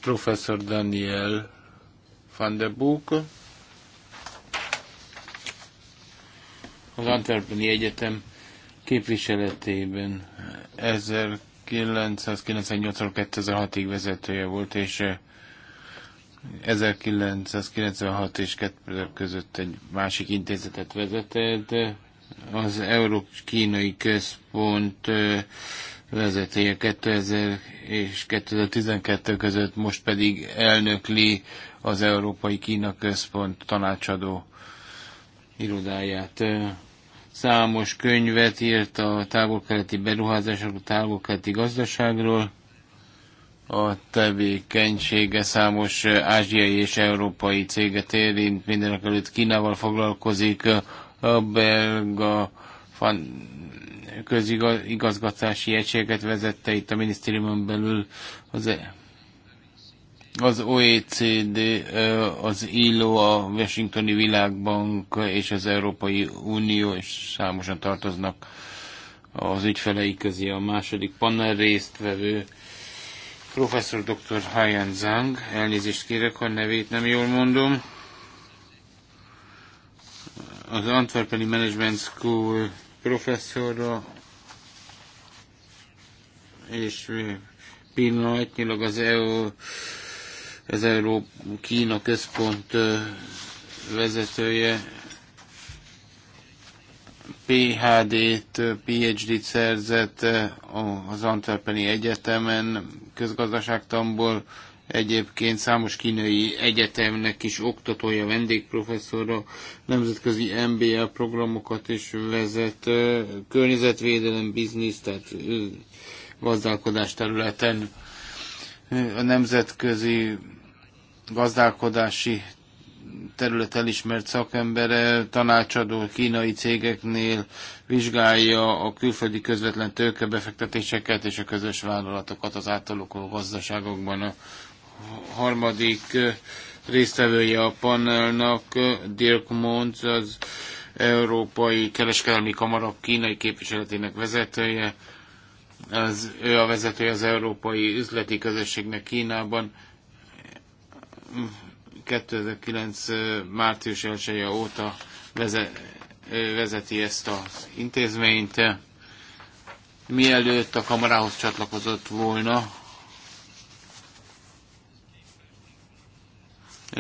Professor Daniel van der Buch, az Antwerpeni Egyetem képviseletében 1998 2006-ig vezetője volt, és 1996 eh, és 2000 között egy másik intézetet vezetett, az európai kínai Központ eh, vezetője 2000 és 2012 között, most pedig elnökli az Európai Kína Központ tanácsadó irodáját. Számos könyvet írt a távolkeleti keleti beruházásokról, távol-keleti gazdaságról. A tevékenysége számos ázsiai és európai céget érint, mindenek előtt Kínával foglalkozik, a belga fan, közigazgatási egységet vezette itt a minisztériumon belül az e- az OECD, az ILO, a Washingtoni Világbank és az Európai Unió és számosan tartoznak az ügyfelei közé a második panel résztvevő professzor dr. Haiyan Zhang, elnézést kérek, ha nevét nem jól mondom, az Antwerpeni Management School professzora, és pillanatnyilag az EU az Euró Kína központ vezetője PHD-t, PhD-t szerzett az Antwerpeni Egyetemen közgazdaságtamból, egyébként számos kínai egyetemnek is oktatója, vendégprofesszora, nemzetközi MBA programokat is vezet, környezetvédelem, biznisz, tehát gazdálkodás területen a nemzetközi gazdálkodási terület elismert szakembere, tanácsadó kínai cégeknél vizsgálja a külföldi közvetlen tőkebefektetéseket és a közös vállalatokat az átalakuló gazdaságokban. A harmadik résztvevője a panelnak, Dirk Monz, az Európai Kereskedelmi Kamara kínai képviseletének vezetője, az, ő a vezetője az Európai Üzleti Közösségnek Kínában. 2009. március 1 -e óta vezeti ezt az intézményt. Mielőtt a kamarához csatlakozott volna,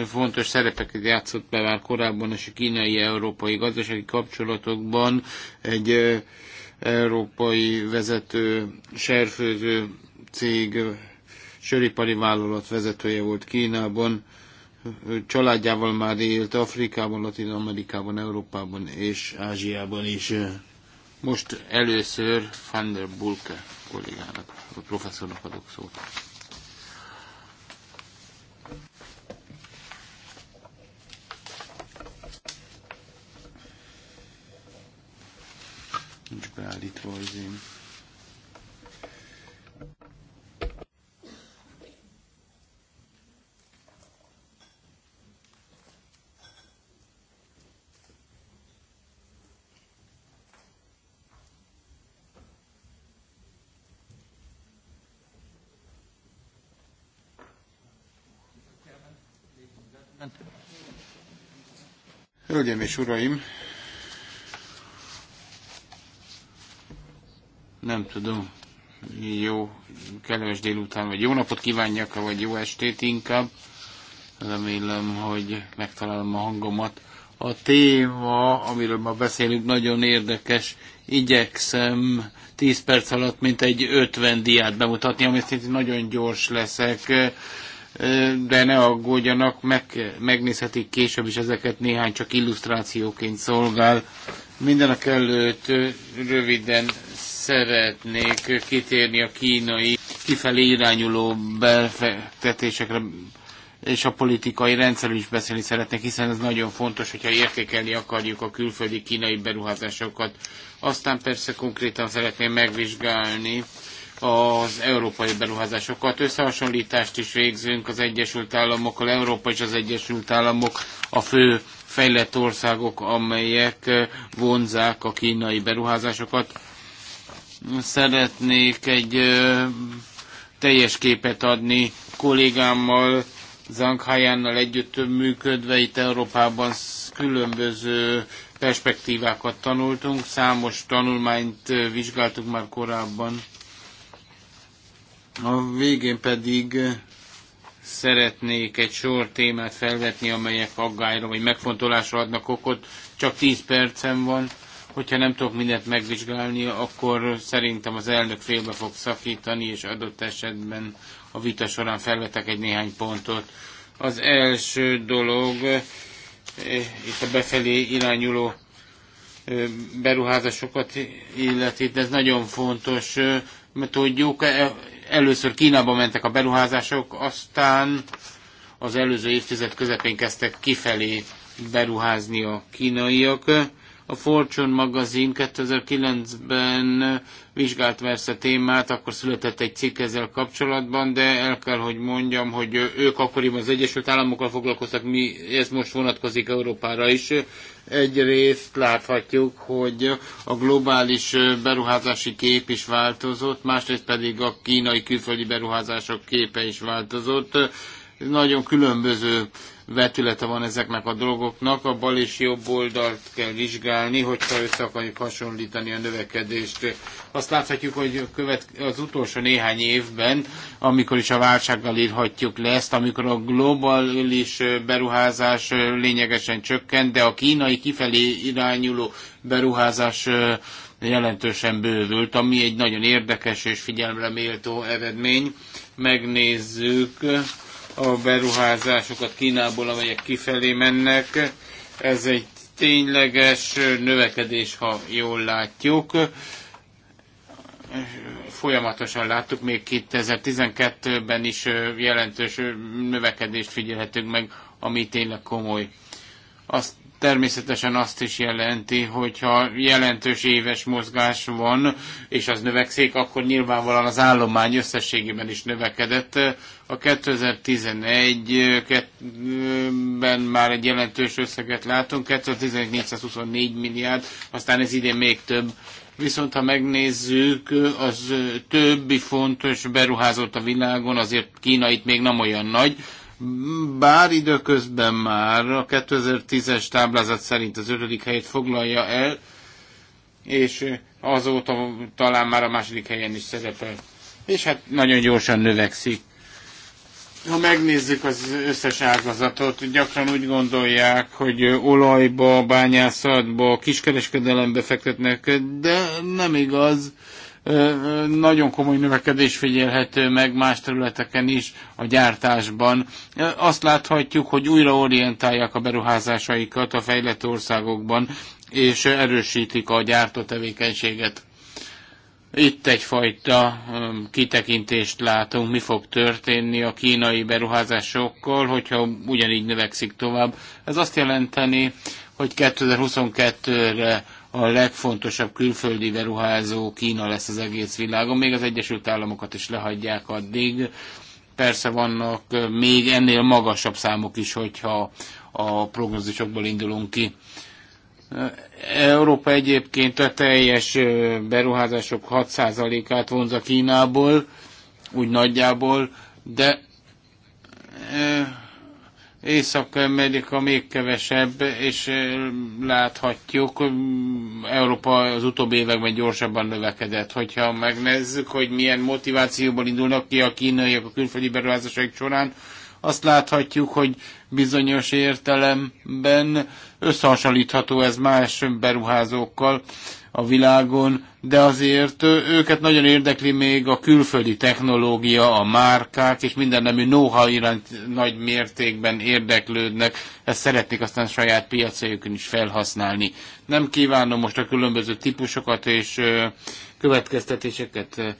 fontos szerepeket játszott be már korábban és a kínai-európai gazdasági kapcsolatokban egy európai vezető, serfőző cég, söripari vállalat vezetője volt Kínában, családjával már élt Afrikában, Latin Amerikában, Európában és Ázsiában is. Most először Van der Bulke kollégának, a professzornak adok szót. Nincs beállítva az én. Hölgyeim és Uraim, Nem tudom, jó, kellemes délután, vagy jó napot kívánjak, vagy jó estét inkább. Remélem, hogy megtalálom a hangomat. A téma, amiről ma beszélünk, nagyon érdekes. Igyekszem 10 perc alatt mint egy 50 diát bemutatni, ami szintén nagyon gyors leszek de ne aggódjanak, meg, megnézhetik később is ezeket, néhány csak illusztrációként szolgál. Mindenek előtt röviden szeretnék kitérni a kínai kifelé irányuló befektetésekre, és a politikai rendszer is beszélni szeretnék, hiszen ez nagyon fontos, hogyha értékelni akarjuk a külföldi kínai beruházásokat. Aztán persze konkrétan szeretném megvizsgálni az európai beruházásokat. Összehasonlítást is végzünk az Egyesült Államokkal, Európa és az Egyesült Államok a fő fejlett országok, amelyek vonzák a kínai beruházásokat. Szeretnék egy ö, teljes képet adni kollégámmal, Zhang Hayannal együtt működve itt Európában különböző perspektívákat tanultunk, számos tanulmányt vizsgáltuk már korábban. A végén pedig szeretnék egy sor témát felvetni, amelyek aggályra vagy megfontolásra adnak okot. Csak 10 percem van. Hogyha nem tudok mindent megvizsgálni, akkor szerintem az elnök félbe fog szakítani, és adott esetben a vita során felvetek egy néhány pontot. Az első dolog, eh, itt a befelé irányuló eh, beruházásokat illeti, de ez nagyon fontos, eh, mert tudjuk, először Kínába mentek a beruházások, aztán az előző évtized közepén kezdtek kifelé beruházni a kínaiak. A Fortune magazin 2009-ben vizsgált persze témát, akkor született egy cikk ezzel kapcsolatban, de el kell, hogy mondjam, hogy ők akkoriban az Egyesült Államokkal foglalkoztak, mi, ez most vonatkozik Európára is. Egyrészt láthatjuk, hogy a globális beruházási kép is változott, másrészt pedig a kínai külföldi beruházások képe is változott. Nagyon különböző vetülete van ezeknek a dolgoknak. A bal és jobb oldalt kell vizsgálni, hogyha össze akarjuk hasonlítani a növekedést. Azt láthatjuk, hogy követ, az utolsó néhány évben, amikor is a válsággal írhatjuk le ezt, amikor a globális beruházás lényegesen csökkent, de a kínai kifelé irányuló beruházás jelentősen bővült, ami egy nagyon érdekes és figyelmre méltó eredmény. Megnézzük a beruházásokat Kínából, amelyek kifelé mennek. Ez egy tényleges növekedés, ha jól látjuk. Folyamatosan láttuk, még 2012-ben is jelentős növekedést figyelhetünk meg, ami tényleg komoly. Azt természetesen azt is jelenti, hogyha jelentős éves mozgás van, és az növekszik, akkor nyilvánvalóan az állomány összességében is növekedett. A 2011-ben már egy jelentős összeget látunk, 2011 milliárd, aztán ez idén még több. Viszont ha megnézzük, az többi fontos beruházott a világon, azért Kína itt még nem olyan nagy, bár időközben már a 2010-es táblázat szerint az ötödik helyet foglalja el, és azóta talán már a második helyen is szerepel. És hát nagyon gyorsan növekszik. Ha megnézzük az összes ágazatot, gyakran úgy gondolják, hogy olajba, bányászatba, kiskereskedelembe fektetnek, de nem igaz nagyon komoly növekedés figyelhető meg más területeken is a gyártásban. Azt láthatjuk, hogy újra orientálják a beruházásaikat a fejlett országokban, és erősítik a gyártó tevékenységet. Itt egyfajta kitekintést látunk, mi fog történni a kínai beruházásokkal, hogyha ugyanígy növekszik tovább. Ez azt jelenteni, hogy 2022-re a legfontosabb külföldi beruházó Kína lesz az egész világon, még az Egyesült Államokat is lehagyják addig. Persze vannak eh, még ennél magasabb számok is, hogyha a prognózisokból indulunk ki. Eh, Európa egyébként a teljes eh, beruházások 6%-át vonza Kínából, úgy nagyjából, de Észak-Amerika még kevesebb, és láthatjuk, Európa az utóbbi években gyorsabban növekedett. Hogyha megnézzük, hogy milyen motivációban indulnak ki a kínaiak a külföldi beruházások során, azt láthatjuk, hogy bizonyos értelemben összehasonlítható ez más beruházókkal a világon, de azért őket nagyon érdekli még a külföldi technológia, a márkák, és minden nemű know-how iránt nagy mértékben érdeklődnek. Ezt szeretnék aztán saját piacaikon is felhasználni. Nem kívánom most a különböző típusokat és következtetéseket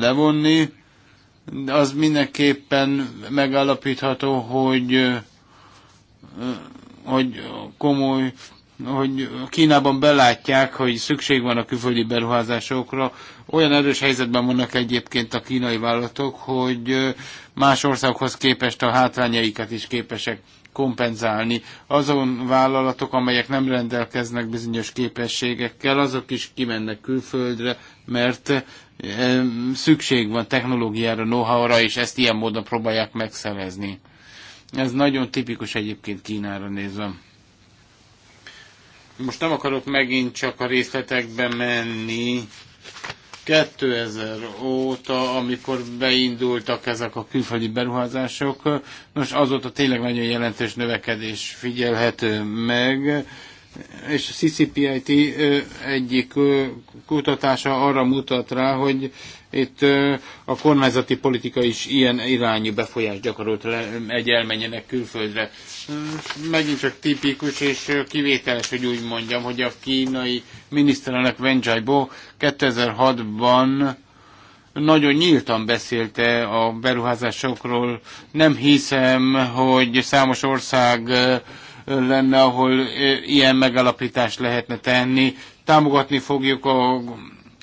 levonni. Az mindenképpen megállapítható, hogy hogy komoly hogy Kínában belátják, hogy szükség van a külföldi beruházásokra. Olyan erős helyzetben vannak egyébként a kínai vállalatok, hogy más országhoz képest a hátrányaikat is képesek kompenzálni. Azon vállalatok, amelyek nem rendelkeznek bizonyos képességekkel, azok is kimennek külföldre, mert szükség van technológiára, know-how-ra, és ezt ilyen módon próbálják megszerezni. Ez nagyon tipikus egyébként Kínára nézve. Most nem akarok megint csak a részletekbe menni. 2000 óta, amikor beindultak ezek a külföldi beruházások, nos azóta tényleg nagyon jelentős növekedés figyelhető meg és a CCPIT egyik kutatása arra mutat rá, hogy itt a kormányzati politika is ilyen irányú befolyást gyakorolt le, egy elmenjenek külföldre. Megint csak tipikus és kivételes, hogy úgy mondjam, hogy a kínai miniszterelnök Wen Jiabo 2006-ban nagyon nyíltan beszélt a beruházásokról. Nem hiszem, hogy számos ország lenne, ahol ilyen megalapítást lehetne tenni. Támogatni fogjuk a,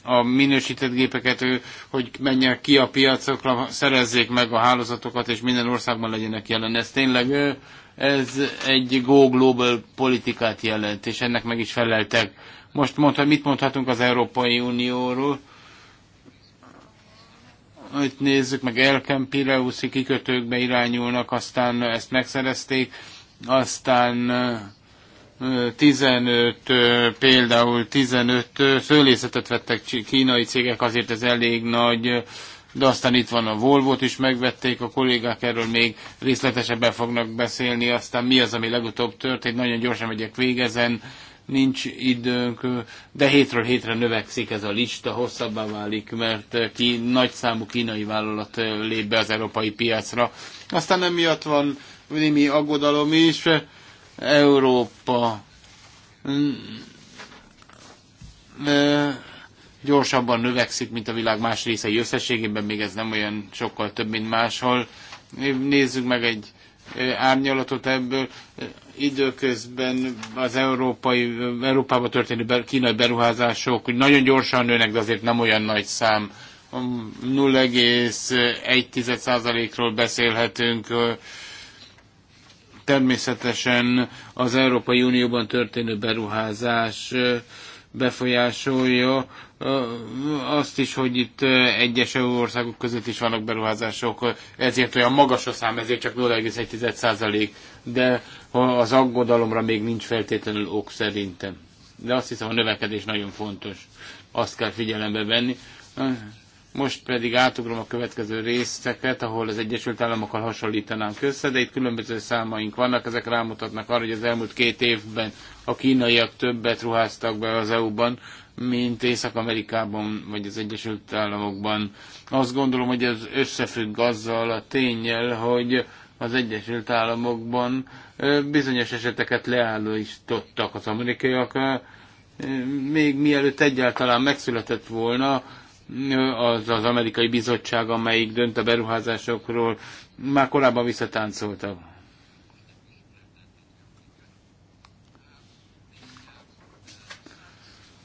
a minősített gépeket, hogy menjenek ki a piacokra, szerezzék meg a hálózatokat, és minden országban legyenek jelen. Ez tényleg ez egy Go Global politikát jelent, és ennek meg is feleltek. Most mondta, mit mondhatunk az Európai Unióról? Itt nézzük, meg Pireuszi kikötőkbe irányulnak, aztán ezt megszerezték aztán 15, például 15 szőlészetet vettek kínai cégek, azért ez elég nagy, de aztán itt van a volvo is megvették, a kollégák erről még részletesebben fognak beszélni, aztán mi az, ami legutóbb történt, nagyon gyorsan megyek végezen, nincs időnk, de hétről hétre növekszik ez a lista, hosszabbá válik, mert ki, nagy számú kínai vállalat lép be az európai piacra. Aztán emiatt van némi aggodalom is. Európa mm, gyorsabban növekszik, mint a világ más részei összességében, még ez nem olyan sokkal több, mint máshol. Nézzük meg egy árnyalatot ebből. Időközben az európai, Európában történő kínai beruházások nagyon gyorsan nőnek, de azért nem olyan nagy szám. 0,1%-ról beszélhetünk Természetesen az Európai Unióban történő beruházás befolyásolja azt is, hogy itt egyes EU országok között is vannak beruházások, ezért olyan magas a szám, ezért csak 0,1% de az aggodalomra még nincs feltétlenül ok szerintem. De azt hiszem a növekedés nagyon fontos, azt kell figyelembe venni. Most pedig átugrom a következő részeket, ahol az Egyesült Államokkal hasonlítanánk össze, de itt különböző számaink vannak, ezek rámutatnak arra, hogy az elmúlt két évben a kínaiak többet ruháztak be az EU-ban, mint Észak-Amerikában vagy az Egyesült Államokban. Azt gondolom, hogy ez összefügg azzal a tényel, hogy az Egyesült Államokban bizonyos eseteket leállítottak az amerikaiak, még mielőtt egyáltalán megszületett volna az az amerikai bizottság, amelyik dönt a beruházásokról, már korábban visszatáncolta.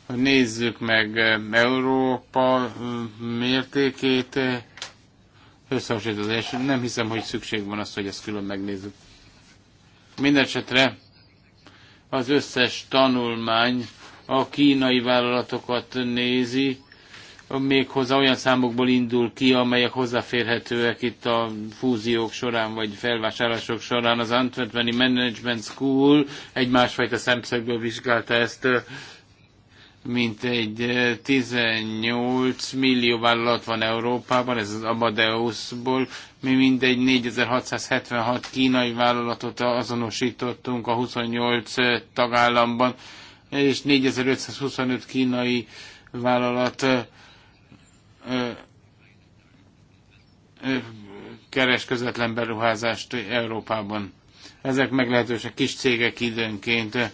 Nézzük meg Európa mm, mértékét. első. Nem hiszem, hogy szükség van azt, hogy ezt külön megnézzük. Mindenesetre az összes tanulmány a kínai vállalatokat nézi, méghozzá olyan számokból indul ki, amelyek hozzáférhetőek itt a fúziók során, vagy felvásárlások során. Az Antwerpeni Management School egy másfajta szemszögből vizsgálta ezt, mint egy 18 eh, millió vállalat van Európában, ez az Abadeuszból, Mi mindegy 4676 kínai vállalatot azonosítottunk a 28 eh, tagállamban, és 4525 kínai vállalat eh, keres közvetlen beruházást Európában. Ezek meglehetősen kis cégek időnként.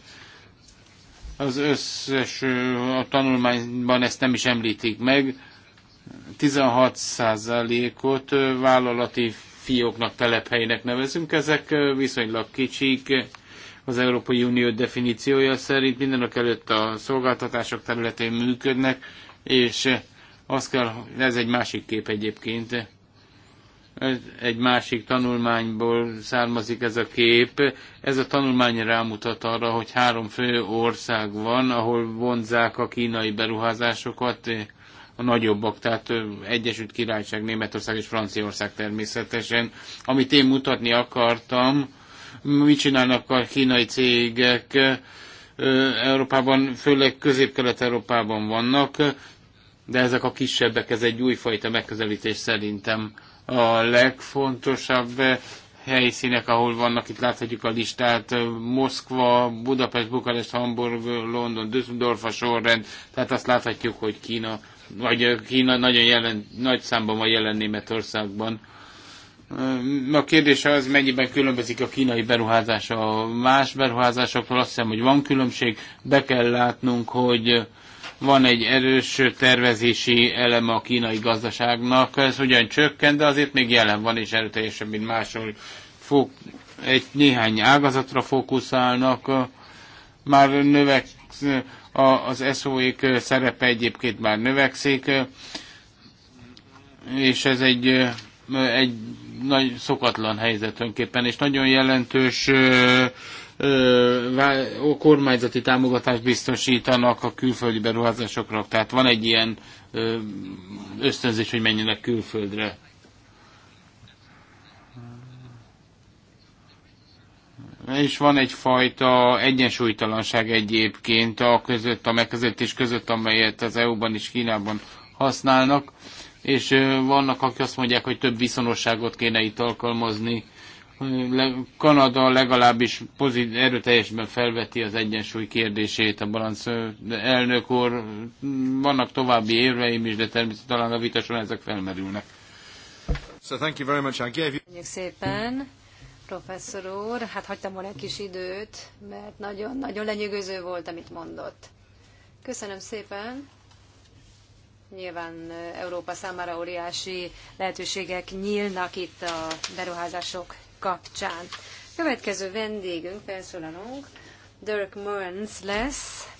Az összes a tanulmányban ezt nem is említik meg. 16%-ot vállalati fióknak, telephelynek nevezünk. Ezek viszonylag kicsik. Az Európai Unió definíciója szerint mindenek előtt a szolgáltatások területén működnek, és azt kell, ez egy másik kép egyébként, egy másik tanulmányból származik ez a kép. Ez a tanulmány rámutat arra, hogy három fő ország van, ahol vonzák a kínai beruházásokat, a nagyobbak, tehát Egyesült Királyság, Németország és Franciaország természetesen. Amit én mutatni akartam, mit csinálnak a kínai cégek, Európában, főleg Közép-Kelet-Európában vannak, de ezek a kisebbek, ez egy újfajta megközelítés szerintem. A legfontosabb eh, helyszínek, ahol vannak, itt láthatjuk a listát, eh, Moszkva, Budapest, Bukarest, Hamburg, London, Düsseldorf a sorrend, tehát azt láthatjuk, hogy Kína, vagy eh, Kína nagyon jelen, nagy számban van jelen Németországban. A kérdés az, mennyiben különbözik a kínai beruházás a más beruházásoktól. Azt hiszem, hogy van különbség. Be kell látnunk, hogy van egy erős tervezési eleme a kínai gazdaságnak, ez ugyan csökkent, de azért még jelen van és erőteljesebb, mint máshol. Fók, egy néhány ágazatra fókuszálnak, már növek, az SOE-k szerepe egyébként már növekszik, és ez egy, egy nagy szokatlan önképpen, és nagyon jelentős ö, kormányzati támogatást biztosítanak a külföldi beruházásokra. Tehát van egy ilyen ö, ösztönzés, hogy menjenek külföldre. És van egyfajta egyensúlytalanság egyébként a között, a megközelítés között, amelyet az EU-ban és Kínában használnak, és vannak, akik azt mondják, hogy több viszonosságot kéne itt alkalmazni, Kanada legalábbis pozit, erőteljesben felveti az egyensúly kérdését, a balansz elnök úr. Vannak további érveim is, de természetesen talán a vita ezek felmerülnek. So thank you very much. I gave you... Köszönjük szépen, professzor úr. Hát hagytam volna egy kis időt, mert nagyon-nagyon lenyűgöző volt, amit mondott. Köszönöm szépen nyilván Európa számára óriási lehetőségek nyílnak itt a beruházások kapcsán. Következő vendégünk, felszólalunk, Dirk Mörns lesz,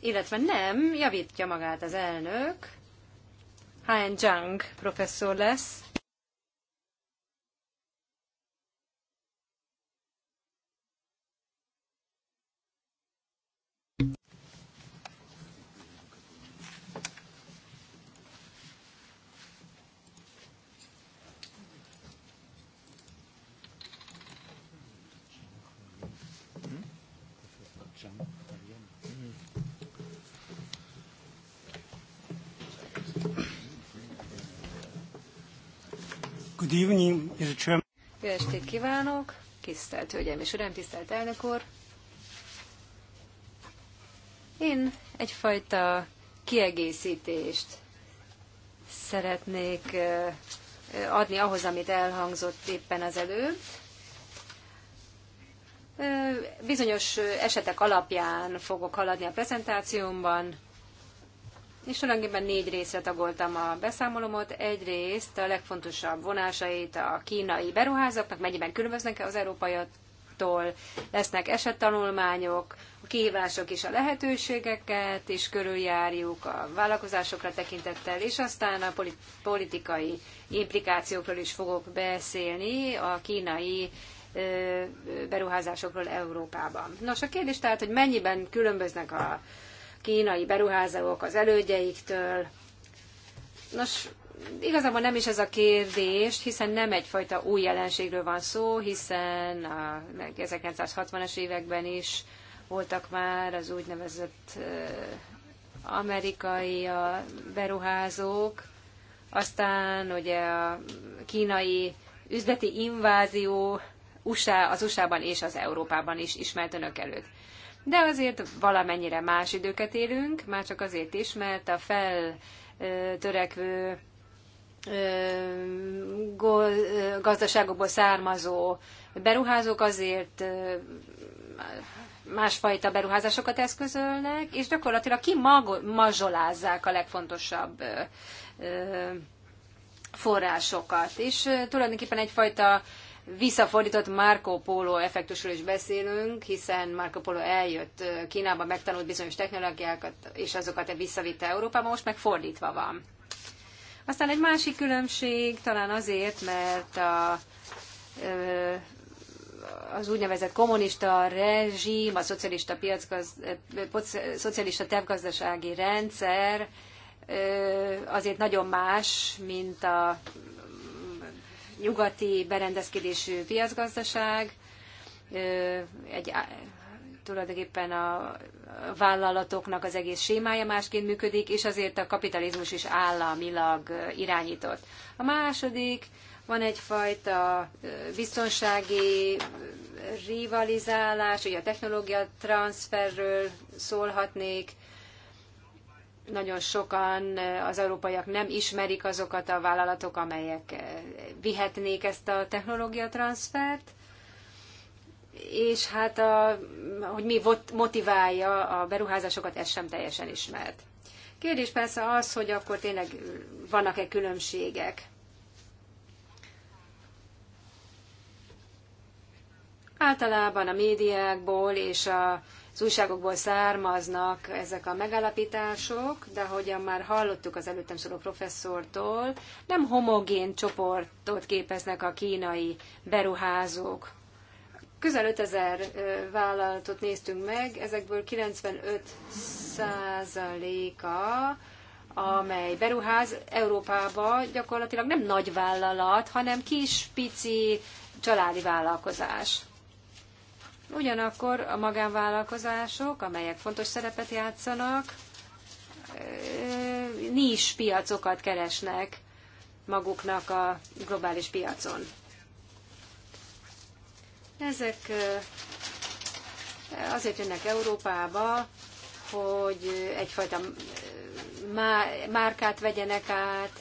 illetve nem, javítja magát az elnök, Hein Zhang professzor lesz, Good evening, Mr. Chairman. Jó estét kívánok, tisztelt Hölgyeim és Uram, tisztelt elnök úr. Én egyfajta kiegészítést szeretnék eh, adni ahhoz, amit elhangzott éppen az előbb. Eh, bizonyos esetek alapján fogok haladni a prezentációmban, és tulajdonképpen négy részre tagoltam a beszámolomot. Egyrészt a legfontosabb vonásait a kínai beruházóknak, mennyiben különböznek -e az európaiaktól, lesznek esettanulmányok, a kihívások és a lehetőségeket, és körüljárjuk a vállalkozásokra tekintettel, és aztán a politikai implikációkról is fogok beszélni a kínai beruházásokról Európában. Nos, a kérdés tehát, hogy mennyiben különböznek a kínai beruházók az elődjeiktől. Nos, igazából nem is ez a kérdés, hiszen nem egyfajta új jelenségről van szó, hiszen a 1960-as években is voltak már az úgynevezett amerikai beruházók, aztán ugye a kínai üzleti invázió az USA-ban és az Európában is ismert önök előtt de azért valamennyire más időket élünk, már csak azért is, mert a feltörekvő gazdaságokból származó beruházók azért másfajta beruházásokat eszközölnek, és gyakorlatilag kimazsolázzák a legfontosabb forrásokat. És tulajdonképpen egyfajta visszafordított Marco Polo effektusról is beszélünk, hiszen Marco Polo eljött Kínába, megtanult bizonyos technológiákat, és azokat visszavitte Európába, most meg fordítva van. Aztán egy másik különbség talán azért, mert a, az úgynevezett kommunista rezsim, a szocialista, piacgaz, szocialista tevgazdasági rendszer azért nagyon más, mint a nyugati berendezkedésű piacgazdaság, egy, tulajdonképpen a vállalatoknak az egész sémája másként működik, és azért a kapitalizmus is államilag irányított. A második, van egyfajta biztonsági rivalizálás, ugye a technológia transferről szólhatnék, nagyon sokan eh, az európaiak nem ismerik azokat a vállalatok, amelyek eh, vihetnék ezt a technológia transfert, és hát, a, hogy mi motiválja a beruházásokat, ez sem teljesen ismert. Kérdés persze az, hogy akkor tényleg vannak-e különbségek. Általában a médiákból és a az újságokból származnak ezek a megállapítások, de ahogyan már hallottuk az előttem szóló professzortól, nem homogén csoportot képeznek a kínai beruházók. Közel 5000 vállalatot néztünk meg, ezekből 95 százaléka amely beruház Európába gyakorlatilag nem nagy vállalat, hanem kis, pici, családi vállalkozás. Ugyanakkor a magánvállalkozások, amelyek fontos szerepet játszanak, nincs piacokat keresnek maguknak a globális piacon. Ezek azért jönnek Európába, hogy egyfajta márkát vegyenek át,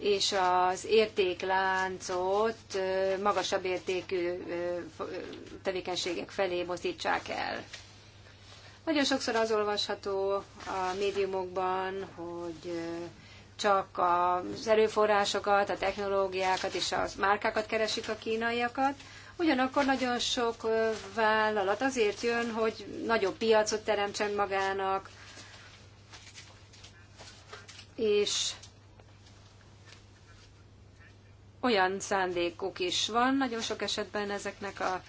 és az értékláncot magasabb értékű tevékenységek felé mozdítsák el. Nagyon sokszor az olvasható a médiumokban, hogy csak az erőforrásokat, a technológiákat és a márkákat keresik a kínaiakat, Ugyanakkor nagyon sok vállalat azért jön, hogy nagyobb piacot teremtsen magának, és olyan szándékuk is van, nagyon sok esetben ezeknek a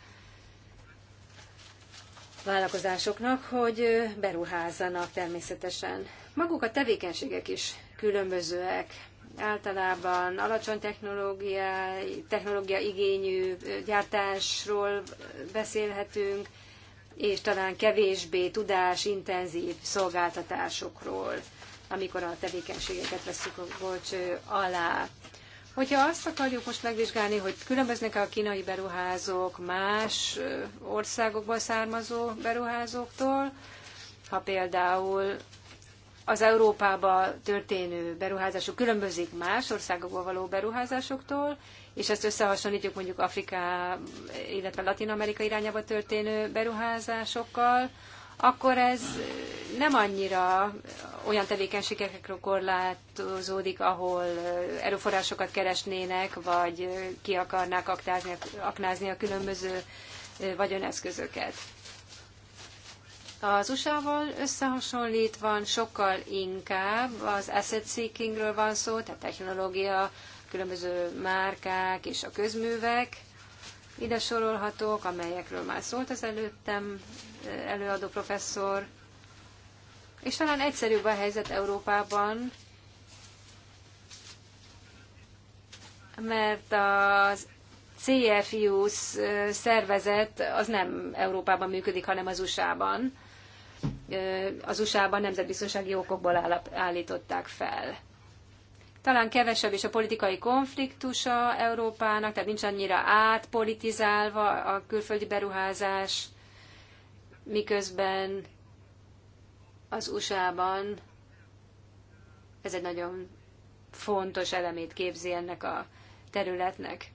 vállalkozásoknak, hogy beruházzanak természetesen. Maguk a tevékenységek is különbözőek. Általában alacsony technológia, technológia igényű gyártásról beszélhetünk, és talán kevésbé tudásintenzív szolgáltatásokról, amikor a tevékenységeket veszük a bolcső alá. Hogyha azt akarjuk most megvizsgálni, hogy különböznek-e a kínai beruházók más országokból származó beruházóktól, ha például az Európába történő beruházások különbözik más országokból való beruházásoktól, és ezt összehasonlítjuk mondjuk Afrika illetve Latin Amerika irányába történő beruházásokkal, akkor ez nem annyira olyan tevékenységekre korlátozódik, ahol erőforrásokat keresnének, vagy ki akarnák aktázni, aknázni a különböző vagyoneszközöket. Az USA-val összehasonlítva sokkal inkább az asset seekingről van szó, tehát technológia, különböző márkák és a közművek ide sorolhatók, amelyekről már szólt az előttem előadó professzor. És talán egyszerűbb a helyzet Európában, mert az CFIUS szervezet az nem Európában működik, hanem az USA-ban. Az USA-ban nemzetbiztonsági okokból állították fel. Talán kevesebb is a politikai konfliktusa Európának, tehát nincs annyira átpolitizálva a külföldi beruházás miközben az USA-ban ez egy nagyon fontos elemét képzi ennek a területnek.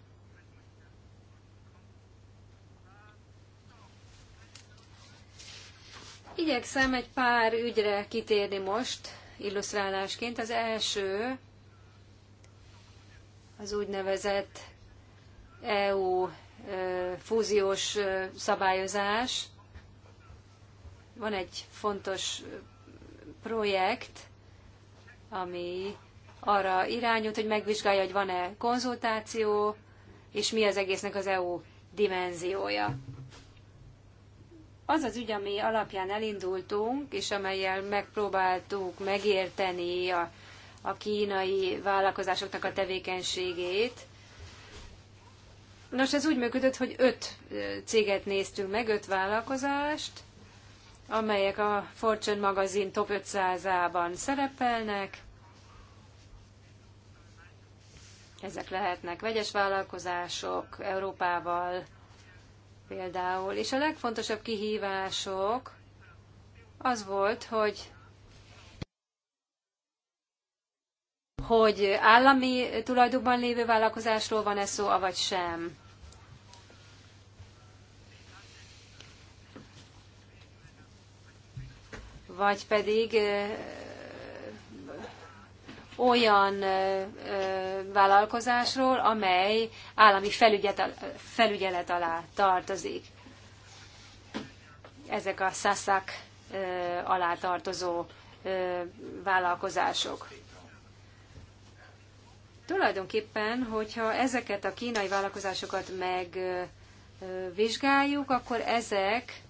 Igyekszem egy pár ügyre kitérni most, illusztrálásként. Az első az úgynevezett EU fúziós szabályozás, van egy fontos projekt, ami arra irányult, hogy megvizsgálja, hogy van-e konzultáció, és mi az egésznek az EU dimenziója. Az az ügy, ami alapján elindultunk, és amelyel megpróbáltuk megérteni a, a kínai vállalkozásoknak a tevékenységét. Nos, ez úgy működött, hogy öt céget néztünk meg, öt vállalkozást, amelyek a Fortune magazin top 500-ában szerepelnek. Ezek lehetnek vegyes vállalkozások Európával például. És a legfontosabb kihívások az volt, hogy hogy állami tulajdonban lévő vállalkozásról van-e szó, avagy sem. vagy pedig olyan vállalkozásról, amely állami felügyelet alá tartozik. Ezek a szaszak alá tartozó vállalkozások. Tulajdonképpen, hogyha ezeket a kínai vállalkozásokat megvizsgáljuk, akkor ezek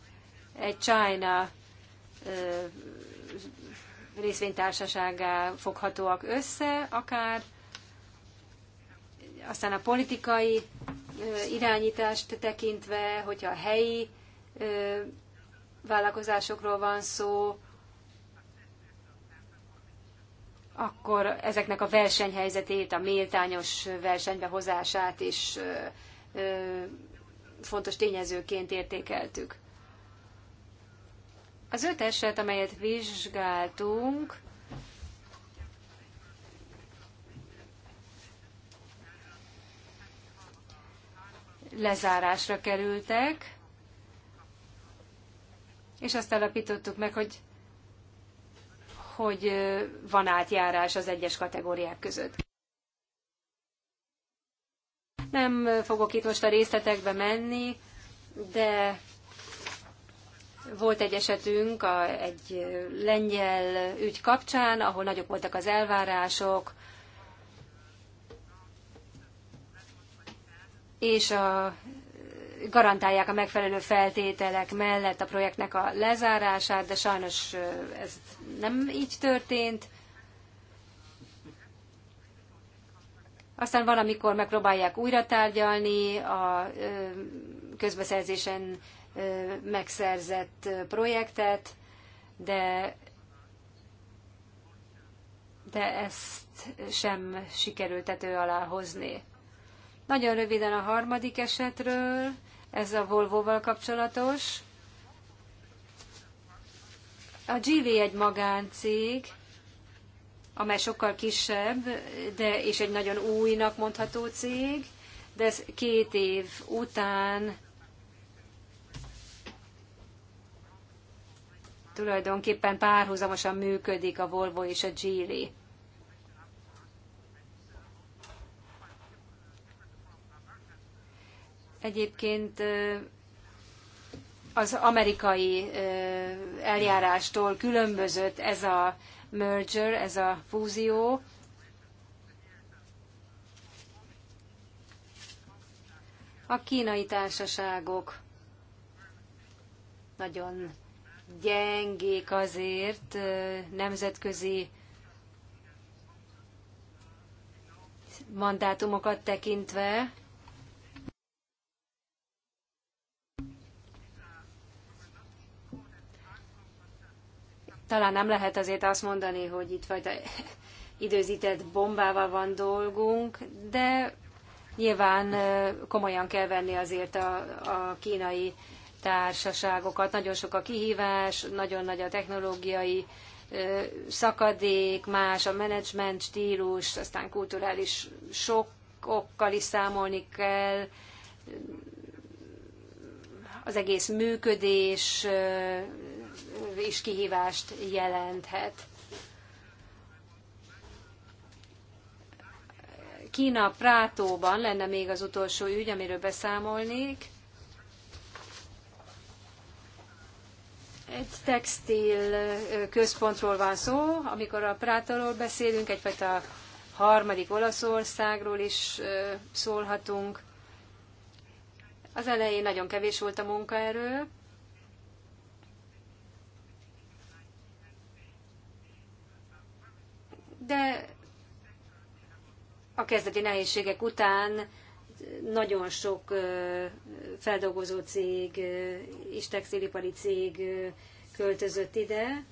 egy China részvénytársaságá foghatóak össze, akár aztán a politikai irányítást tekintve, hogyha a helyi vállalkozásokról van szó, akkor ezeknek a versenyhelyzetét, a méltányos versenybe hozását is fontos tényezőként értékeltük. Az öt eset, amelyet vizsgáltunk, lezárásra kerültek, és azt alapítottuk meg, hogy, hogy van átjárás az egyes kategóriák között. Nem fogok itt most a részletekbe menni, de volt egy esetünk a, egy lengyel ügy kapcsán, ahol nagyobb voltak az elvárások, és a, garantálják a megfelelő feltételek mellett a projektnek a lezárását, de sajnos ez nem így történt. Aztán valamikor megpróbálják újra tárgyalni a közbeszerzésen megszerzett projektet, de, de ezt sem sikerült tető alá hozni. Nagyon röviden a harmadik esetről, ez a Volvo-val kapcsolatos. A GV egy magáncég, amely sokkal kisebb, de és egy nagyon újnak mondható cég, de ez két év után tulajdonképpen párhuzamosan működik a Volvo és a Geely. Egyébként az amerikai eljárástól különbözött ez a merger, ez a fúzió. A kínai társaságok nagyon gyengék azért nemzetközi mandátumokat tekintve, talán nem lehet azért azt mondani, hogy itt fajta [LAUGHS] időzített bombával van dolgunk, de nyilván komolyan kell venni azért a, a kínai társaságokat Nagyon sok a kihívás, nagyon nagy a technológiai szakadék, más a menedzsment stílus, aztán kulturális sokokkal is számolni kell, az egész működés is kihívást jelenthet. Kína Prátóban lenne még az utolsó ügy, amiről beszámolnék. Egy textil központról van szó, amikor a Prátalról beszélünk, egyfajta harmadik Olaszországról is szólhatunk. Az elején nagyon kevés volt a munkaerő, de a kezdeti nehézségek után nagyon sok feldolgozó cég és textilipari cég költözött ide,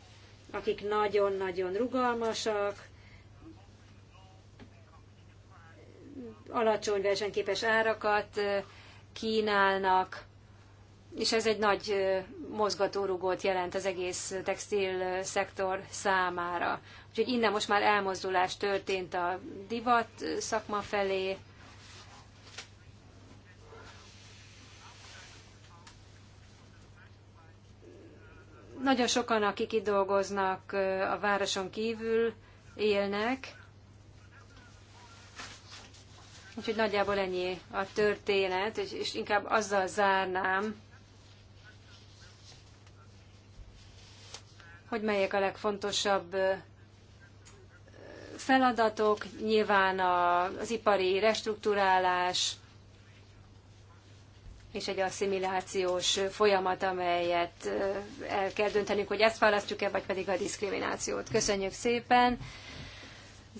akik nagyon-nagyon rugalmasak, alacsony versenyképes árakat kínálnak, és ez egy nagy mozgatórugót jelent az egész textil szektor számára. Úgyhogy innen most már elmozdulás történt a divat szakma felé, Nagyon sokan, akik itt dolgoznak, a városon kívül élnek, úgyhogy nagyjából ennyi a történet, és inkább azzal zárnám, hogy melyek a legfontosabb feladatok, nyilván az ipari restruktúrálás, és egy asszimilációs folyamat, amelyet el kell döntenünk, hogy ezt választjuk-e, vagy pedig a diszkriminációt. Köszönjük szépen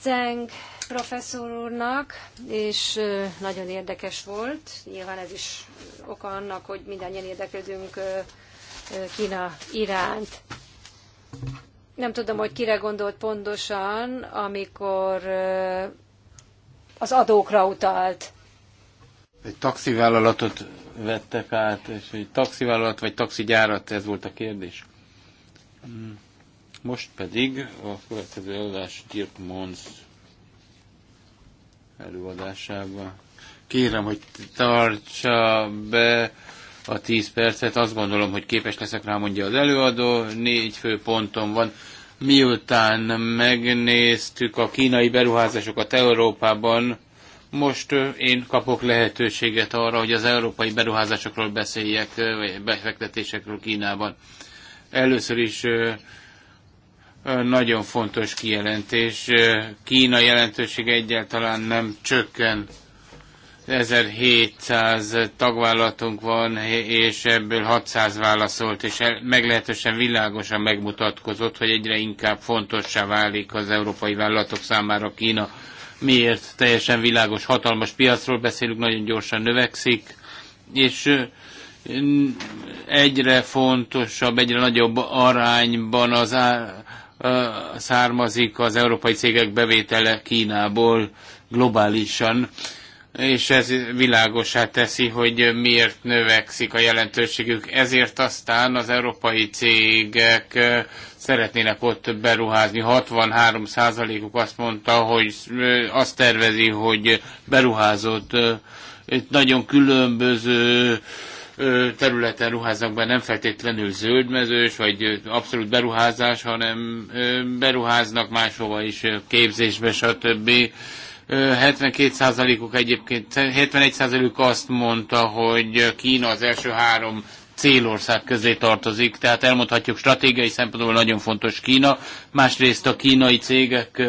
Zeng professzor úrnak, és nagyon érdekes volt. Nyilván ez is oka annak, hogy mindannyian érdeklődünk Kína iránt. Nem tudom, hogy kire gondolt pontosan, amikor az adókra utalt. Egy taxivállalatot vettek át, és egy taxivállalat vagy taxigyárat, ez volt a kérdés. Mm. Most pedig a következő előadás Dirk Mons előadásában. Kérem, hogy tartsa be a 10 percet, azt gondolom, hogy képes leszek rá, mondja az előadó, négy fő ponton van. Miután megnéztük a kínai beruházásokat Európában, most én kapok lehetőséget arra, hogy az európai beruházásokról beszéljek, vagy befektetésekről Kínában. Először is nagyon fontos kijelentés. Kína jelentősége egyáltalán nem csökken. 1700 tagvállalatunk van, és ebből 600 válaszolt, és meglehetősen világosan megmutatkozott, hogy egyre inkább fontossá válik az európai vállalatok számára Kína Miért? Teljesen világos, hatalmas piacról beszélünk, nagyon gyorsan növekszik, és egyre fontosabb, egyre nagyobb arányban az á, származik az európai cégek bevétele Kínából globálisan és ez világosá teszi, hogy miért növekszik a jelentőségük. Ezért aztán az európai cégek szeretnének ott beruházni. 63%-uk azt mondta, hogy azt tervezi, hogy beruházott. Itt nagyon különböző területen ruháznak be, nem feltétlenül zöldmezős, vagy abszolút beruházás, hanem beruháznak máshova is, képzésbe, stb 72%-uk egyébként, 71%-uk azt mondta, hogy Kína az első három célország közé tartozik, tehát elmondhatjuk stratégiai szempontból nagyon fontos Kína, másrészt a kínai cégek,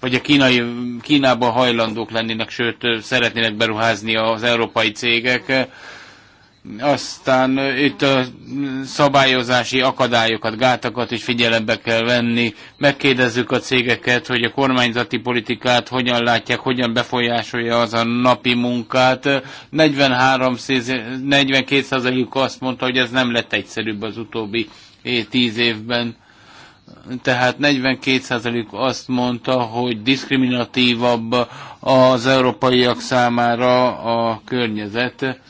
vagy a kínai, Kínában hajlandók lennének, sőt szeretnének beruházni az európai cégek, aztán itt a szabályozási akadályokat, gátakat is figyelembe kell venni. Megkérdezzük a cégeket, hogy a kormányzati politikát hogyan látják, hogyan befolyásolja az a napi munkát. 43, 42%-uk azt mondta, hogy ez nem lett egyszerűbb az utóbbi 10 évben tehát 42% azt mondta, hogy diszkriminatívabb az európaiak számára a környezet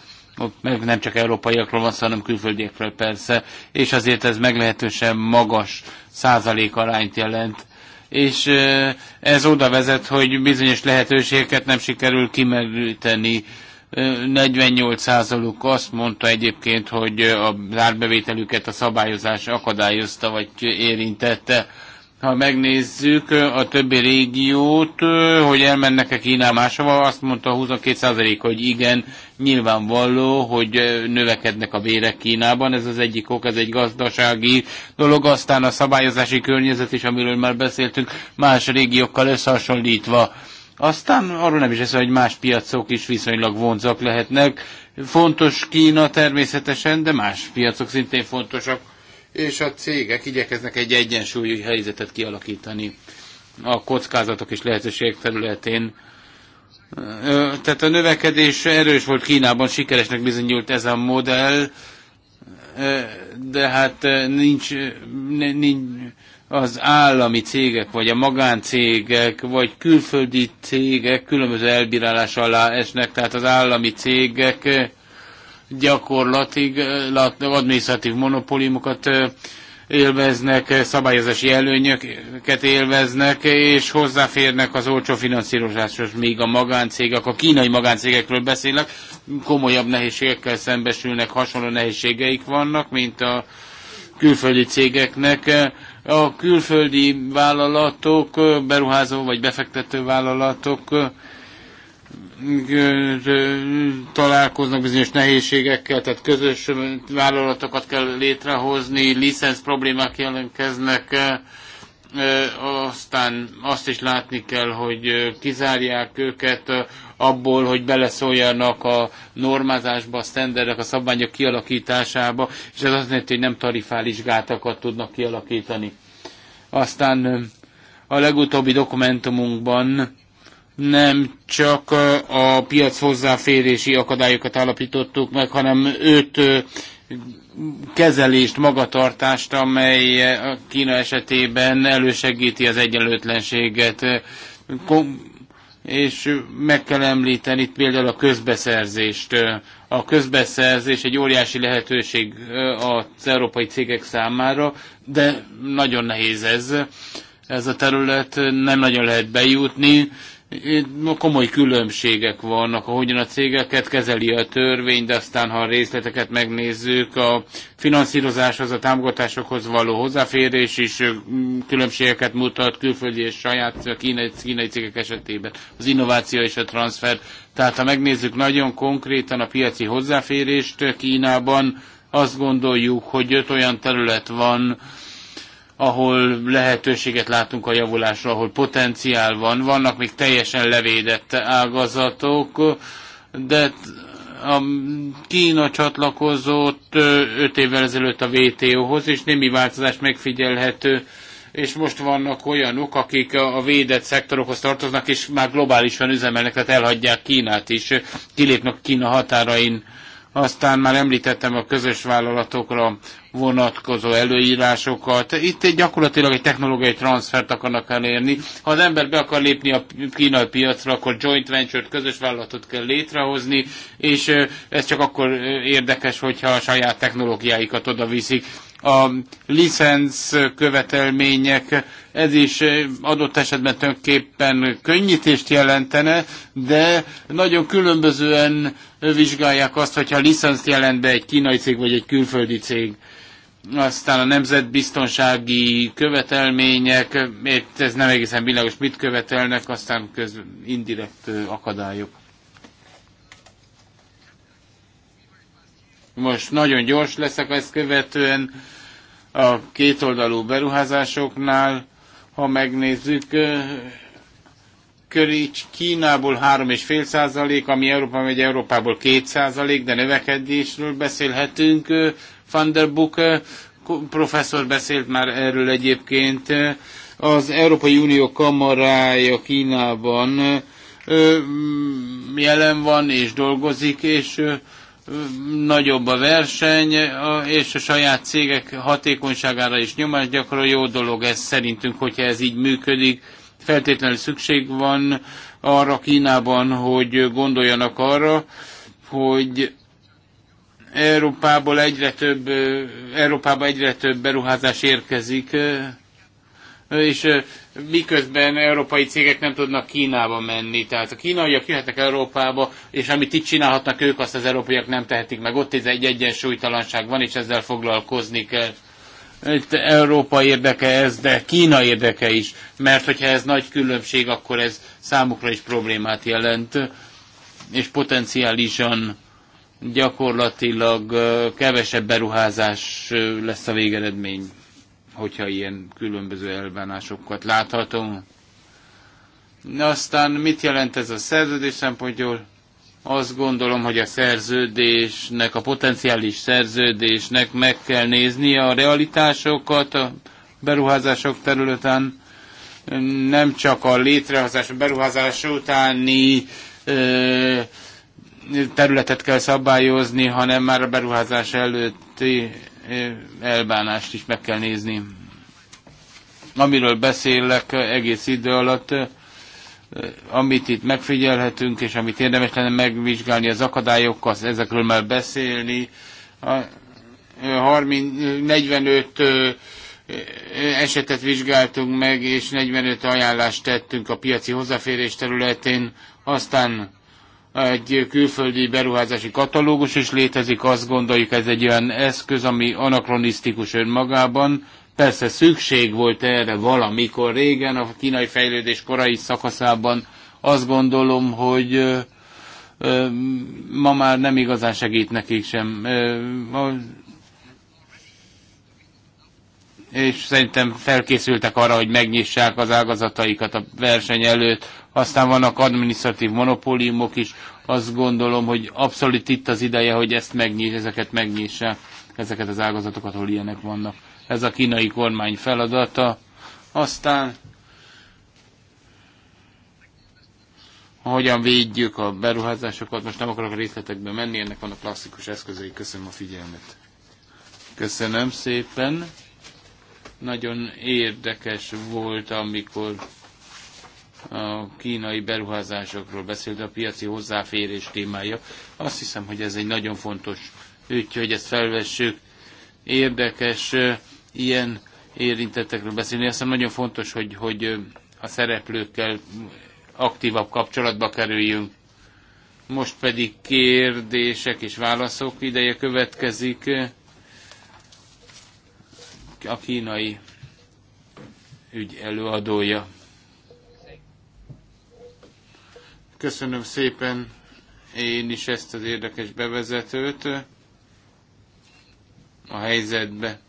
nem csak európaiakról van szó, hanem külföldiekről persze, és azért ez meglehetősen magas százalék arányt jelent. És ez oda vezet, hogy bizonyos lehetőségeket nem sikerül kimerülteni. 48 százaluk azt mondta egyébként, hogy a árbevételüket a szabályozás akadályozta, vagy érintette ha megnézzük a többi régiót, hogy elmennek-e Kínál máshova, azt mondta 22% hogy igen, nyilvánvaló, hogy növekednek a bérek Kínában, ez az egyik ok, ez egy gazdasági dolog, aztán a szabályozási környezet is, amiről már beszéltünk, más régiókkal összehasonlítva. Aztán arról nem is ez, hogy más piacok is viszonylag vonzak lehetnek. Fontos Kína természetesen, de más piacok szintén fontosak és a cégek igyekeznek egy egyensúlyi helyzetet kialakítani a kockázatok és lehetőségek területén. Tehát a növekedés erős volt Kínában, sikeresnek bizonyult ez a modell, de hát nincs, nincs az állami cégek, vagy a magáncégek, vagy külföldi cégek különböző elbírálás alá esnek, tehát az állami cégek gyakorlatig eh, adminisztratív monopóliumokat eh, élveznek, eh, szabályozási előnyöket élveznek, és hozzáférnek az olcsó finanszírozáshoz, még a magáncégek, a kínai magáncégekről beszélnek, komolyabb nehézségekkel szembesülnek, hasonló nehézségeik vannak, mint a külföldi cégeknek. A külföldi vállalatok, beruházó vagy befektető vállalatok találkoznak bizonyos nehézségekkel, tehát közös vállalatokat kell létrehozni, licensz problémák jelentkeznek, aztán azt is látni kell, hogy kizárják őket abból, hogy beleszóljanak a normázásba, a sztenderek, a szabványok kialakításába, és ez azt jelenti, hogy nem tarifális gátakat tudnak kialakítani. Aztán a legutóbbi dokumentumunkban nem csak a piac hozzáférési akadályokat állapítottuk meg, hanem öt kezelést, magatartást, amely a Kína esetében elősegíti az egyenlőtlenséget. És meg kell említeni itt például a közbeszerzést. A közbeszerzés egy óriási lehetőség az európai cégek számára, de nagyon nehéz ez. Ez a terület nem nagyon lehet bejutni komoly különbségek vannak, ahogyan a cégeket kezeli a törvény, de aztán, ha a részleteket megnézzük, a finanszírozáshoz, a támogatásokhoz való hozzáférés is különbségeket mutat külföldi és saját a kínai, kínai cégek esetében, az innováció és a transfer. Tehát, ha megnézzük nagyon konkrétan a piaci hozzáférést Kínában, azt gondoljuk, hogy öt olyan terület van, ahol lehetőséget látunk a javulásra, ahol potenciál van. Vannak még teljesen levédett ágazatok, de a Kína csatlakozott 5 évvel ezelőtt a WTO-hoz, és némi változás megfigyelhető, és most vannak olyanok, akik a védett szektorokhoz tartoznak, és már globálisan üzemelnek, tehát elhagyják Kínát is, kilépnek Kína határain aztán már említettem a közös vállalatokra vonatkozó előírásokat. Itt gyakorlatilag egy technológiai transfert akarnak elérni. Ha az ember be akar lépni a kínai piacra, akkor joint venture-t, közös vállalatot kell létrehozni, és ez csak akkor érdekes, hogyha a saját technológiáikat oda viszik a licenc követelmények, ez is eh, adott esetben tönképpen könnyítést jelentene, de nagyon különbözően vizsgálják azt, hogyha licenzt jelent be egy kínai cég vagy egy külföldi cég aztán a nemzetbiztonsági követelmények, eh, ez nem egészen világos, mit követelnek, aztán köz indirekt eh, akadályok. Most nagyon gyors leszek ezt követően a kétoldalú beruházásoknál, ha megnézzük, körül Kínából 3,5 százalék, ami Európa megy Európából 2 százalék, de növekedésről beszélhetünk. Van der Buk professzor beszélt már erről egyébként. Az Európai Unió kamarája Kínában jelen van és dolgozik, és nagyobb a verseny, és a saját cégek hatékonyságára is nyomás gyakorol. Jó dolog ez szerintünk, hogyha ez így működik. Feltétlenül szükség van arra Kínában, hogy gondoljanak arra, hogy Európából egyre több, Európába egyre több beruházás érkezik, és miközben európai cégek nem tudnak Kínába menni. Tehát a kínaiak jöhetnek Európába, és amit itt csinálhatnak ők, azt az európaiak nem tehetik meg. Ott ez egy egyensúlytalanság van, és ezzel foglalkozni kell. Itt Európa érdeke ez, de Kína érdeke is, mert hogyha ez nagy különbség, akkor ez számukra is problémát jelent, és potenciálisan gyakorlatilag kevesebb beruházás lesz a végeredmény hogyha ilyen különböző elbánásokat láthatunk. na Aztán mit jelent ez a szerződés szempontjából? Azt gondolom, hogy a szerződésnek, a potenciális szerződésnek meg kell nézni a realitásokat a beruházások területen, nem csak a létrehozás, a beruházás utáni ö, területet kell szabályozni, hanem már a beruházás előtti elbánást is meg kell nézni. Amiről beszélek eh, egész idő alatt, eh, amit itt megfigyelhetünk, és amit érdemes lenne megvizsgálni az akadályokkal, ezekről már beszélni. A 30, eh, 45 esetet vizsgáltunk meg, és 45 ajánlást tettünk a piaci hozzáférés területén, aztán egy külföldi beruházási katalógus is létezik, azt gondoljuk ez egy olyan eszköz, ami anakronisztikus önmagában. Persze szükség volt erre valamikor régen, a kínai fejlődés korai szakaszában azt gondolom, hogy ma már nem igazán segít nekik sem. És szerintem felkészültek arra, hogy megnyissák az ágazataikat a verseny előtt aztán vannak administratív monopóliumok is. Azt gondolom, hogy abszolút itt az ideje, hogy ezt megnyis, ezeket megnyisse, ezeket az ágazatokat, ahol ilyenek vannak. Ez a kínai kormány feladata. Aztán hogyan védjük a beruházásokat. Most nem akarok a részletekbe menni, ennek van a klasszikus eszközei. Köszönöm a figyelmet. Köszönöm szépen. Nagyon érdekes volt, amikor a kínai beruházásokról beszélt, a piaci hozzáférés témája. Azt hiszem, hogy ez egy nagyon fontos ügy, hogy ezt felvessük. Érdekes ilyen érintettekről beszélni. Azt hiszem nagyon fontos, hogy, hogy a szereplőkkel aktívabb kapcsolatba kerüljünk. Most pedig kérdések és válaszok ideje következik a kínai ügy előadója. Köszönöm szépen én is ezt az érdekes bevezetőt a helyzetbe.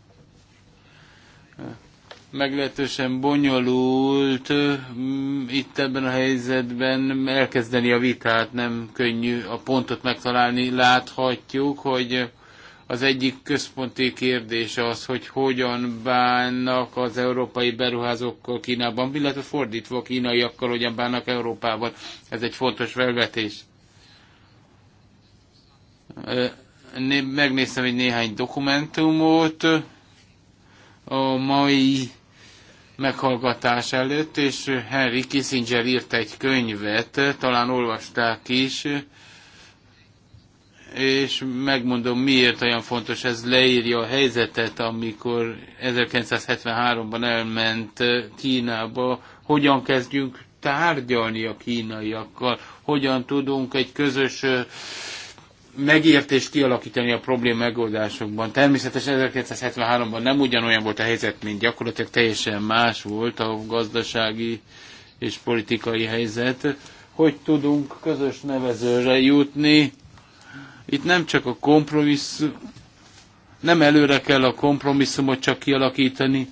Meglehetősen bonyolult mm, itt ebben a helyzetben elkezdeni a vitát, nem könnyű a pontot megtalálni. Láthatjuk, hogy az egyik központi kérdés az, hogy hogyan bánnak az európai beruházókkal Kínában, illetve fordítva a kínaiakkal hogyan bánnak Európában. Ez egy fontos felvetés. Megnéztem egy néhány dokumentumot a mai meghallgatás előtt, és Henry Kissinger írt egy könyvet, talán olvasták is, és megmondom, miért olyan fontos, ez leírja a helyzetet, amikor 1973-ban elment Kínába, hogyan kezdjünk tárgyalni a kínaiakkal, hogyan tudunk egy közös megértést kialakítani a probléma megoldásokban. Természetesen 1973-ban nem ugyanolyan volt a helyzet, mint gyakorlatilag teljesen más volt a gazdasági és politikai helyzet. Hogy tudunk közös nevezőre jutni, itt nem csak a kompromisszum, nem előre kell a kompromisszumot csak kialakítani,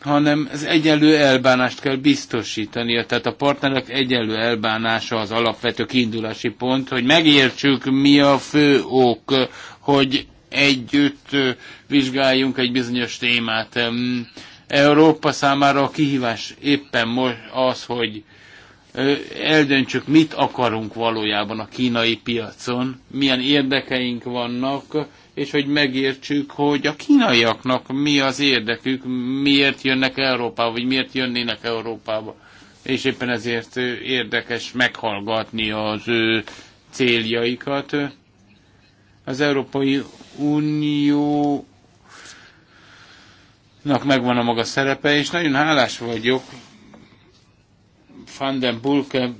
hanem az egyenlő elbánást kell biztosítani. Tehát a partnerek egyenlő elbánása az alapvető kiindulási pont, hogy megértsük, mi a fő ok, hogy együtt vizsgáljunk egy bizonyos témát. Európa számára a kihívás éppen most az, hogy eldöntsük, mit akarunk valójában a kínai piacon, milyen érdekeink vannak, és hogy megértsük, hogy a kínaiaknak mi az érdekük, miért jönnek Európába, vagy miért jönnének Európába. És éppen ezért érdekes meghallgatni az ő céljaikat. Az Európai Unió megvan a maga szerepe, és nagyon hálás vagyok van den Bulke eh,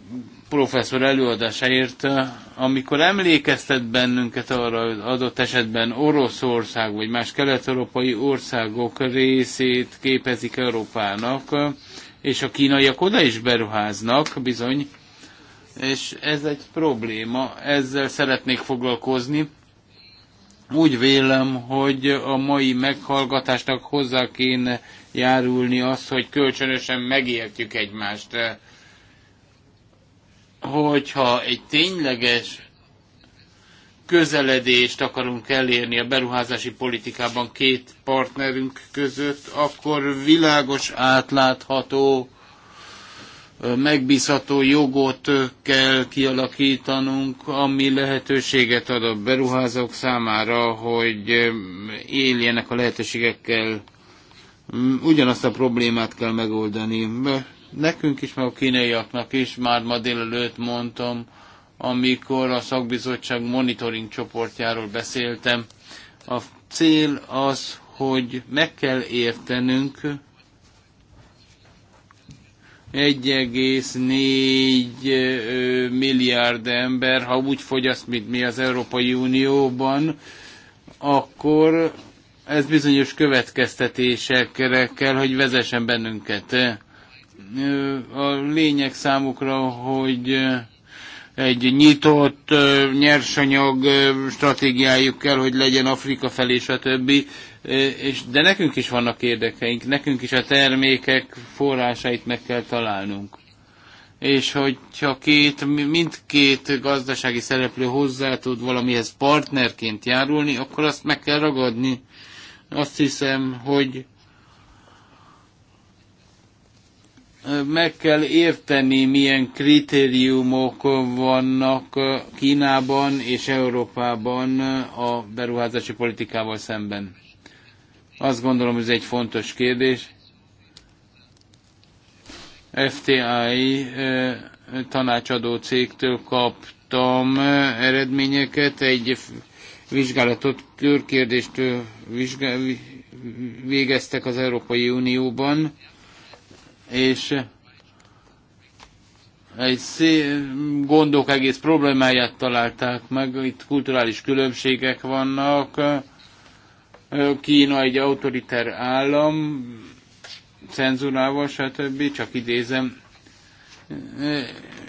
professzor előadásáért, eh, amikor emlékeztet bennünket arra adott esetben Oroszország vagy más kelet-európai országok részét képezik Európának, eh, és a kínaiak oda is beruháznak bizony, és ez egy probléma, ezzel szeretnék foglalkozni. Úgy vélem, hogy a mai meghallgatásnak hozzá kéne járulni az, hogy kölcsönösen megértjük egymást hogyha egy tényleges közeledést akarunk elérni a beruházási politikában két partnerünk között, akkor világos, átlátható, megbízható jogot kell kialakítanunk, ami lehetőséget ad a beruházók számára, hogy éljenek a lehetőségekkel. Mm, ugyanazt a problémát kell megoldani. Nekünk is, meg a kínaiaknak is, már ma délelőtt mondtam, amikor a szakbizottság monitoring csoportjáról beszéltem. A cél az, hogy meg kell értenünk 1,4 milliárd ember, ha úgy fogyaszt, mint mi az Európai Unióban, akkor ez bizonyos következtetésekre kell, hogy vezessen bennünket a lényeg számukra, hogy egy nyitott nyersanyag stratégiájuk kell, hogy legyen Afrika felé, stb. És, de nekünk is vannak érdekeink, nekünk is a termékek forrásait meg kell találnunk. És hogyha két, mindkét gazdasági szereplő hozzá tud valamihez partnerként járulni, akkor azt meg kell ragadni. Azt hiszem, hogy meg kell érteni, milyen kritériumok vannak Kínában és Európában a beruházási politikával szemben. Azt gondolom, ez egy fontos kérdés. FTI eh, tanácsadó cégtől kaptam eh, eredményeket, egy vizsgálatot, körkérdést eh, vizsgál, végeztek az Európai Unióban és egy szé- gondok egész problémáját találták meg, itt kulturális különbségek vannak, Kína egy autoriter állam, cenzurával, stb., csak idézem,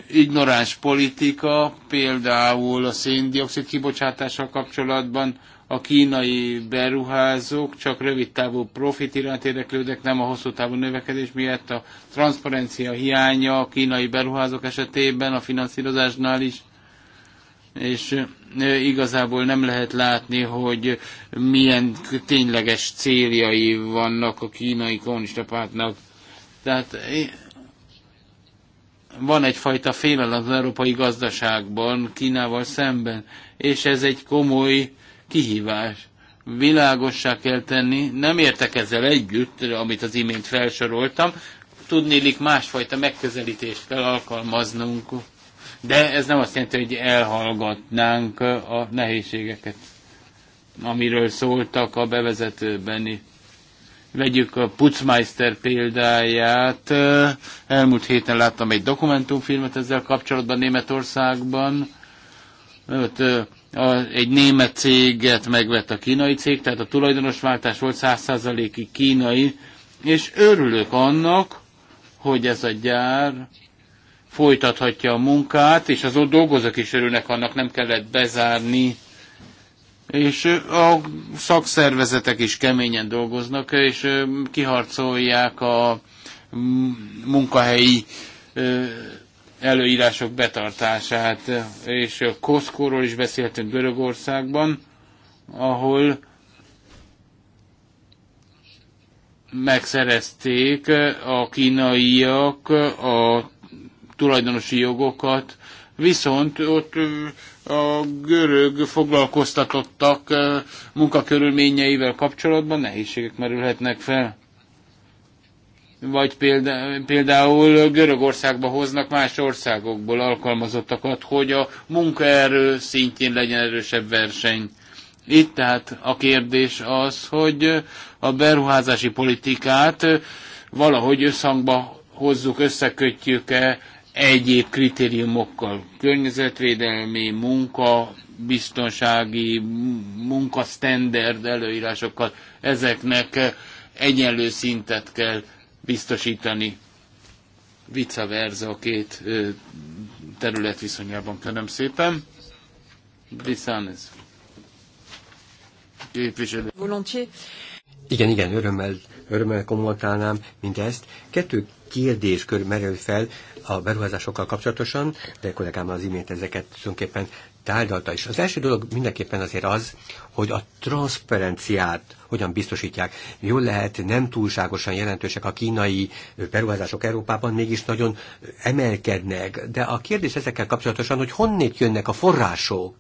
ignoráns politika, például a széndiokszid kibocsátással kapcsolatban a kínai beruházók csak rövid távú profit iránt érdeklődnek, nem a hosszú távú növekedés miatt a transzparencia hiánya a kínai beruházók esetében, a finanszírozásnál is, és igazából nem lehet látni, hogy milyen tényleges céljai vannak a kínai kommunista pártnak. Tehát van egyfajta félelem az európai gazdaságban Kínával szemben, és ez egy komoly kihívás. Világossá kell tenni, nem értek ezzel együtt, amit az imént felsoroltam, tudnélik másfajta megközelítést kell alkalmaznunk. De ez nem azt jelenti, hogy elhallgatnánk a nehézségeket, amiről szóltak a bevezetőbeni. vegyük a Putzmeister példáját. Elmúlt héten láttam egy dokumentumfilmet ezzel kapcsolatban Németországban. Ott a, egy német céget megvett a kínai cég, tehát a tulajdonosváltás volt 100 i kínai, és örülök annak, hogy ez a gyár folytathatja a munkát, és az ott dolgozók is örülnek annak, nem kellett bezárni, és a szakszervezetek is keményen dolgoznak, és kiharcolják a mm, munkahelyi előírások betartását, és a Koszkóról is beszéltünk Görögországban, ahol megszerezték a kínaiak a tulajdonosi jogokat, viszont ott a görög foglalkoztatottak munkakörülményeivel kapcsolatban nehézségek merülhetnek fel. Vagy példa, például Görögországba hoznak más országokból alkalmazottakat, hogy a munkaerő szintjén legyen erősebb verseny. Itt tehát a kérdés az, hogy a beruházási politikát valahogy összhangba hozzuk, összekötjük-e egyéb kritériumokkal. Környezetvédelmi, munka, biztonsági, munkasztenderd előírásokkal, ezeknek egyenlő szintet kell biztosítani vice versa a két terület viszonyában. Köszönöm szépen. Brisanez. Képviselő. Volontiers. Igen, igen, örömmel, örömmel kommentálnám mindezt. Kettő kör merül fel a beruházásokkal kapcsolatosan, de kollégám az imént ezeket tulajdonképpen tárgyalta is. Az első dolog mindenképpen azért az, hogy a transzparenciát, hogyan biztosítják. Jól lehet, nem túlságosan jelentősek a kínai beruházások Európában, mégis nagyon emelkednek. De a kérdés ezekkel kapcsolatosan, hogy honnét jönnek a források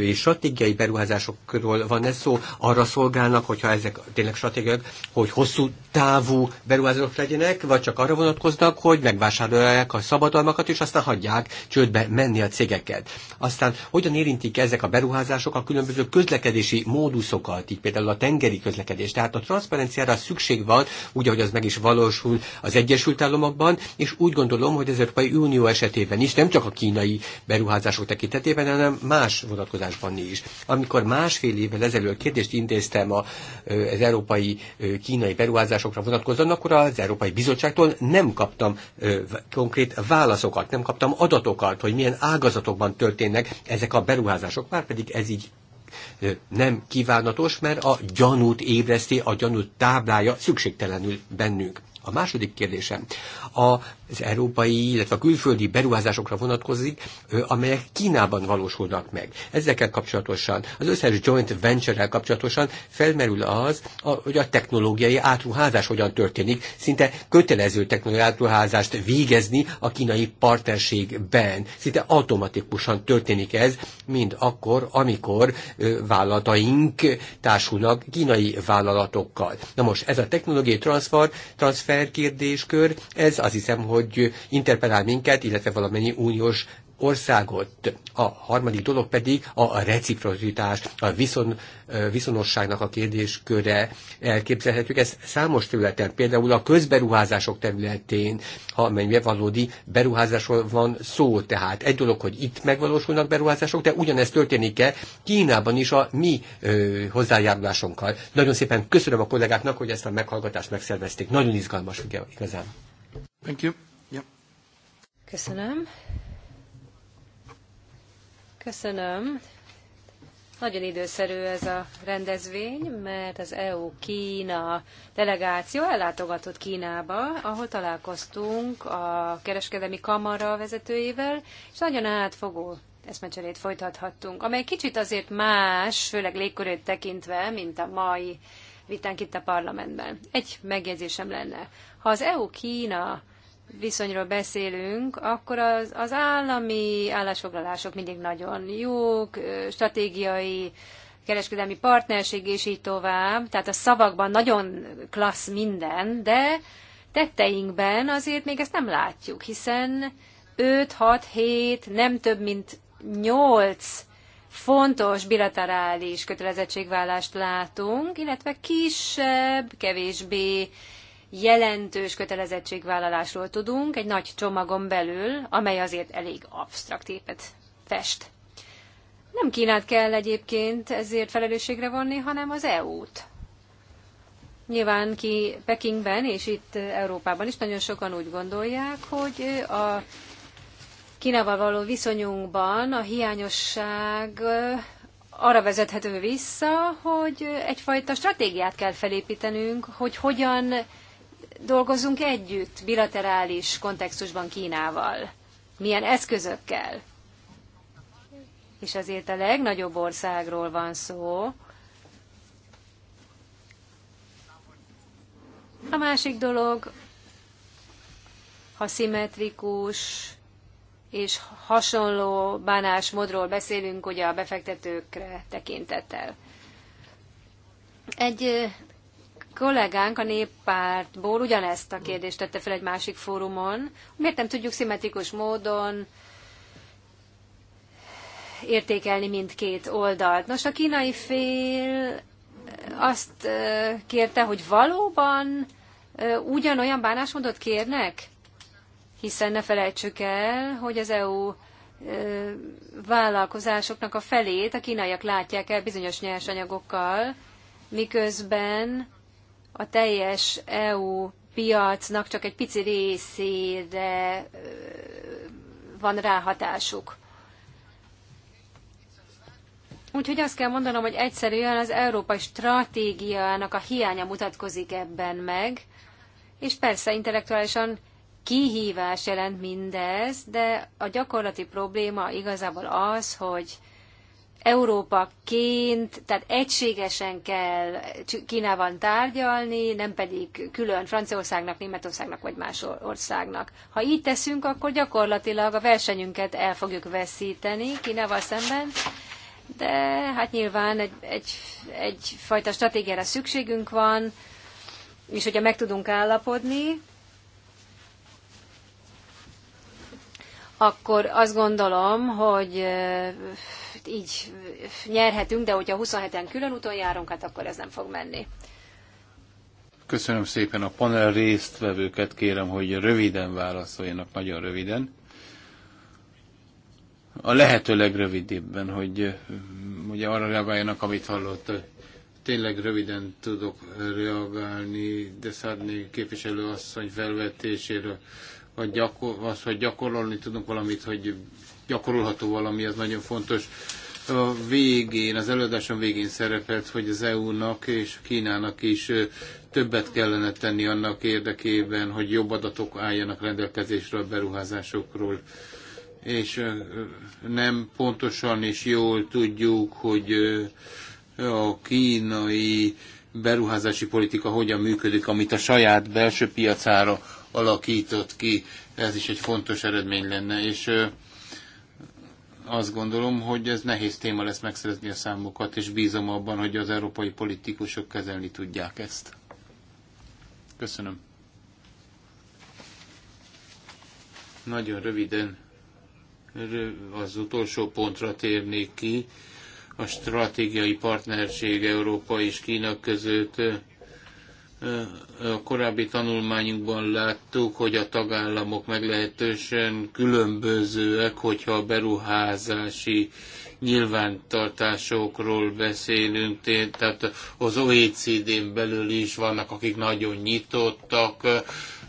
és stratégiai beruházásokról van ez szó, arra szolgálnak, hogyha ezek tényleg stratégiák, hogy hosszú távú beruházások legyenek, vagy csak arra vonatkoznak, hogy megvásárolják a szabadalmakat, és aztán hagyják csődbe menni a cégeket. Aztán hogyan érintik ezek a beruházások a különböző közlekedési móduszokat, így például a tengeri közlekedés. Tehát a transzparenciára szükség van, úgy, ahogy az meg is valósul az Egyesült Államokban, és úgy gondolom, hogy az Európai Unió esetében is, nem csak a kínai beruházások tekintetében, hanem más vonatkozásban is. Amikor másfél évvel ezelőtt kérdést intéztem az európai kínai beruházásokra vonatkozóan, akkor az Európai Bizottságtól nem kaptam konkrét válaszokat, nem kaptam adatokat, hogy milyen ágazatokban történnek ezek a beruházások, már pedig ez így nem kívánatos, mert a gyanút ébreszti, a gyanút táblája szükségtelenül bennünk. A második kérdésem. A az európai, illetve a külföldi beruházásokra vonatkozik, amelyek Kínában valósulnak meg. Ezekkel kapcsolatosan, az összes joint venture-rel kapcsolatosan felmerül az, hogy a technológiai átruházás hogyan történik, szinte kötelező technológiai átruházást végezni a kínai partnerségben. Szinte automatikusan történik ez, mind akkor, amikor vállalataink társulnak kínai vállalatokkal. Na most ez a technológiai transfer, transfer kérdéskör, ez azt hiszem, hogy hogy interpelál minket, illetve valamennyi uniós országot. A harmadik dolog pedig a reciprocitás, a viszon, viszonosságnak a kérdésköre. Elképzelhetjük Ez számos területen, például a közberuházások területén, ha mennyire valódi beruházásról van szó. Tehát egy dolog, hogy itt megvalósulnak beruházások, de ugyanezt történik-e Kínában is a mi ö, hozzájárulásunkkal. Nagyon szépen köszönöm a kollégáknak, hogy ezt a meghallgatást megszervezték. Nagyon izgalmas, ugye, igazán. Thank you. Köszönöm. Köszönöm. Nagyon időszerű ez a rendezvény, mert az EU-Kína delegáció ellátogatott Kínába, ahol találkoztunk a kereskedelmi kamara vezetőjével, és nagyon átfogó eszmecserét folytathattunk, amely kicsit azért más, főleg légkörét tekintve, mint a mai vitánk itt a parlamentben. Egy megjegyzésem lenne. Ha az EU-Kína viszonyról beszélünk, akkor az, az állami állásfoglalások mindig nagyon jók, stratégiai, kereskedelmi partnerség és így tovább. Tehát a szavakban nagyon klassz minden, de tetteinkben azért még ezt nem látjuk, hiszen 5, 6, 7, nem több, mint 8 fontos bilaterális kötelezettségvállást látunk, illetve kisebb, kevésbé jelentős kötelezettségvállalásról tudunk, egy nagy csomagon belül, amely azért elég absztrakt képet fest. Nem Kínát kell egyébként ezért felelősségre vonni, hanem az EU-t. Nyilván ki Pekingben és itt Európában is nagyon sokan úgy gondolják, hogy a Kínával való viszonyunkban a hiányosság arra vezethető vissza, hogy egyfajta stratégiát kell felépítenünk, hogy hogyan dolgozunk együtt bilaterális kontextusban Kínával? Milyen eszközökkel? És azért a legnagyobb országról van szó. A másik dolog, ha szimmetrikus és hasonló bánásmódról beszélünk, ugye a befektetőkre tekintettel. Egy kollégánk a néppártból ugyanezt a kérdést tette fel egy másik fórumon. Miért nem tudjuk szimmetrikus módon értékelni mindkét oldalt? Nos, a kínai fél azt kérte, hogy valóban ugyanolyan bánásmódot kérnek? Hiszen ne felejtsük el, hogy az EU vállalkozásoknak a felét a kínaiak látják el bizonyos nyersanyagokkal, miközben a teljes EU piacnak csak egy pici részére van ráhatásuk. Úgyhogy azt kell mondanom, hogy egyszerűen az európai stratégiának a hiánya mutatkozik ebben meg, és persze intellektuálisan kihívás jelent mindez, de a gyakorlati probléma igazából az, hogy Európaként, tehát egységesen kell Kínában tárgyalni, nem pedig külön Franciaországnak, Németországnak vagy más országnak. Ha így teszünk, akkor gyakorlatilag a versenyünket el fogjuk veszíteni Kínával szemben, de hát nyilván egy, egy, egyfajta stratégiára szükségünk van, és hogyha meg tudunk állapodni, akkor azt gondolom, hogy Hát így nyerhetünk, de hogyha 27-en külön úton járunk, hát akkor ez nem fog menni. Köszönöm szépen a panel résztvevőket, kérem, hogy röviden válaszoljanak, nagyon röviden. A lehető legrövidebben, hogy ugye arra reagáljanak, amit hallott. Tényleg röviden tudok reagálni, de Szádné képviselő asszony felvetéséről, hogy gyakor, az, hogy gyakorolni tudunk valamit, hogy gyakorolható valami, az nagyon fontos. A végén, az előadásom végén szerepelt, hogy az EU-nak és Kínának is többet kellene tenni annak érdekében, hogy jobb adatok álljanak rendelkezésre a beruházásokról és nem pontosan és jól tudjuk, hogy a kínai beruházási politika hogyan működik, amit a saját belső piacára alakított ki. Ez is egy fontos eredmény lenne, és azt gondolom, hogy ez nehéz téma lesz megszerezni a számokat, és bízom abban, hogy az európai politikusok kezelni tudják ezt. Köszönöm. Nagyon röviden az utolsó pontra térnék ki, a stratégiai partnerség Európa és Kína között a korábbi tanulmányunkban láttuk, hogy a tagállamok meglehetősen különbözőek, hogyha a beruházási nyilvántartásokról beszélünk, tehát az OECD-n belül is vannak, akik nagyon nyitottak,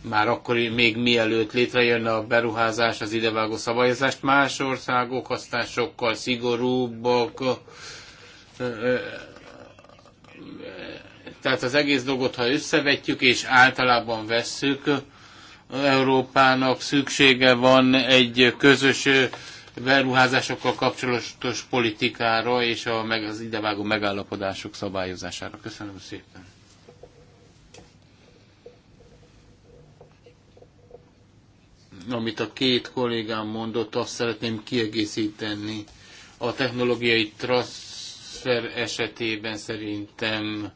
már akkor még mielőtt létrejönne a beruházás, az idevágó szabályozást. Más országok aztán sokkal szigorúbbak, tehát az egész dolgot, ha összevetjük és általában vesszük, Európának szüksége van egy közös beruházásokkal kapcsolatos politikára és a, meg, az idevágó megállapodások szabályozására. Köszönöm szépen. Amit a két kollégám mondott, azt szeretném kiegészíteni. A technológiai transfer esetében szerintem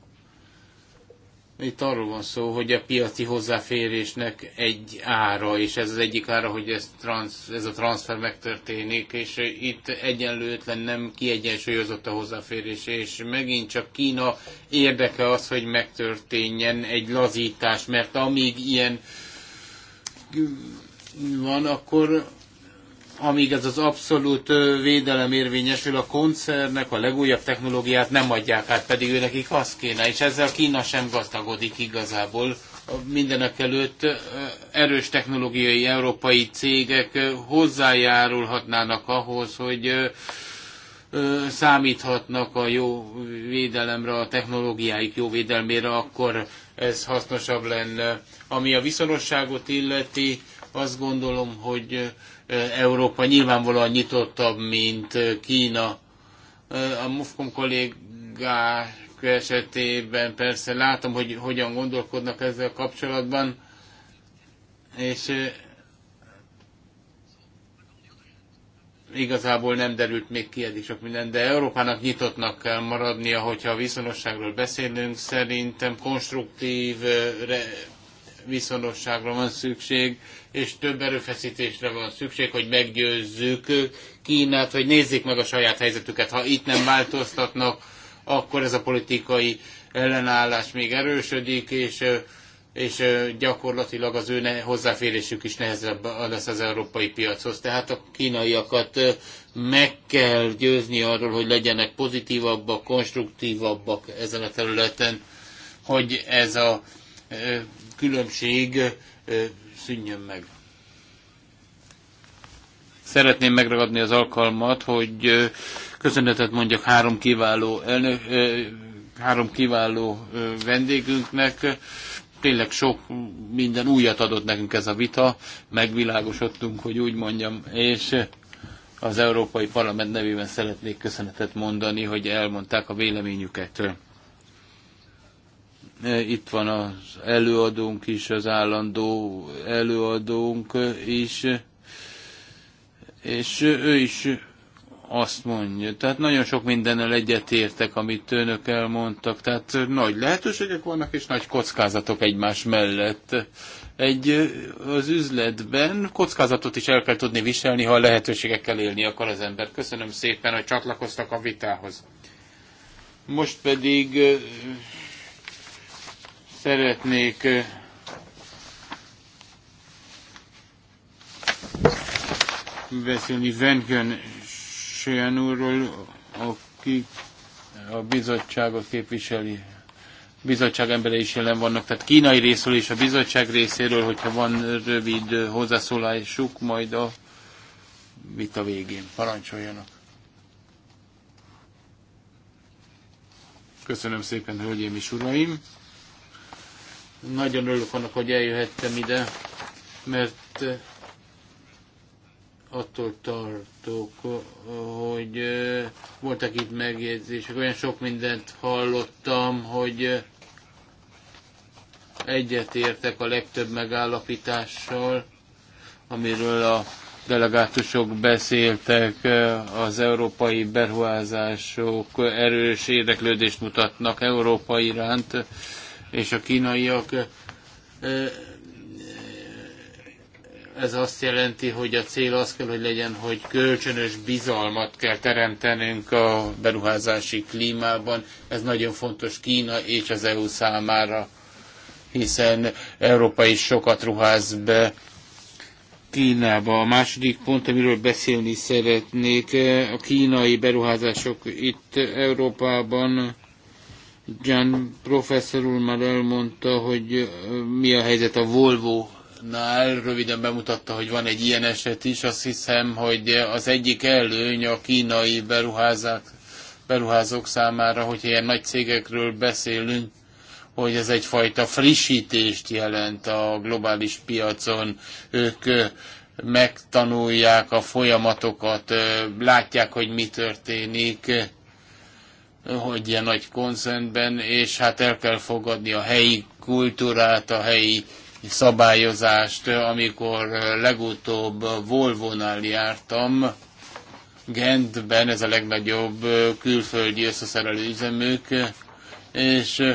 itt arról van szó, hogy a piaci hozzáférésnek egy ára, és ez az egyik ára, hogy ez, transz, ez a transfer megtörténik, és itt egyenlőtlen, nem kiegyensúlyozott a hozzáférés, és megint csak Kína érdeke az, hogy megtörténjen egy lazítás, mert amíg ilyen van, akkor amíg ez az abszolút védelem érvényesül, a koncernek a legújabb technológiát nem adják át, pedig ő nekik az kéne, és ezzel Kína sem gazdagodik igazából. Mindenek előtt erős technológiai európai cégek hozzájárulhatnának ahhoz, hogy számíthatnak a jó védelemre, a technológiáik jó védelmére, akkor ez hasznosabb lenne. Ami a viszonosságot illeti, azt gondolom, hogy Európa nyilvánvalóan nyitottabb, mint Kína. A mufkom kollégák esetében persze látom, hogy hogyan gondolkodnak ezzel kapcsolatban, és igazából nem derült még ki eddig sok minden, de Európának nyitottnak kell maradnia, hogyha a viszonosságról beszélünk, szerintem konstruktív viszonosságra van szükség, és több erőfeszítésre van szükség, hogy meggyőzzük Kínát, hogy nézzék meg a saját helyzetüket. Ha itt nem változtatnak, akkor ez a politikai ellenállás még erősödik, és és gyakorlatilag az ő ne hozzáférésük is nehezebb lesz az európai piachoz. Tehát a kínaiakat meg kell győzni arról, hogy legyenek pozitívabbak, konstruktívabbak ezen a területen, hogy ez a különbség szűnjön meg. Szeretném megragadni az alkalmat, hogy köszönetet mondjak három kiváló, elnök, három kiváló vendégünknek. Tényleg sok minden újat adott nekünk ez a vita, megvilágosodtunk, hogy úgy mondjam, és az Európai Parlament nevében szeretnék köszönetet mondani, hogy elmondták a véleményüket. Eh, itt van az előadónk is, az állandó előadónk is, és ő is azt mondja. Tehát nagyon sok mindennel egyetértek, amit önök elmondtak. Tehát nagy lehetőségek vannak, és nagy kockázatok egymás mellett. Egy az üzletben kockázatot is el kell tudni viselni, ha a lehetőségekkel élni akar az ember. Köszönöm szépen, hogy csatlakoztak a vitához. Most pedig Szeretnék beszélni Venken Sean úrról, aki a bizottságot képviseli. Bizottság emberei is jelen vannak, tehát kínai részről és a bizottság részéről, hogyha van rövid hozzászólásuk, majd a vita végén parancsoljanak. Köszönöm szépen, hölgyeim és uraim! Nagyon örülök annak, hogy eljöhettem ide, mert attól tartok, hogy voltak itt megjegyzések. Olyan sok mindent hallottam, hogy egyetértek a legtöbb megállapítással, amiről a delegátusok beszéltek, az európai beruházások erős érdeklődést mutatnak Európa iránt és a kínaiak. Ez azt jelenti, hogy a cél az kell, hogy legyen, hogy kölcsönös bizalmat kell teremtenünk a beruházási klímában. Ez nagyon fontos Kína és az EU számára, hiszen Európa is sokat ruház be Kínába. A második pont, amiről beszélni szeretnék, a kínai beruházások itt Európában Gian professzor úr már elmondta, hogy mi a helyzet a Volvo Nál röviden bemutatta, hogy van egy ilyen eset is. Azt hiszem, hogy az egyik előny a kínai beruházák, beruházók számára, hogy ilyen nagy cégekről beszélünk, hogy ez egyfajta frissítést jelent a globális piacon. Ők megtanulják a folyamatokat, látják, hogy mi történik, hogy ilyen nagy konzentben, és hát el kell fogadni a helyi kultúrát, a helyi szabályozást. Amikor legutóbb Volvo-nál jártam, Gentben, ez a legnagyobb külföldi összeszerelő üzemük, és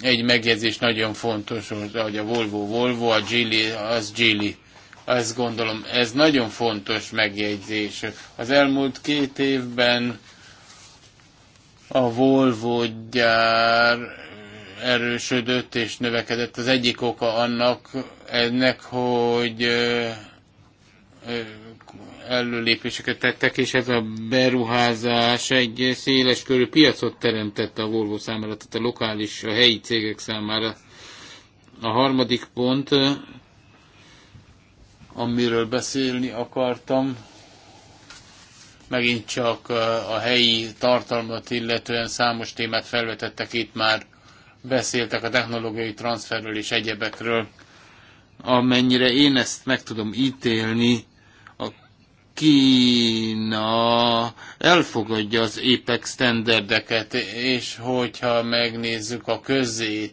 egy megjegyzés nagyon fontos, hogy a Volvo Volvo, a Gili az Gili. Azt gondolom, ez nagyon fontos megjegyzés. Az elmúlt két évben a Volvo gyár erősödött és növekedett. Az egyik oka annak ennek, hogy előlépéseket tettek, és ez a beruházás egy széles körű piacot teremtett a Volvo számára, tehát a lokális, a helyi cégek számára. A harmadik pont, amiről beszélni akartam, megint csak a helyi tartalmat illetően számos témát felvetettek itt már, beszéltek a technológiai transferről és egyebekről. Amennyire én ezt meg tudom ítélni, a Kína elfogadja az APEC standardeket, és hogyha megnézzük a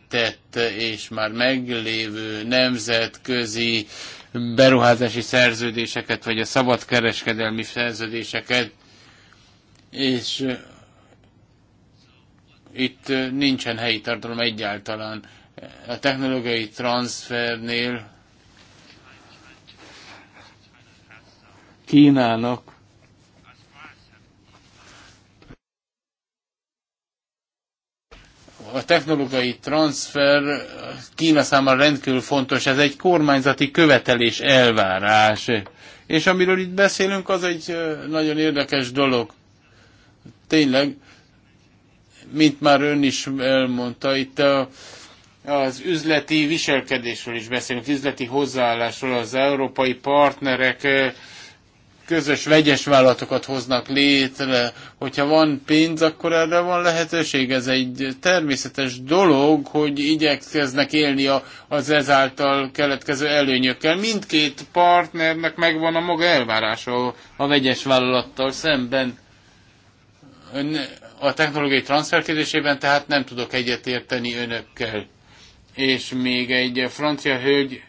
tett és már meglévő nemzetközi beruházási szerződéseket, vagy a szabadkereskedelmi szerződéseket, és itt nincsen helyi tartalom egyáltalán. A technológiai transfernél Kínának a technológiai transfer Kína számára rendkívül fontos, ez egy kormányzati követelés, elvárás. És amiről itt beszélünk, az egy nagyon érdekes dolog. Tényleg, mint már ön is elmondta, itt a, az üzleti viselkedésről is beszélünk, üzleti hozzáállásról az európai partnerek közös vegyes vállalatokat hoznak létre. Hogyha van pénz, akkor erre van lehetőség. Ez egy természetes dolog, hogy igyekeznek élni a, az ezáltal keletkező előnyökkel. Mindkét partnernek megvan a maga elvárása a vegyes vállalattal szemben. A technológiai transfer kérdésében tehát nem tudok egyetérteni önökkel. És még egy francia hölgy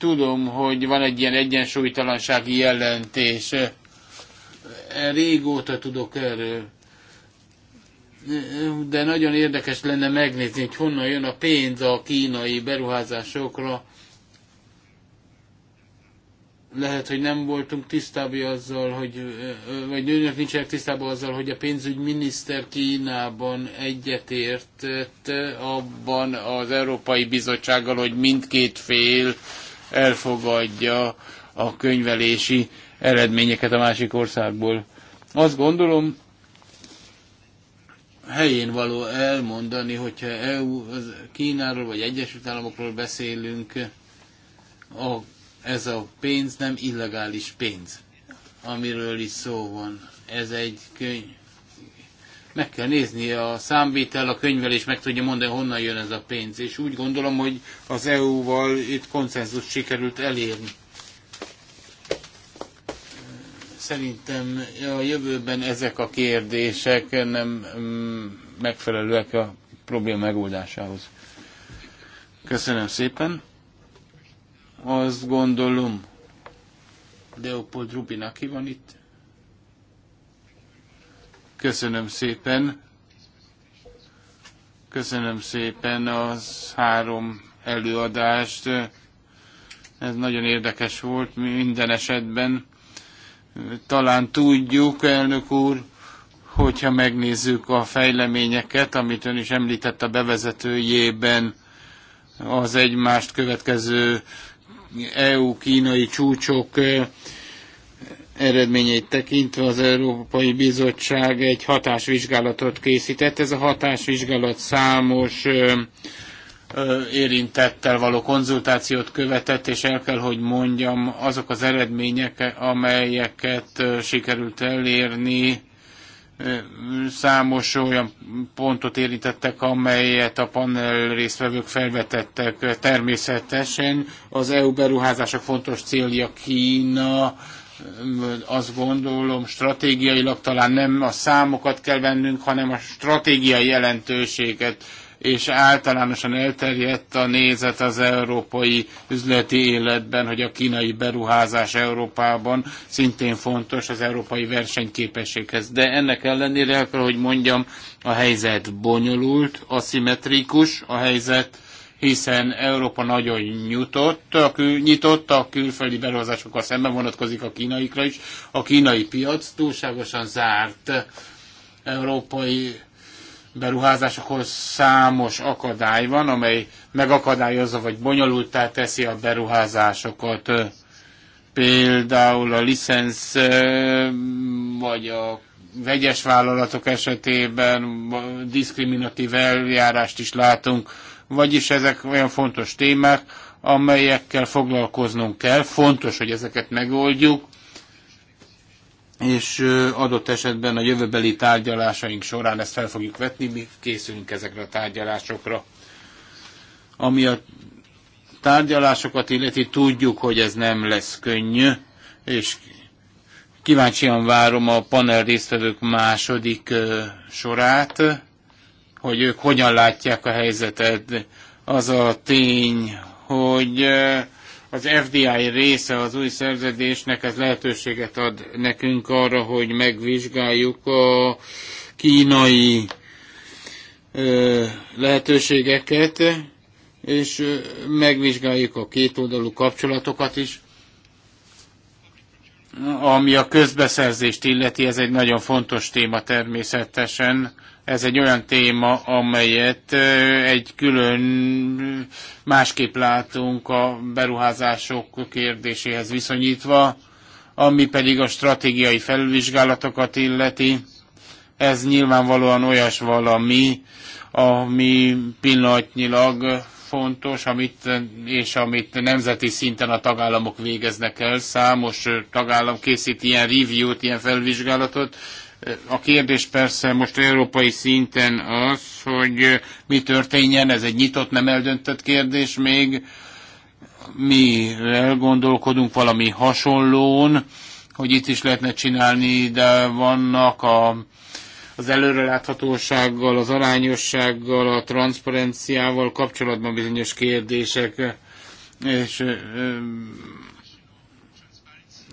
Tudom, hogy van egy ilyen egyensúlytalansági jelentés. Régóta tudok erről. De nagyon érdekes lenne megnézni, hogy honnan jön a pénz a kínai beruházásokra. Lehet, hogy nem voltunk tisztában azzal, hogy, vagy nőnök nincsenek tisztában azzal, hogy a pénzügyminiszter Kínában egyetértett abban az Európai Bizottsággal, hogy mindkét fél elfogadja a könyvelési eredményeket a másik országból. Azt gondolom, helyén való elmondani, hogyha EU, Kínáról vagy Egyesült Államokról beszélünk, a, ez a pénz nem illegális pénz, amiről is szó van. Ez egy könyv, meg kell nézni a számvétel, a könyvel, és meg tudja mondani, honnan jön ez a pénz. És úgy gondolom, hogy az EU-val itt konszenzus sikerült elérni. Szerintem a jövőben ezek a kérdések nem mm, megfelelőek a probléma megoldásához. Köszönöm szépen. Azt gondolom, Deopold Rubinak ki van itt? Köszönöm szépen. Köszönöm szépen az három előadást. Ez nagyon érdekes volt minden esetben. Talán tudjuk, elnök úr, hogyha megnézzük a fejleményeket, amit ön is említett a bevezetőjében, az egymást következő EU-kínai csúcsok eredményeit tekintve az Európai Bizottság egy hatásvizsgálatot készített. Ez a hatásvizsgálat számos ö, ö, érintettel való konzultációt követett, és el kell, hogy mondjam, azok az eredmények, amelyeket ö, sikerült elérni, számos olyan pontot érintettek, amelyet a panel résztvevők felvetettek természetesen. Az EU beruházások fontos célja Kína, azt gondolom, stratégiailag talán nem a számokat kell vennünk, hanem a stratégiai jelentőséget, és általánosan elterjedt a nézet az európai üzleti életben, hogy a kínai beruházás Európában szintén fontos az európai versenyképességhez. De ennek ellenére el kell, hogy mondjam, a helyzet bonyolult, aszimetrikus a helyzet, hiszen Európa nagyon nyitott, a, kül, nyitott a külföldi beruházásokkal szemben vonatkozik a kínaikra is. A kínai piac túlságosan zárt európai beruházásokhoz számos akadály van, amely megakadályozza vagy bonyolultá teszi a beruházásokat. Például a licensz vagy a vegyes vállalatok esetében diszkriminatív eljárást is látunk vagyis ezek olyan fontos témák, amelyekkel foglalkoznunk kell. Fontos, hogy ezeket megoldjuk, és adott esetben a jövőbeli tárgyalásaink során ezt fel fogjuk vetni, mi készülünk ezekre a tárgyalásokra. Ami a tárgyalásokat illeti, tudjuk, hogy ez nem lesz könnyű, és kíváncsian várom a panel résztvevők második sorát hogy ők hogyan látják a helyzetet. Az a tény, hogy az FDI része az új szerződésnek, ez lehetőséget ad nekünk arra, hogy megvizsgáljuk a kínai lehetőségeket, és megvizsgáljuk a kétoldalú kapcsolatokat is. Ami a közbeszerzést illeti, ez egy nagyon fontos téma természetesen ez egy olyan téma, amelyet egy külön másképp látunk a beruházások kérdéséhez viszonyítva, ami pedig a stratégiai felvizsgálatokat illeti. Ez nyilvánvalóan olyas valami, ami pillanatnyilag fontos, amit, és amit nemzeti szinten a tagállamok végeznek el. Számos tagállam készít ilyen review-t, ilyen felvizsgálatot, a kérdés persze most európai szinten az, hogy mi történjen, ez egy nyitott, nem eldöntött kérdés még. Mi elgondolkodunk valami hasonlón, hogy itt is lehetne csinálni, de vannak a, az előreláthatósággal, az arányossággal, a transzparenciával kapcsolatban bizonyos kérdések, és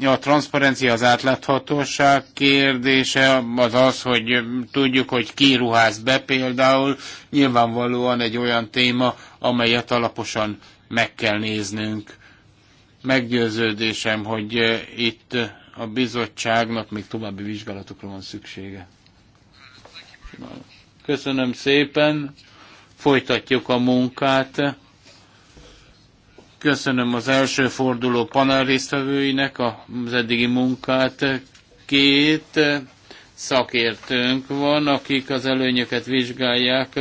a transzparencia, az átláthatóság kérdése az az, hogy tudjuk, hogy ki ruház be például, nyilvánvalóan egy olyan téma, amelyet alaposan meg kell néznünk. Meggyőződésem, hogy eh, itt a bizottságnak még további vizsgálatokra van szüksége. Köszönöm szépen, folytatjuk a munkát. Köszönöm az első forduló panel résztvevőinek az eddigi munkát. Két szakértőnk van, akik az előnyöket vizsgálják,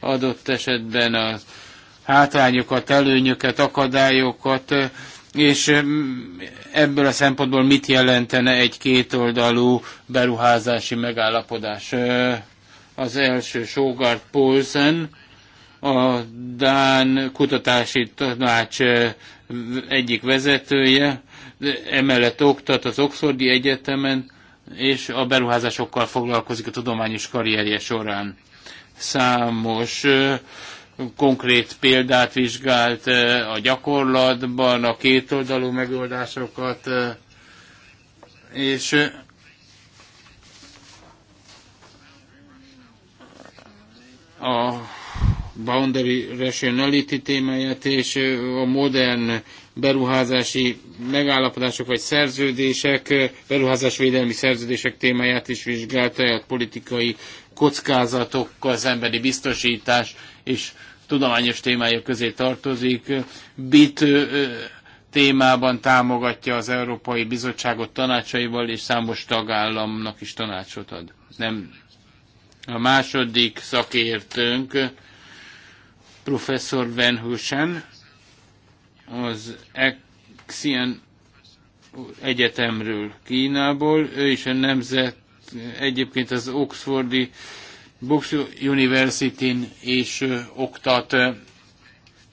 adott esetben a hátrányokat, előnyöket, akadályokat, és ebből a szempontból mit jelentene egy kétoldalú beruházási megállapodás? Az első Sogart Paulsen, a Dán Kutatási Tanács eh, egyik vezetője, emellett oktat az Oxfordi Egyetemen, és a beruházásokkal foglalkozik a tudományos karrierje során. Számos eh, konkrét példát vizsgált eh, a gyakorlatban, a kétoldalú megoldásokat, és a boundary rationality témáját és a modern beruházási megállapodások vagy szerződések, beruházásvédelmi szerződések témáját is vizsgálta, a politikai kockázatokkal szembeni biztosítás és tudományos témája közé tartozik. BIT témában támogatja az Európai Bizottságot tanácsaival, és számos tagállamnak is tanácsot ad. Nem. A második szakértőnk professzor Van Husen az Xi'an Egyetemről Kínából. Ő is a nemzet, egyébként az Oxfordi Box University-n is oktat,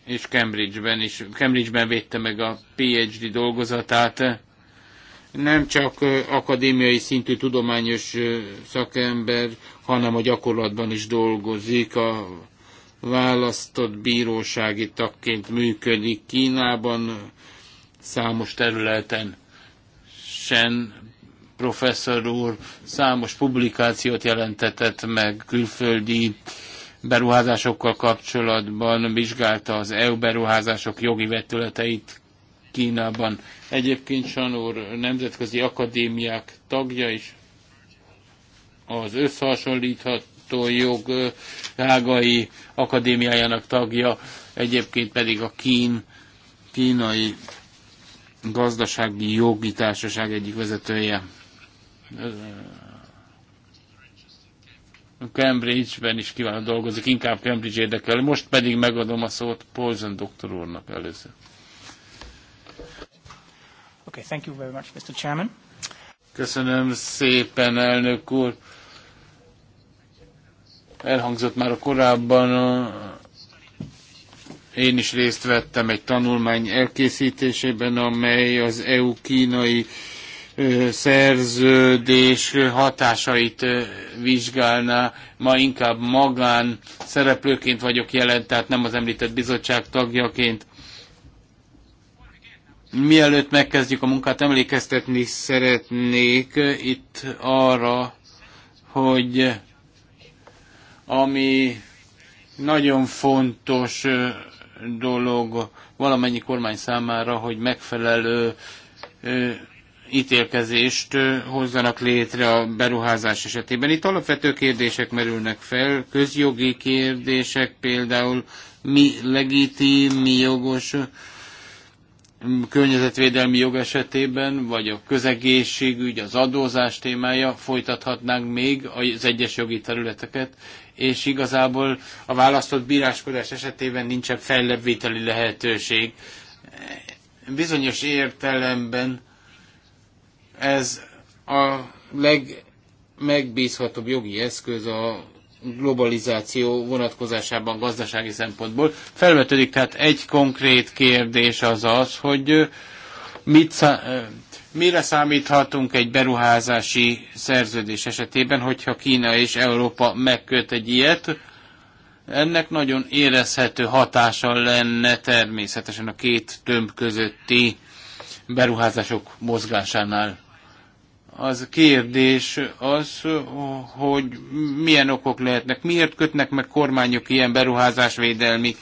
és Cambridge-ben is. Cambridge-ben védte meg a PhD dolgozatát. Nem csak akadémiai szintű tudományos szakember, hanem a gyakorlatban is dolgozik a választott bírósági tagként működik Kínában, számos területen. Sen professzor úr számos publikációt jelentetett meg külföldi beruházásokkal kapcsolatban, vizsgálta az EU beruházások jogi vetületeit Kínában. Egyébként Sanor nemzetközi akadémiák tagja is az összehasonlíthat jog Hágai Akadémiájának tagja, egyébként pedig a Kín, kínai gazdasági jogi társaság egyik vezetője. Cambridge-ben is kívánok dolgozik, inkább Cambridge érdekel. Most pedig megadom a szót Poison doktor úrnak először. Okay, thank you very much, Mr. Chairman. Köszönöm szépen, elnök úr. Elhangzott már a korábban, én is részt vettem egy tanulmány elkészítésében, amely az EU-kínai szerződés hatásait vizsgálná. Ma inkább magán szereplőként vagyok jelen, tehát nem az említett bizottság tagjaként. Mielőtt megkezdjük a munkát, emlékeztetni szeretnék itt arra, hogy ami nagyon fontos dolog valamennyi kormány számára, hogy megfelelő ítélkezést hozzanak létre a beruházás esetében. Itt alapvető kérdések merülnek fel, közjogi kérdések például, mi legitim, mi jogos környezetvédelmi jog esetében, vagy a közegészségügy, az adózás témája, folytathatnánk még az egyes jogi területeket, és igazából a választott bíráskodás esetében nincsen fejlebbvételi lehetőség. Bizonyos értelemben ez a legmegbízhatóbb jogi eszköz a globalizáció vonatkozásában gazdasági szempontból. Felvetődik tehát egy konkrét kérdés az az, hogy mit Mire számíthatunk egy beruházási szerződés esetében, hogyha Kína és Európa megköt egy ilyet? Ennek nagyon érezhető hatása lenne természetesen a két tömb közötti beruházások mozgásánál. Az kérdés az, hogy milyen okok lehetnek, miért kötnek meg kormányok ilyen beruházásvédelmi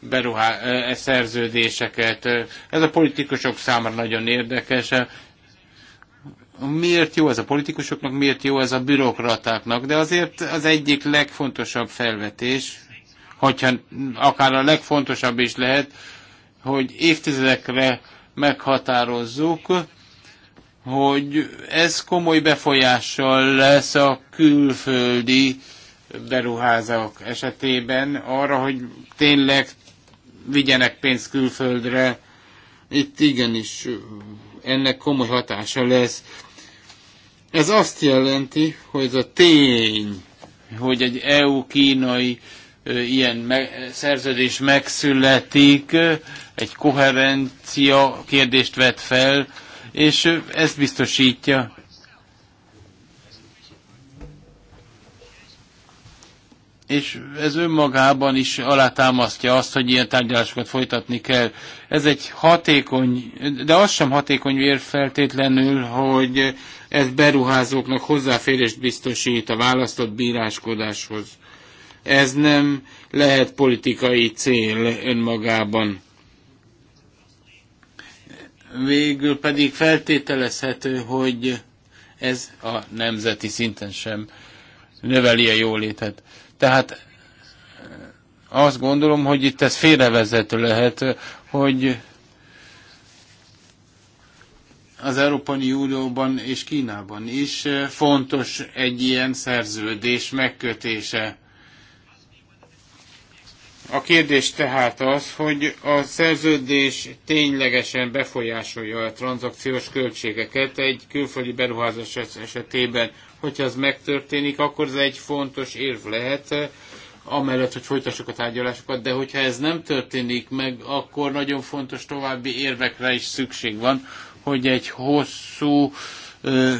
beruhá, szerződéseket. Ez a politikusok számára nagyon érdekes miért jó ez a politikusoknak, miért jó ez a bürokratáknak, de azért az egyik legfontosabb felvetés, hogyha akár a legfontosabb is lehet, hogy évtizedekre meghatározzuk, hogy ez komoly befolyással lesz a külföldi beruházak esetében arra, hogy tényleg vigyenek pénzt külföldre. Itt igenis ennek komoly hatása lesz. Ez azt jelenti, hogy ez a tény, hogy egy EU-kínai ilyen me- szerződés megszületik, egy koherencia kérdést vet fel, és ezt biztosítja, és ez önmagában is alátámasztja azt, hogy ilyen tárgyalásokat folytatni kell. Ez egy hatékony, de az sem hatékony vér feltétlenül, hogy ez beruházóknak hozzáférést biztosít a választott bíráskodáshoz. Ez nem lehet politikai cél önmagában. Végül pedig feltételezhető, hogy ez a nemzeti szinten sem növeli a jólétet. Tehát eh, azt gondolom, hogy itt ez félrevezető lehet, hogy az Európai Unióban és Kínában is eh, fontos egy ilyen szerződés megkötése. A kérdés tehát az, hogy a szerződés ténylegesen befolyásolja a tranzakciós költségeket egy külföldi beruházás esetében. Hogyha ez megtörténik, akkor ez egy fontos érv lehet, amellett, hogy folytassuk a tárgyalásokat, de hogyha ez nem történik meg, akkor nagyon fontos további érvekre is szükség van, hogy egy hosszú ö,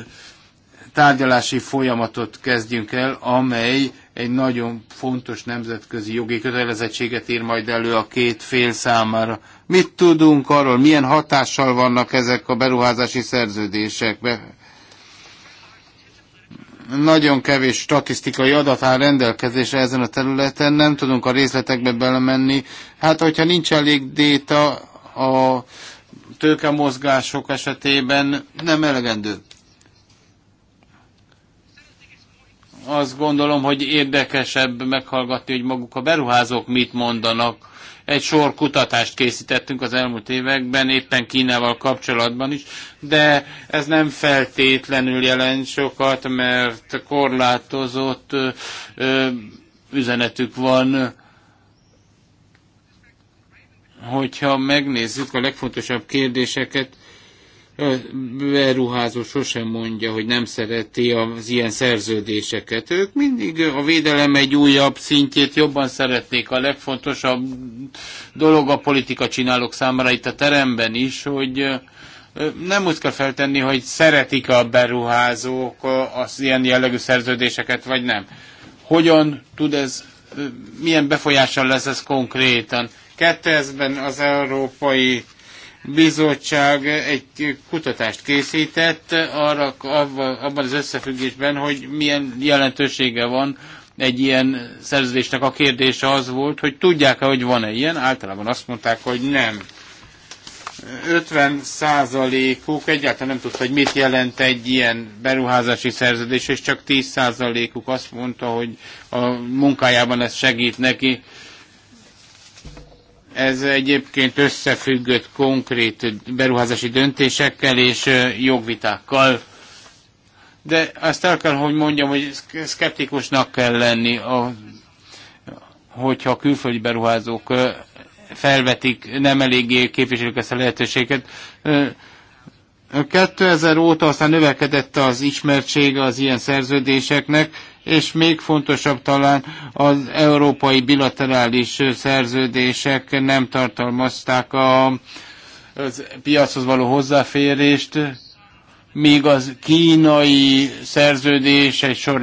tárgyalási folyamatot kezdjünk el, amely egy nagyon fontos nemzetközi jogi kötelezettséget ír majd elő a két fél számára. Mit tudunk arról, milyen hatással vannak ezek a beruházási szerződések, be, nagyon kevés statisztikai adat áll rendelkezésre ezen a területen, nem tudunk a részletekbe belemenni. Hát, hogyha nincs elég déta a tőkemozgások esetében, nem elegendő. Azt gondolom, hogy érdekesebb meghallgatni, hogy maguk a beruházók mit mondanak egy sor kutatást készítettünk az elmúlt években, éppen Kínával kapcsolatban is, de ez nem feltétlenül jelent sokat, mert korlátozott ö, ö, üzenetük van hogyha megnézzük a legfontosabb kérdéseket, beruházó sosem mondja, hogy nem szereti az ilyen szerződéseket. Ők mindig a védelem egy újabb szintjét jobban szeretnék. A legfontosabb dolog a politika csinálók számára itt a teremben is, hogy nem úgy kell feltenni, hogy szeretik a beruházók az ilyen jellegű szerződéseket, vagy nem. Hogyan tud ez, milyen befolyással lesz ez konkrétan? 2000-ben az európai bizottság egy kutatást készített arra, abban az összefüggésben, hogy milyen jelentősége van egy ilyen szerződésnek a kérdése az volt, hogy tudják-e, hogy van-e ilyen, általában azt mondták, hogy nem. 50 százalékuk egyáltalán nem tudta, hogy mit jelent egy ilyen beruházási szerződés, és csak 10 százalékuk azt mondta, hogy a munkájában ez segít neki. Ez egyébként összefüggött konkrét beruházási döntésekkel és jogvitákkal. De azt el kell, hogy mondjam, hogy szkeptikusnak kell lenni, a, hogyha a külföldi beruházók felvetik, nem eléggé képviselik ezt a lehetőséget. 2000 óta aztán növekedett az ismertsége az ilyen szerződéseknek, és még fontosabb talán az európai bilaterális szerződések nem tartalmazták a, az piachoz való hozzáférést, míg az kínai szerződés egy sor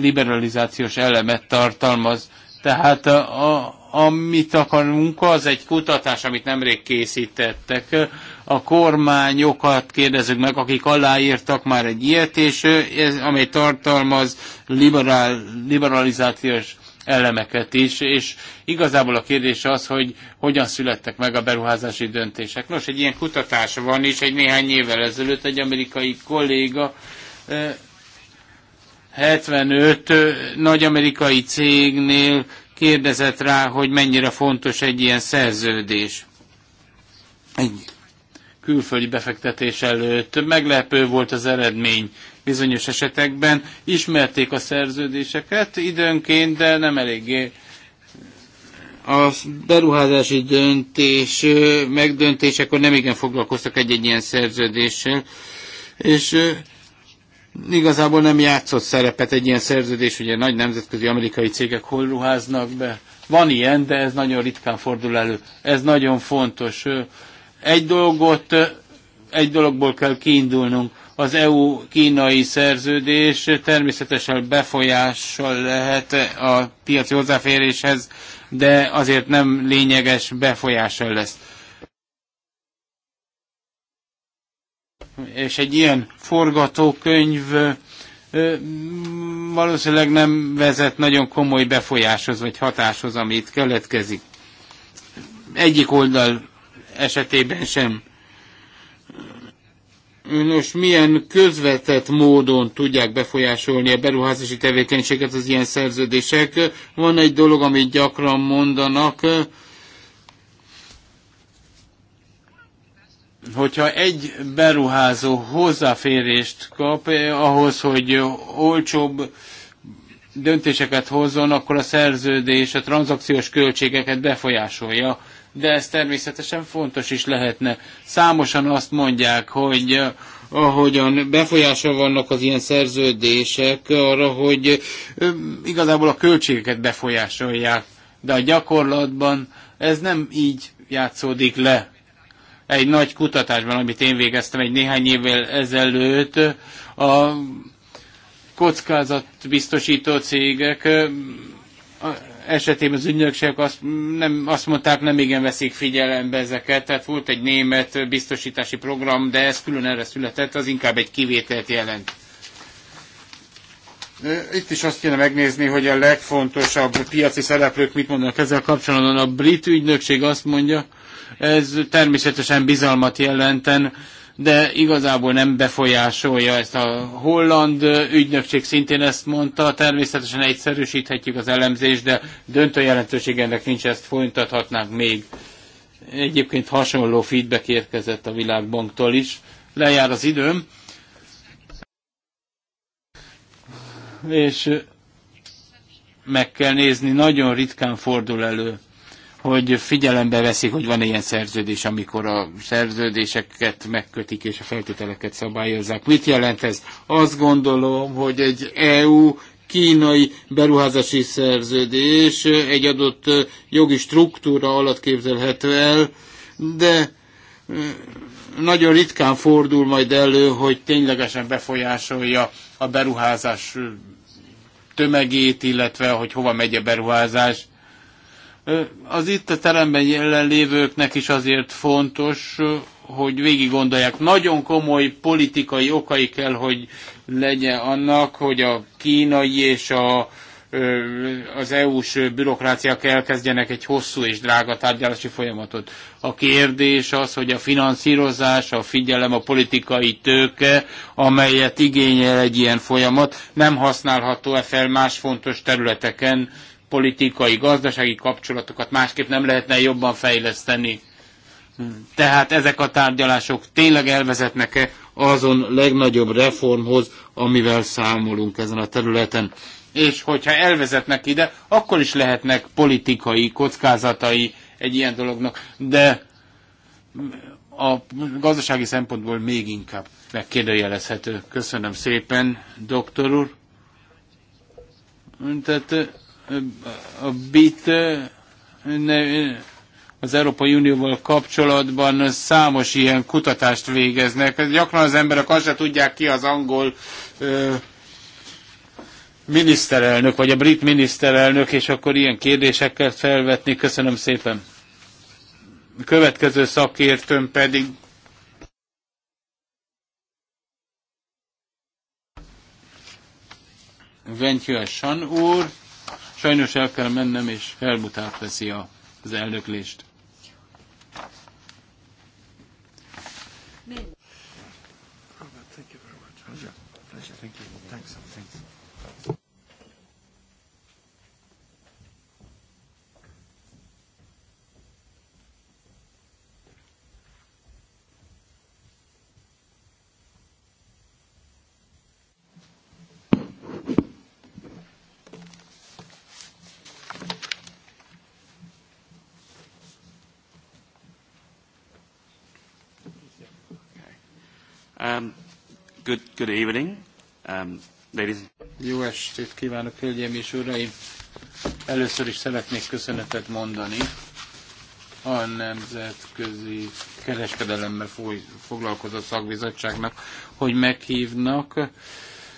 liberalizációs elemet tartalmaz. Tehát a, a, amit akarunk, az egy kutatás, amit nemrég készítettek a kormányokat kérdezzük meg, akik aláírtak már egy ilyet, és ez, amely tartalmaz liberál, liberalizációs elemeket is, és igazából a kérdés az, hogy hogyan születtek meg a beruházási döntések. Nos, egy ilyen kutatás van is, egy néhány évvel ezelőtt egy amerikai kolléga 75 nagy amerikai cégnél kérdezett rá, hogy mennyire fontos egy ilyen szerződés. Egy külföldi befektetés előtt. Meglepő volt az eredmény bizonyos esetekben. Ismerték a szerződéseket időnként, de nem eléggé a beruházási döntés megdöntésekor nem igen foglalkoztak egy-egy ilyen szerződéssel, és igazából nem játszott szerepet egy ilyen szerződés, ugye nagy nemzetközi amerikai cégek hol ruháznak be. Van ilyen, de ez nagyon ritkán fordul elő. Ez nagyon fontos. Egy dolgot, egy dologból kell kiindulnunk. Az EU-kínai szerződés természetesen befolyással lehet a piaci hozzáféréshez, de azért nem lényeges befolyással lesz. És egy ilyen forgatókönyv valószínűleg nem vezet nagyon komoly befolyáshoz vagy hatáshoz, amit keletkezik. Egyik oldal esetében sem. Nos, milyen közvetett módon tudják befolyásolni a beruházási tevékenységet az ilyen szerződések? Van egy dolog, amit gyakran mondanak, hogyha egy beruházó hozzáférést kap eh, ahhoz, hogy olcsóbb döntéseket hozzon, akkor a szerződés a tranzakciós költségeket befolyásolja de ez természetesen fontos is lehetne. Számosan azt mondják, hogy eh, ahogyan befolyással vannak az ilyen szerződések arra, hogy eh, igazából a költségeket befolyásolják, de a gyakorlatban ez nem így játszódik le. Egy nagy kutatásban, amit én végeztem egy néhány évvel ezelőtt, a kockázatbiztosító cégek eh, esetében az ügynökségek azt, nem, azt mondták, nem igen veszik figyelembe ezeket. Tehát volt egy német biztosítási program, de ez külön erre született, az inkább egy kivételt jelent. Itt is azt kéne megnézni, hogy a legfontosabb piaci szereplők mit mondanak ezzel kapcsolatban. A brit ügynökség azt mondja, ez természetesen bizalmat jelenten, de igazából nem befolyásolja ezt a holland ügynökség szintén ezt mondta, természetesen egyszerűsíthetjük az elemzést, de döntő jelentőség ennek nincs, ezt folytathatnánk még. Egyébként hasonló feedback érkezett a Világbanktól is. Lejár az időm. És meg kell nézni, nagyon ritkán fordul elő hogy figyelembe veszik, hogy van ilyen szerződés, amikor a szerződéseket megkötik és a feltételeket szabályozzák. Mit jelent ez? Azt gondolom, hogy egy EU kínai beruházási szerződés egy adott jogi struktúra alatt képzelhető el, de nagyon ritkán fordul majd elő, hogy ténylegesen befolyásolja a beruházás tömegét, illetve hogy hova megy a beruházás az itt a teremben jelenlévőknek is azért fontos, hogy végig gondolják. Nagyon komoly politikai okai kell, hogy legyen annak, hogy a kínai és a, az EU-s bürokráciák elkezdjenek egy hosszú és drága tárgyalási folyamatot. A kérdés az, hogy a finanszírozás, a figyelem, a politikai tőke, amelyet igényel egy ilyen folyamat, nem használható-e fel más fontos területeken, politikai, gazdasági kapcsolatokat másképp nem lehetne jobban fejleszteni. Tehát ezek a tárgyalások tényleg elvezetnek-e azon legnagyobb reformhoz, amivel számolunk ezen a területen. És hogyha elvezetnek ide, akkor is lehetnek politikai kockázatai egy ilyen dolognak, de a gazdasági szempontból még inkább megkérdőjelezhető. Köszönöm szépen, doktor úr. Tehát a BIT az Európai Unióval kapcsolatban számos ilyen kutatást végeznek. Gyakran az emberek azt se tudják ki az angol miniszterelnök, vagy a brit miniszterelnök, és akkor ilyen kérdésekkel felvetni. Köszönöm szépen. A következő szakértőm pedig Ventyős San úr, Sajnos el kell mennem, és Helmut átveszi az elnöklést. Um, good, good evening, um, ladies. Jó estét kívánok, hölgyeim és uraim! Először is szeretnék köszönetet mondani a Nemzetközi Kereskedelemmel foglalkozó szakbizottságnak, hogy meghívnak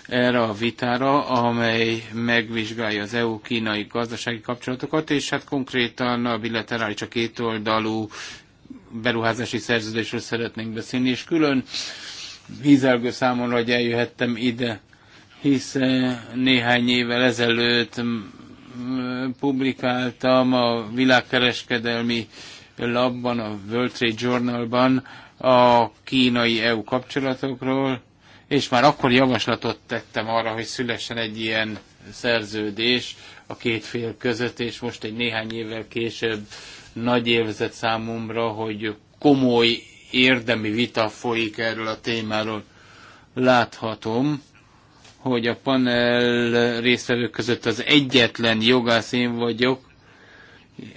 erre a vitára, amely megvizsgálja az EU-kínai gazdasági kapcsolatokat, és hát konkrétan a bilaterális, a kétoldalú beruházási szerződésről szeretnénk beszélni, és külön hízelgő számomra, hogy eljöhettem ide, hisz eh, néhány évvel ezelőtt mm, mm, publikáltam a világkereskedelmi labban, a World Trade Journalban a kínai-EU kapcsolatokról, és már akkor javaslatot tettem arra, hogy szülessen egy ilyen szerződés a két fél között, és most egy néhány évvel később nagy élvezet számomra, hogy komoly érdemi vita folyik erről a témáról. Láthatom, hogy a panel résztvevők között az egyetlen jogász én vagyok,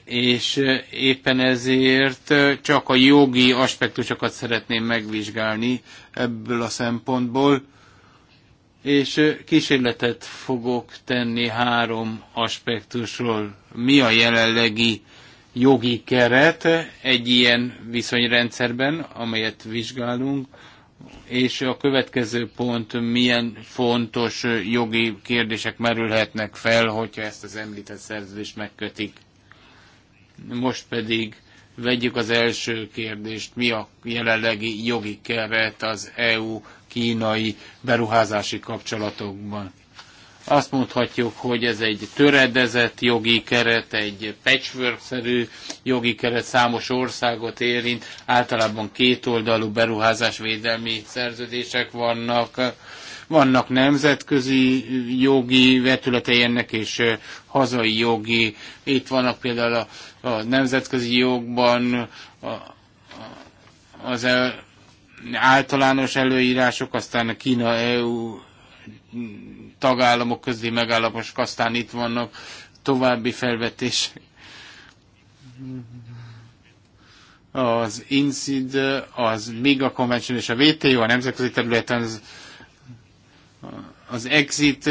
és éppen ezért csak a jogi aspektusokat szeretném megvizsgálni ebből a szempontból, és kísérletet fogok tenni három aspektusról. Mi a jelenlegi jogi keret egy ilyen viszonyrendszerben, amelyet vizsgálunk, és a következő pont, milyen fontos jogi kérdések merülhetnek fel, hogyha ezt az említett szerződést megkötik. Most pedig vegyük az első kérdést, mi a jelenlegi jogi keret az EU-kínai beruházási kapcsolatokban. Azt mondhatjuk, hogy ez egy töredezett jogi keret, egy patchwork-szerű jogi keret számos országot érint. Általában kétoldalú beruházásvédelmi szerződések vannak vannak nemzetközi jogi vetületei ennek, és hazai jogi. Itt vannak például a, a nemzetközi jogban a, az általános előírások, aztán a Kína-EU tagállamok közé megállapodások, aztán itt vannak további felvetések. Az INCID, az MIGA Convention és a VTO a nemzetközi területen az, az EXIT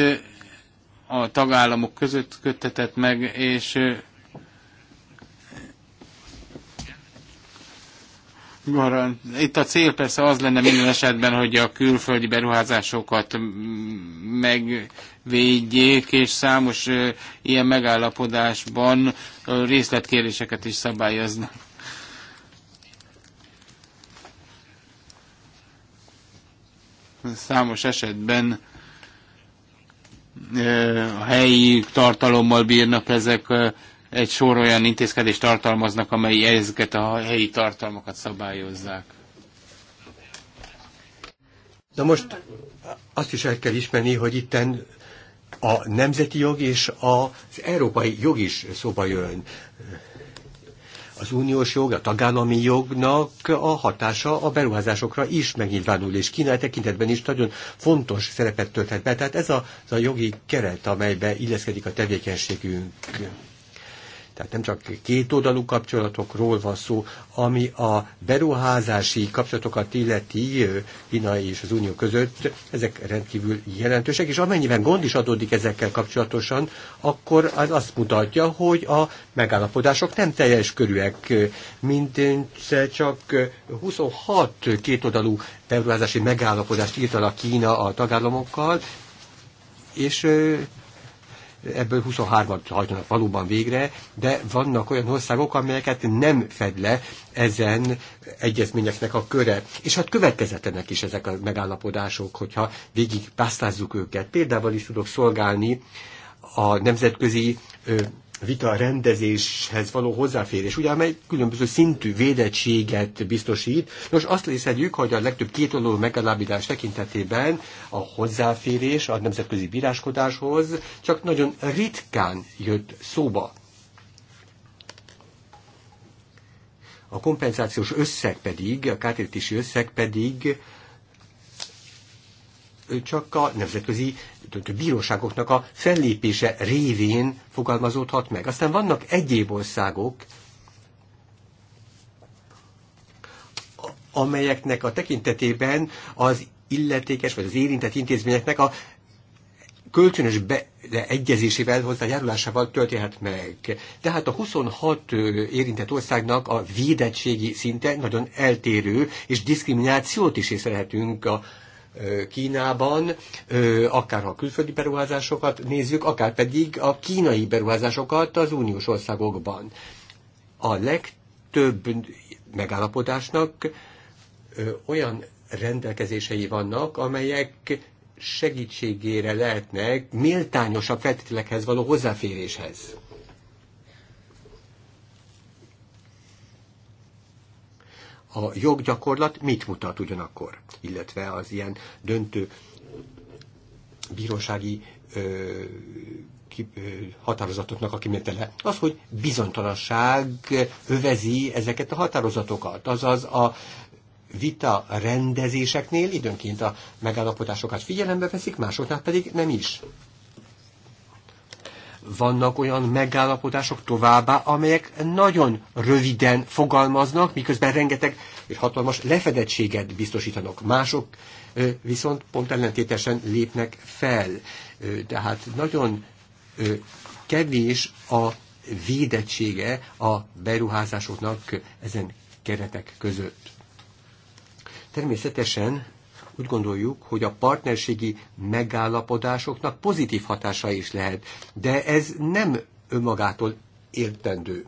a tagállamok között köttetett meg, és Itt a cél persze az lenne minden esetben, hogy a külföldi beruházásokat megvédjék, és számos ilyen megállapodásban részletkéréseket is szabályoznak. Számos esetben a helyi tartalommal bírnak ezek egy sor olyan intézkedést tartalmaznak, amely ezeket a helyi tartalmakat szabályozzák. Na most azt is el kell ismerni, hogy itten a nemzeti jog és az európai jog is szóba jön. Az uniós jog, a tagállami jognak a hatása a beruházásokra is megnyilvánul, és Kína e tekintetben is nagyon fontos szerepet tölthet be. Tehát ez a, az a jogi keret, amelybe illeszkedik a tevékenységünk. Tehát nem csak kétoldalú kapcsolatokról van szó, ami a beruházási kapcsolatokat illeti Kína és az Unió között, ezek rendkívül jelentősek, és amennyiben gond is adódik ezekkel kapcsolatosan, akkor az azt mutatja, hogy a megállapodások nem teljes körűek, mint csak 26 kétoldalú beruházási megállapodást írt a Kína a tagállamokkal, és ebből 23-at hajtanak valóban végre, de vannak olyan országok, amelyeket nem fed le ezen egyezményeknek a köre. És hát következetlenek is ezek a megállapodások, hogyha végig pásztázzuk őket. Példával is tudok szolgálni a nemzetközi vita rendezéshez való hozzáférés, ugye, amely különböző szintű védettséget biztosít. Nos, azt lészedjük, hogy a legtöbb kétoldalú megállapítás tekintetében a hozzáférés a nemzetközi bíráskodáshoz csak nagyon ritkán jött szóba. A kompenzációs összeg pedig, a kártérítési összeg pedig csak a nemzetközi döntő bíróságoknak a fellépése révén fogalmazódhat meg. Aztán vannak egyéb országok, amelyeknek a tekintetében az illetékes vagy az érintett intézményeknek a kölcsönös beegyezésével, hozzájárulásával történhet meg. Tehát a 26 érintett országnak a védettségi szinte nagyon eltérő, és diszkriminációt is észrehetünk a Kínában, akár a külföldi beruházásokat nézzük, akár pedig a kínai beruházásokat az uniós országokban. A legtöbb megállapodásnak olyan rendelkezései vannak, amelyek segítségére lehetnek méltányosabb feltételekhez való hozzáféréshez. a joggyakorlat mit mutat ugyanakkor, illetve az ilyen döntő bírósági ö, ki, ö, határozatoknak a kimétele. Az, hogy bizonytalanság övezi ezeket a határozatokat, azaz a vita rendezéseknél időnként a megállapodásokat figyelembe veszik, másoknál pedig nem is. Vannak olyan megállapodások továbbá, amelyek nagyon röviden fogalmaznak, miközben rengeteg és hatalmas lefedettséget biztosítanak. Mások viszont pont ellentétesen lépnek fel. Tehát nagyon kevés a védettsége a beruházásoknak ezen keretek között. Természetesen úgy gondoljuk, hogy a partnerségi megállapodásoknak pozitív hatása is lehet, de ez nem önmagától értendő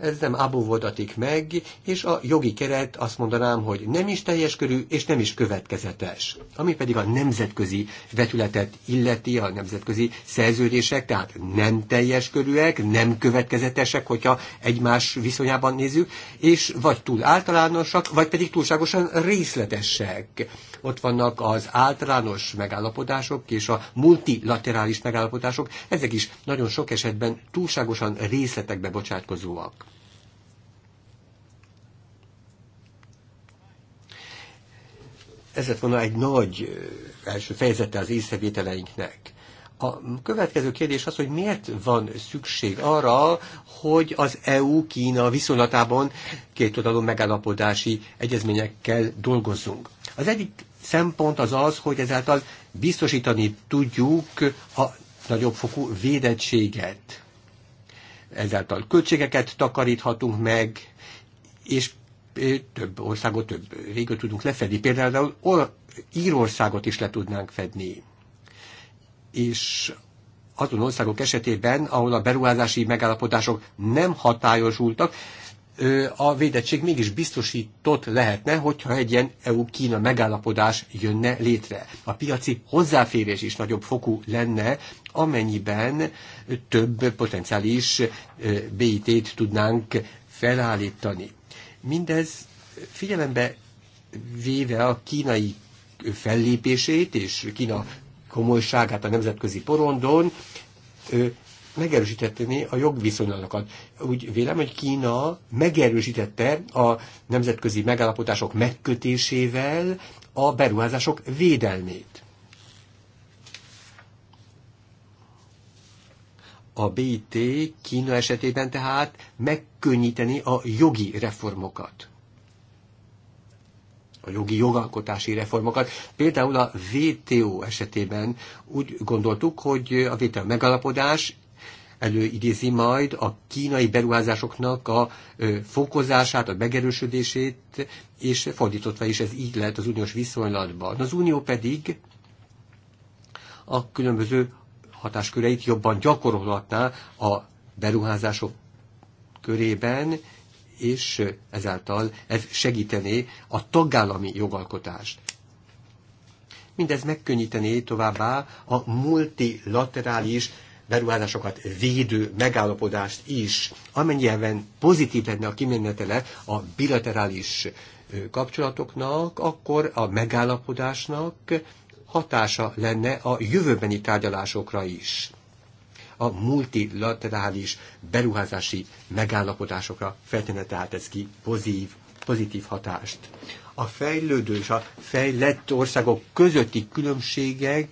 ez nem ábúvodatik meg, és a jogi keret azt mondanám, hogy nem is teljes körű, és nem is következetes. Ami pedig a nemzetközi vetületet illeti, a nemzetközi szerződések, tehát nem teljes körűek, nem következetesek, hogyha egymás viszonyában nézzük, és vagy túl általánosak, vagy pedig túlságosan részletesek. Ott vannak az általános megállapodások és a multilaterális megállapodások, ezek is nagyon sok esetben túlságosan részletekbe bocsátkozóak. ez lett volna egy nagy első fejezete az észrevételeinknek. A következő kérdés az, hogy miért van szükség arra, hogy az EU-Kína viszonylatában két megállapodási egyezményekkel dolgozzunk. Az egyik szempont az az, hogy ezáltal biztosítani tudjuk a nagyobb fokú védettséget. Ezáltal költségeket takaríthatunk meg, és több országot, több régiót tudunk lefedni. Például Írországot is le tudnánk fedni. És azon országok esetében, ahol a beruházási megállapodások nem hatályosultak, a védettség mégis biztosított lehetne, hogyha egy ilyen EU-Kína megállapodás jönne létre. A piaci hozzáférés is nagyobb fokú lenne, amennyiben több potenciális BIT-t tudnánk felállítani. Mindez figyelembe véve a kínai fellépését és Kína komolyságát a nemzetközi porondon, megerősítetni a jogviszonylatokat. Úgy vélem, hogy Kína megerősítette a nemzetközi megállapodások megkötésével a beruházások védelmét. a BIT Kína esetében tehát megkönnyíteni a jogi reformokat a jogi jogalkotási reformokat. Például a VTO esetében úgy gondoltuk, hogy a VTO megalapodás előidézi majd a kínai beruházásoknak a fokozását, a megerősödését, és fordítottva is ez így lehet az uniós viszonylatban. Az unió pedig a különböző hatásköreit jobban gyakorolhatná a beruházások körében, és ezáltal ez segítené a tagállami jogalkotást. Mindez megkönnyítené továbbá a multilaterális beruházásokat védő megállapodást is, amennyiben pozitív lenne a kimenetele a bilaterális kapcsolatoknak, akkor a megállapodásnak hatása lenne a jövőbeni tárgyalásokra is a multilaterális beruházási megállapodásokra fejtene tehát ez ki pozitív, pozitív hatást. A fejlődő és a fejlett országok közötti különbségek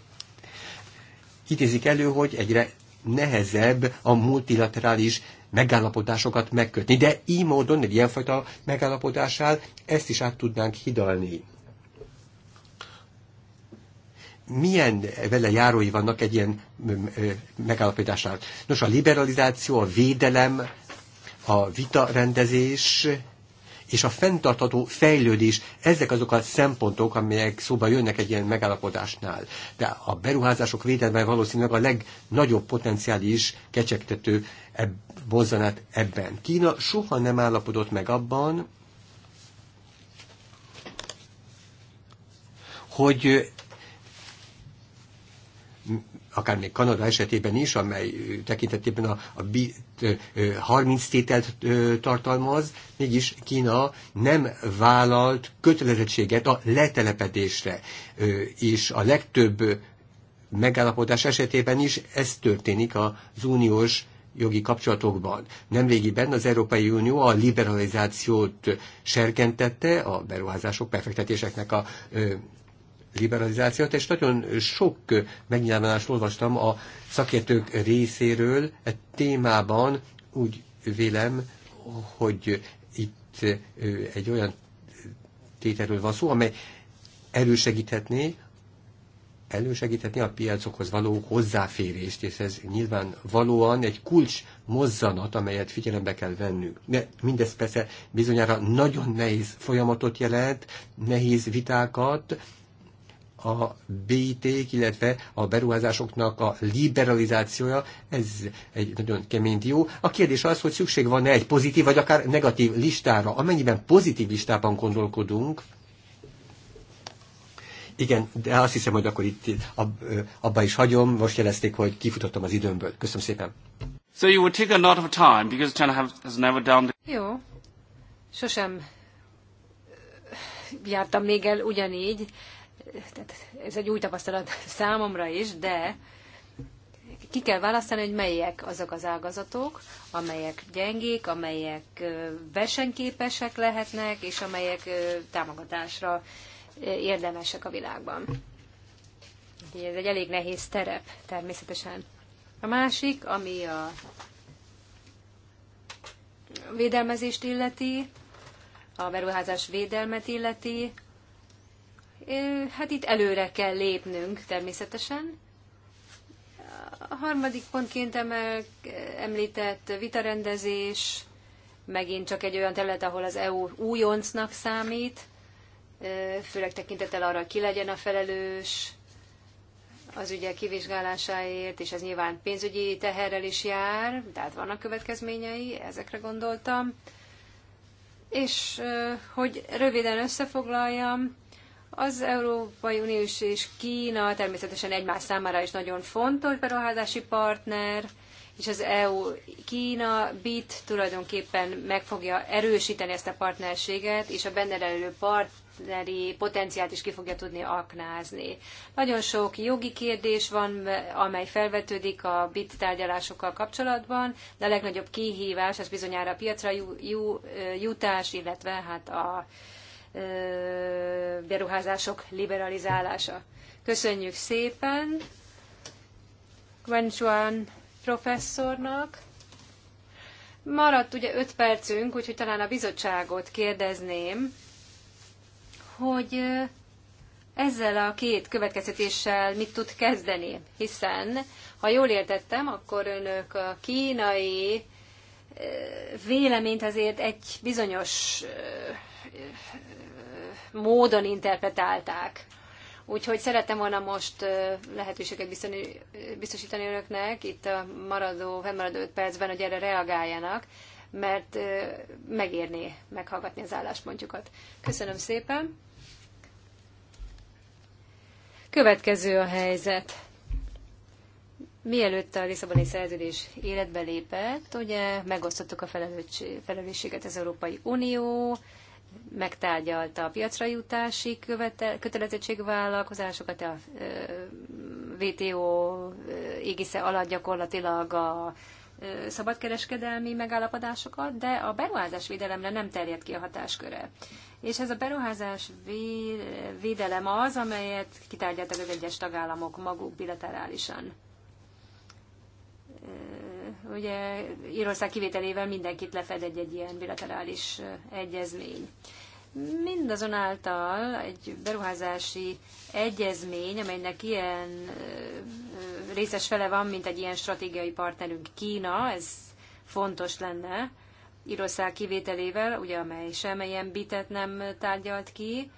idézik elő, hogy egyre nehezebb a multilaterális megállapodásokat megkötni. De így módon, egy ilyenfajta megállapodásán ezt is át tudnánk hidalni milyen vele járói vannak egy ilyen megállapításnál. Nos, a liberalizáció, a védelem, a vitarendezés és a fenntartható fejlődés, ezek azok a szempontok, amelyek szóba jönnek egy ilyen megállapodásnál. De a beruházások védelme valószínűleg a legnagyobb potenciális kecsegtető eb bozzanát ebben. Kína soha nem állapodott meg abban, hogy akár még Kanada esetében is, amely tekintetében a, a BIT 30 tételt tartalmaz, mégis Kína nem vállalt kötelezettséget a letelepedésre, és a legtöbb megállapodás esetében is ez történik az uniós jogi kapcsolatokban. Nemrégiben az Európai Unió a liberalizációt serkentette, a beruházások, befektetéseknek a liberalizációt, és nagyon sok megnyilvánulást olvastam a szakértők részéről e témában, úgy vélem, hogy itt egy olyan tételről van szó, amely elősegíthetné, elősegíthetni a piacokhoz való hozzáférést, és ez nyilván valóan egy kulcs mozzanat, amelyet figyelembe kell vennünk. De mindez persze bizonyára nagyon nehéz folyamatot jelent, nehéz vitákat, a BIT, illetve a beruházásoknak a liberalizációja, ez egy nagyon kemény dió. A kérdés az, hogy szükség van-e egy pozitív vagy akár negatív listára. Amennyiben pozitív listában gondolkodunk, igen, de azt hiszem, hogy akkor itt ab, abba is hagyom. Most jelezték, hogy kifutottam az időmből. Köszönöm szépen. So you would take a lot of time because China has never done the... Jó. Sosem jártam még el ugyanígy, tehát ez egy új tapasztalat [LAUGHS] számomra is, de ki kell választani, hogy melyek azok az ágazatok, amelyek gyengék, amelyek versenyképesek lehetnek, és amelyek támogatásra érdemesek a világban. Úgyhogy ez egy elég nehéz terep természetesen. A másik, ami a védelmezést illeti, a beruházás védelmet illeti, Hát itt előre kell lépnünk természetesen. A harmadik pontként említett vitarendezés, megint csak egy olyan terület, ahol az EU újoncnak számít, főleg tekintettel arra, hogy ki legyen a felelős az ügye kivizsgálásáért, és ez nyilván pénzügyi teherrel is jár, tehát vannak következményei, ezekre gondoltam. És hogy röviden összefoglaljam, az Európai Unió és Kína természetesen egymás számára is nagyon fontos beruházási partner, és az EU-Kína BIT tulajdonképpen meg fogja erősíteni ezt a partnerséget, és a benne levő partneri potenciált is ki fogja tudni aknázni. Nagyon sok jogi kérdés van, amely felvetődik a BIT tárgyalásokkal kapcsolatban, de a legnagyobb kihívás az bizonyára a piacra jutás, illetve hát a beruházások liberalizálása. Köszönjük szépen Gwen professzornak. Maradt ugye öt percünk, úgyhogy talán a bizottságot kérdezném, hogy ezzel a két következtetéssel mit tud kezdeni, hiszen, ha jól értettem, akkor önök a kínai véleményt azért egy bizonyos módon interpretálták. Úgyhogy szeretem volna most lehetőséget biztosítani önöknek itt a maradó, fennmaradó 5 percben, hogy erre reagáljanak, mert megérné meghallgatni az álláspontjukat. Köszönöm szépen. Következő a helyzet. Mielőtt a Lisszaboni szerződés életbe lépett, ugye megosztottuk a felelősséget az Európai Unió, megtárgyalta a piacra jutási követel, kötelezettségvállalkozásokat, a WTO égisze alatt gyakorlatilag a szabadkereskedelmi megállapodásokat, de a beruházás védelemre nem terjed ki a hatásköre. És ez a beruházás védelem az, amelyet kitárgyaltak az egyes tagállamok maguk bilaterálisan ugye Írország kivételével mindenkit lefed egy, egy ilyen bilaterális egyezmény. Mindazonáltal egy beruházási egyezmény, amelynek ilyen részes fele van, mint egy ilyen stratégiai partnerünk Kína, ez fontos lenne, Írország kivételével, ugye amely semmilyen bitet nem tárgyalt ki,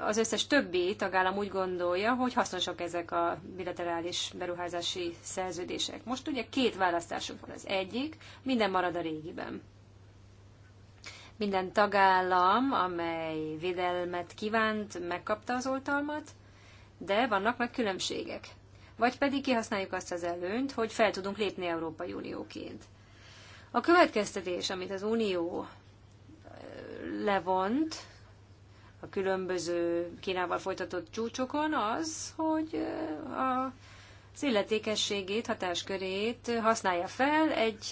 az összes többi tagállam úgy gondolja, hogy hasznosak ezek a bilaterális beruházási szerződések. Most ugye két választásunk van. Az egyik, minden marad a régiben. Minden tagállam, amely védelmet kívánt, megkapta az oltalmat, de vannak meg különbségek. Vagy pedig kihasználjuk azt az előnyt, hogy fel tudunk lépni Európai Unióként. A következtetés, amit az Unió levont, a különböző Kínával folytatott csúcsokon az, hogy a az illetékességét, hatáskörét használja fel egy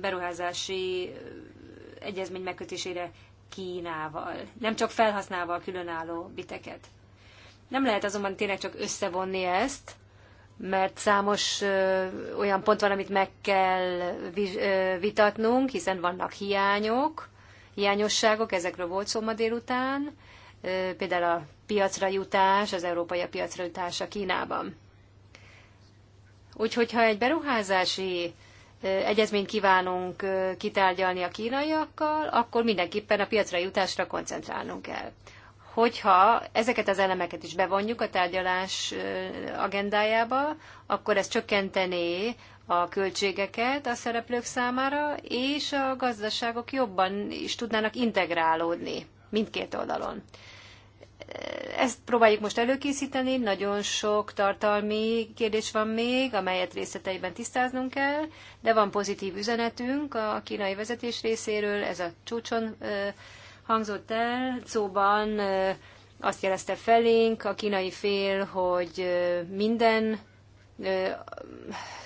beruházási egyezmény megkötésére Kínával, nem csak felhasználva a különálló biteket. Nem lehet azonban tényleg csak összevonni ezt, mert számos ö, olyan pont van, amit meg kell ö, vitatnunk, hiszen vannak hiányok, hiányosságok, ezekről volt szó ma délután, például a piacra jutás, az európai a piacra jutása Kínában. Úgyhogy ha egy beruházási egyezményt kívánunk kitárgyalni a kínaiakkal, akkor mindenképpen a piacra jutásra koncentrálnunk kell. Hogyha ezeket az elemeket is bevonjuk a tárgyalás agendájába, akkor ez csökkentené a költségeket a szereplők számára, és a gazdaságok jobban is tudnának integrálódni mindkét oldalon. Ezt próbáljuk most előkészíteni, nagyon sok tartalmi kérdés van még, amelyet részleteiben tisztáznunk kell, de van pozitív üzenetünk a kínai vezetés részéről, ez a csúcson hangzott el, szóban azt jelezte felénk a kínai fél, hogy minden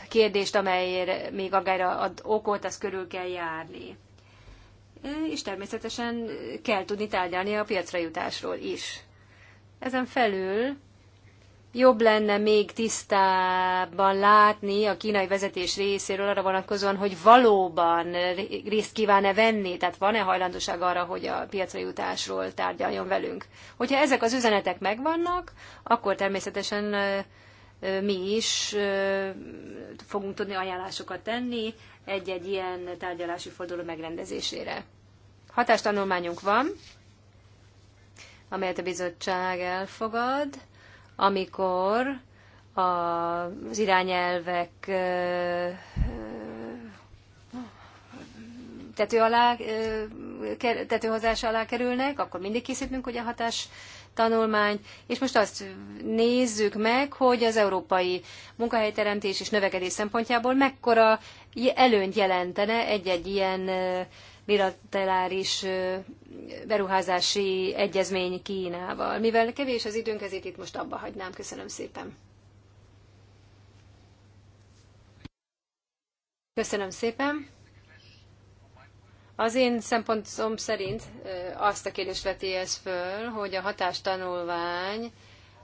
kérdést, amelyre még aggályra ad okot, az körül kell járni. És természetesen kell tudni tárgyalni a piacra jutásról is. Ezen felül jobb lenne még tisztában látni a kínai vezetés részéről arra vonatkozóan, hogy valóban részt kíván-e venni, tehát van-e hajlandóság arra, hogy a piacra jutásról tárgyaljon velünk. Hogyha ezek az üzenetek megvannak, akkor természetesen mi is fogunk tudni ajánlásokat tenni egy-egy ilyen tárgyalási forduló megrendezésére. Hatástanulmányunk van, amelyet a bizottság elfogad, amikor az irányelvek tető alá, tetőhozása alá kerülnek, akkor mindig készítünk ugye hatás tanulmányt, és most azt nézzük meg, hogy az európai munkahelyteremtés és növekedés szempontjából mekkora előnyt jelentene egy-egy ilyen bilaterális beruházási egyezmény Kínával. Mivel kevés az időnk, ezért itt most abba hagynám. Köszönöm szépen. Köszönöm szépen. Az én szempontom szerint azt a kérdést veti ez föl, hogy a hatástanulvány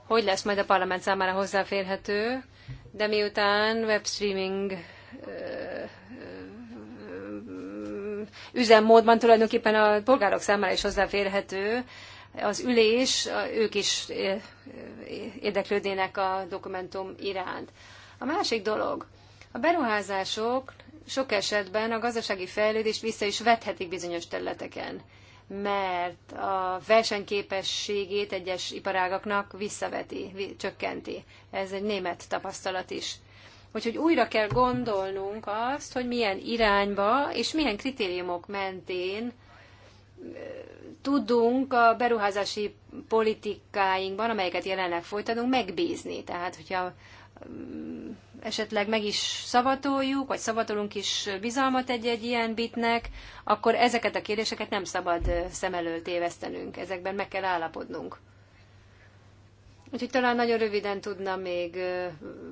hogy lesz majd a parlament számára hozzáférhető, de miután webstreaming üzemmódban tulajdonképpen a polgárok számára is hozzáférhető, az ülés, ők is érdeklődnének a dokumentum iránt. A másik dolog, a beruházások sok esetben a gazdasági fejlődést vissza is vethetik bizonyos területeken, mert a versenyképességét egyes iparágaknak visszaveti, csökkenti. Ez egy német tapasztalat is. Úgyhogy újra kell gondolnunk azt, hogy milyen irányba és milyen kritériumok mentén tudunk a beruházási politikáinkban, amelyeket jelenleg folytatunk, megbízni. Tehát, hogyha mm, esetleg meg is szavatoljuk, vagy szavatolunk is bizalmat egy-egy ilyen bitnek, akkor ezeket a kérdéseket nem szabad szem elől tévesztenünk, ezekben meg kell állapodnunk. Úgyhogy talán nagyon röviden tudna még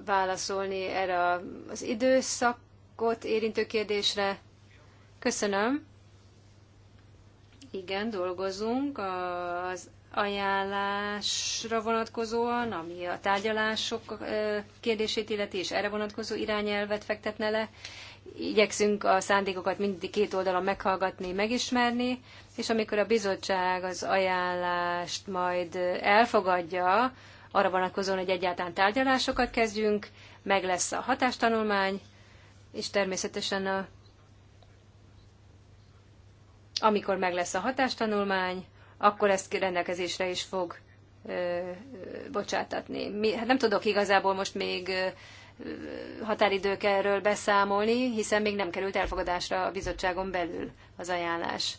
válaszolni erre az időszakot érintő kérdésre. Köszönöm. Igen, dolgozunk az ajánlásra vonatkozóan, ami a tárgyalások kérdését illeti, és erre vonatkozó irányelvet fektetne le. Igyekszünk a szándékokat mindig két oldalon meghallgatni, megismerni, és amikor a bizottság az ajánlást majd elfogadja, arra vonatkozóan, hogy egyáltalán tárgyalásokat kezdjünk, meg lesz a hatástanulmány, és természetesen a, amikor meg lesz a hatástanulmány, akkor ezt rendelkezésre is fog bocsátatni. Mi, hát nem tudok igazából most még határidők erről beszámolni, hiszen még nem került elfogadásra a bizottságon belül az ajánlás.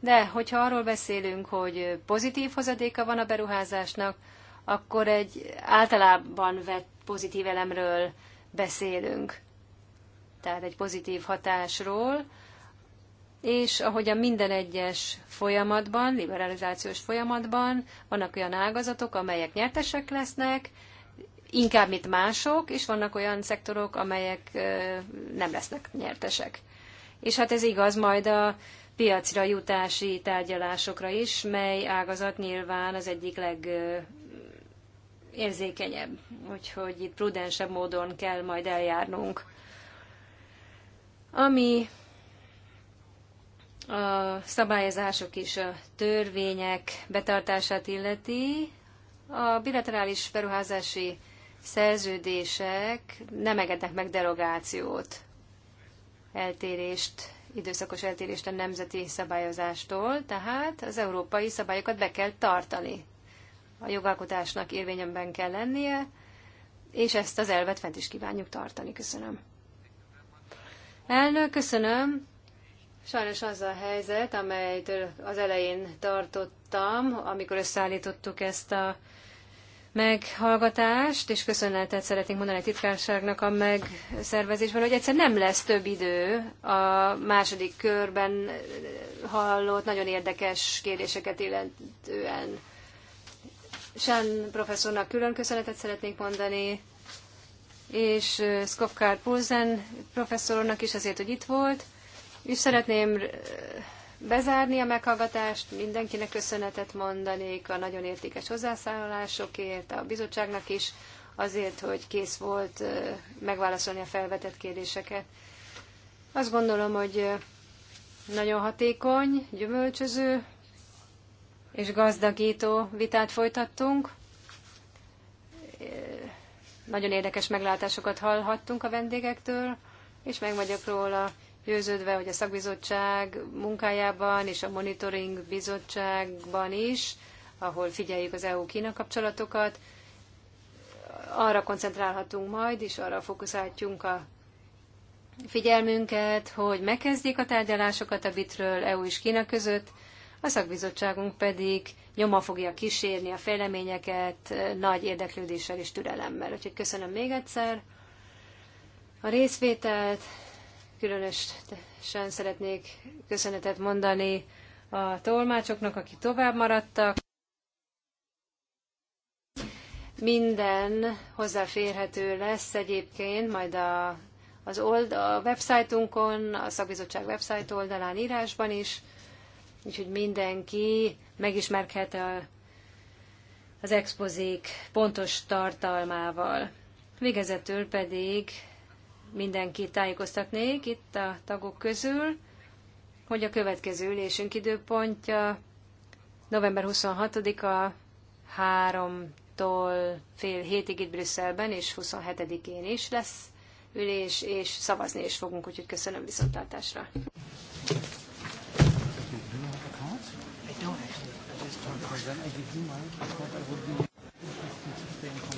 De hogyha arról beszélünk, hogy pozitív hozadéka van a beruházásnak, akkor egy általában vett pozitív elemről beszélünk. Tehát egy pozitív hatásról, és ahogy a minden egyes folyamatban, liberalizációs folyamatban vannak olyan ágazatok, amelyek nyertesek lesznek, inkább, mint mások, és vannak olyan szektorok, amelyek nem lesznek nyertesek. És hát ez igaz majd a piacra jutási tárgyalásokra is, mely ágazat nyilván az egyik legérzékenyebb. Úgyhogy itt prudensebb módon kell majd eljárnunk. Ami a szabályozások és a törvények betartását illeti, a bilaterális beruházási szerződések nem engednek meg derogációt, eltérést, időszakos eltérést a nemzeti szabályozástól, tehát az európai szabályokat be kell tartani. A jogalkotásnak érvényemben kell lennie, és ezt az elvet fent is kívánjuk tartani. Köszönöm. Elnök, köszönöm. Sajnos az a helyzet, amelyet az elején tartottam, amikor összeállítottuk ezt a meghallgatást, és köszönetet szeretnénk mondani a titkárságnak a megszervezésben, hogy egyszer nem lesz több idő a második körben hallott, nagyon érdekes kérdéseket illetően. Sán professzornak külön köszönetet szeretnénk mondani, és Skopkár Pulzen professzornak is azért, hogy itt volt, és szeretném eh, bezárni a meghallgatást, mindenkinek köszönetet mondanék a nagyon értékes hozzászállásokért, a bizottságnak is, azért, hogy kész volt eh, megválaszolni a felvetett kérdéseket. Azt gondolom, hogy eh, nagyon hatékony, gyümölcsöző és gazdagító vitát folytattunk. Nagyon érdekes meglátásokat hallhattunk a vendégektől, és meg vagyok róla győződve, hogy a szakbizottság munkájában és a monitoring bizottságban is, ahol figyeljük az EU-Kína kapcsolatokat, arra koncentrálhatunk majd, és arra fókuszáltjunk a figyelmünket, hogy megkezdjék a tárgyalásokat a bit EU és Kína között, a szakbizottságunk pedig nyoma fogja kísérni a fejleményeket nagy érdeklődéssel és türelemmel. Úgyhogy köszönöm még egyszer a részvételt, Különösen szeretnék köszönetet mondani a tolmácsoknak, akik tovább maradtak. Minden hozzáférhető lesz egyébként, majd a, az old, a websájtunkon, a szakbizottság website oldalán írásban is, úgyhogy mindenki megismerkedhet a, az expozék pontos tartalmával. Végezetül pedig mindenkit tájékoztatnék itt a tagok közül, hogy a következő ülésünk időpontja november 26-a 3-tól fél hétig itt Brüsszelben, és 27-én is lesz ülés, és szavazni is fogunk, úgyhogy köszönöm viszontlátásra. I don't actually. I just present. I give you mine. I thought I would be.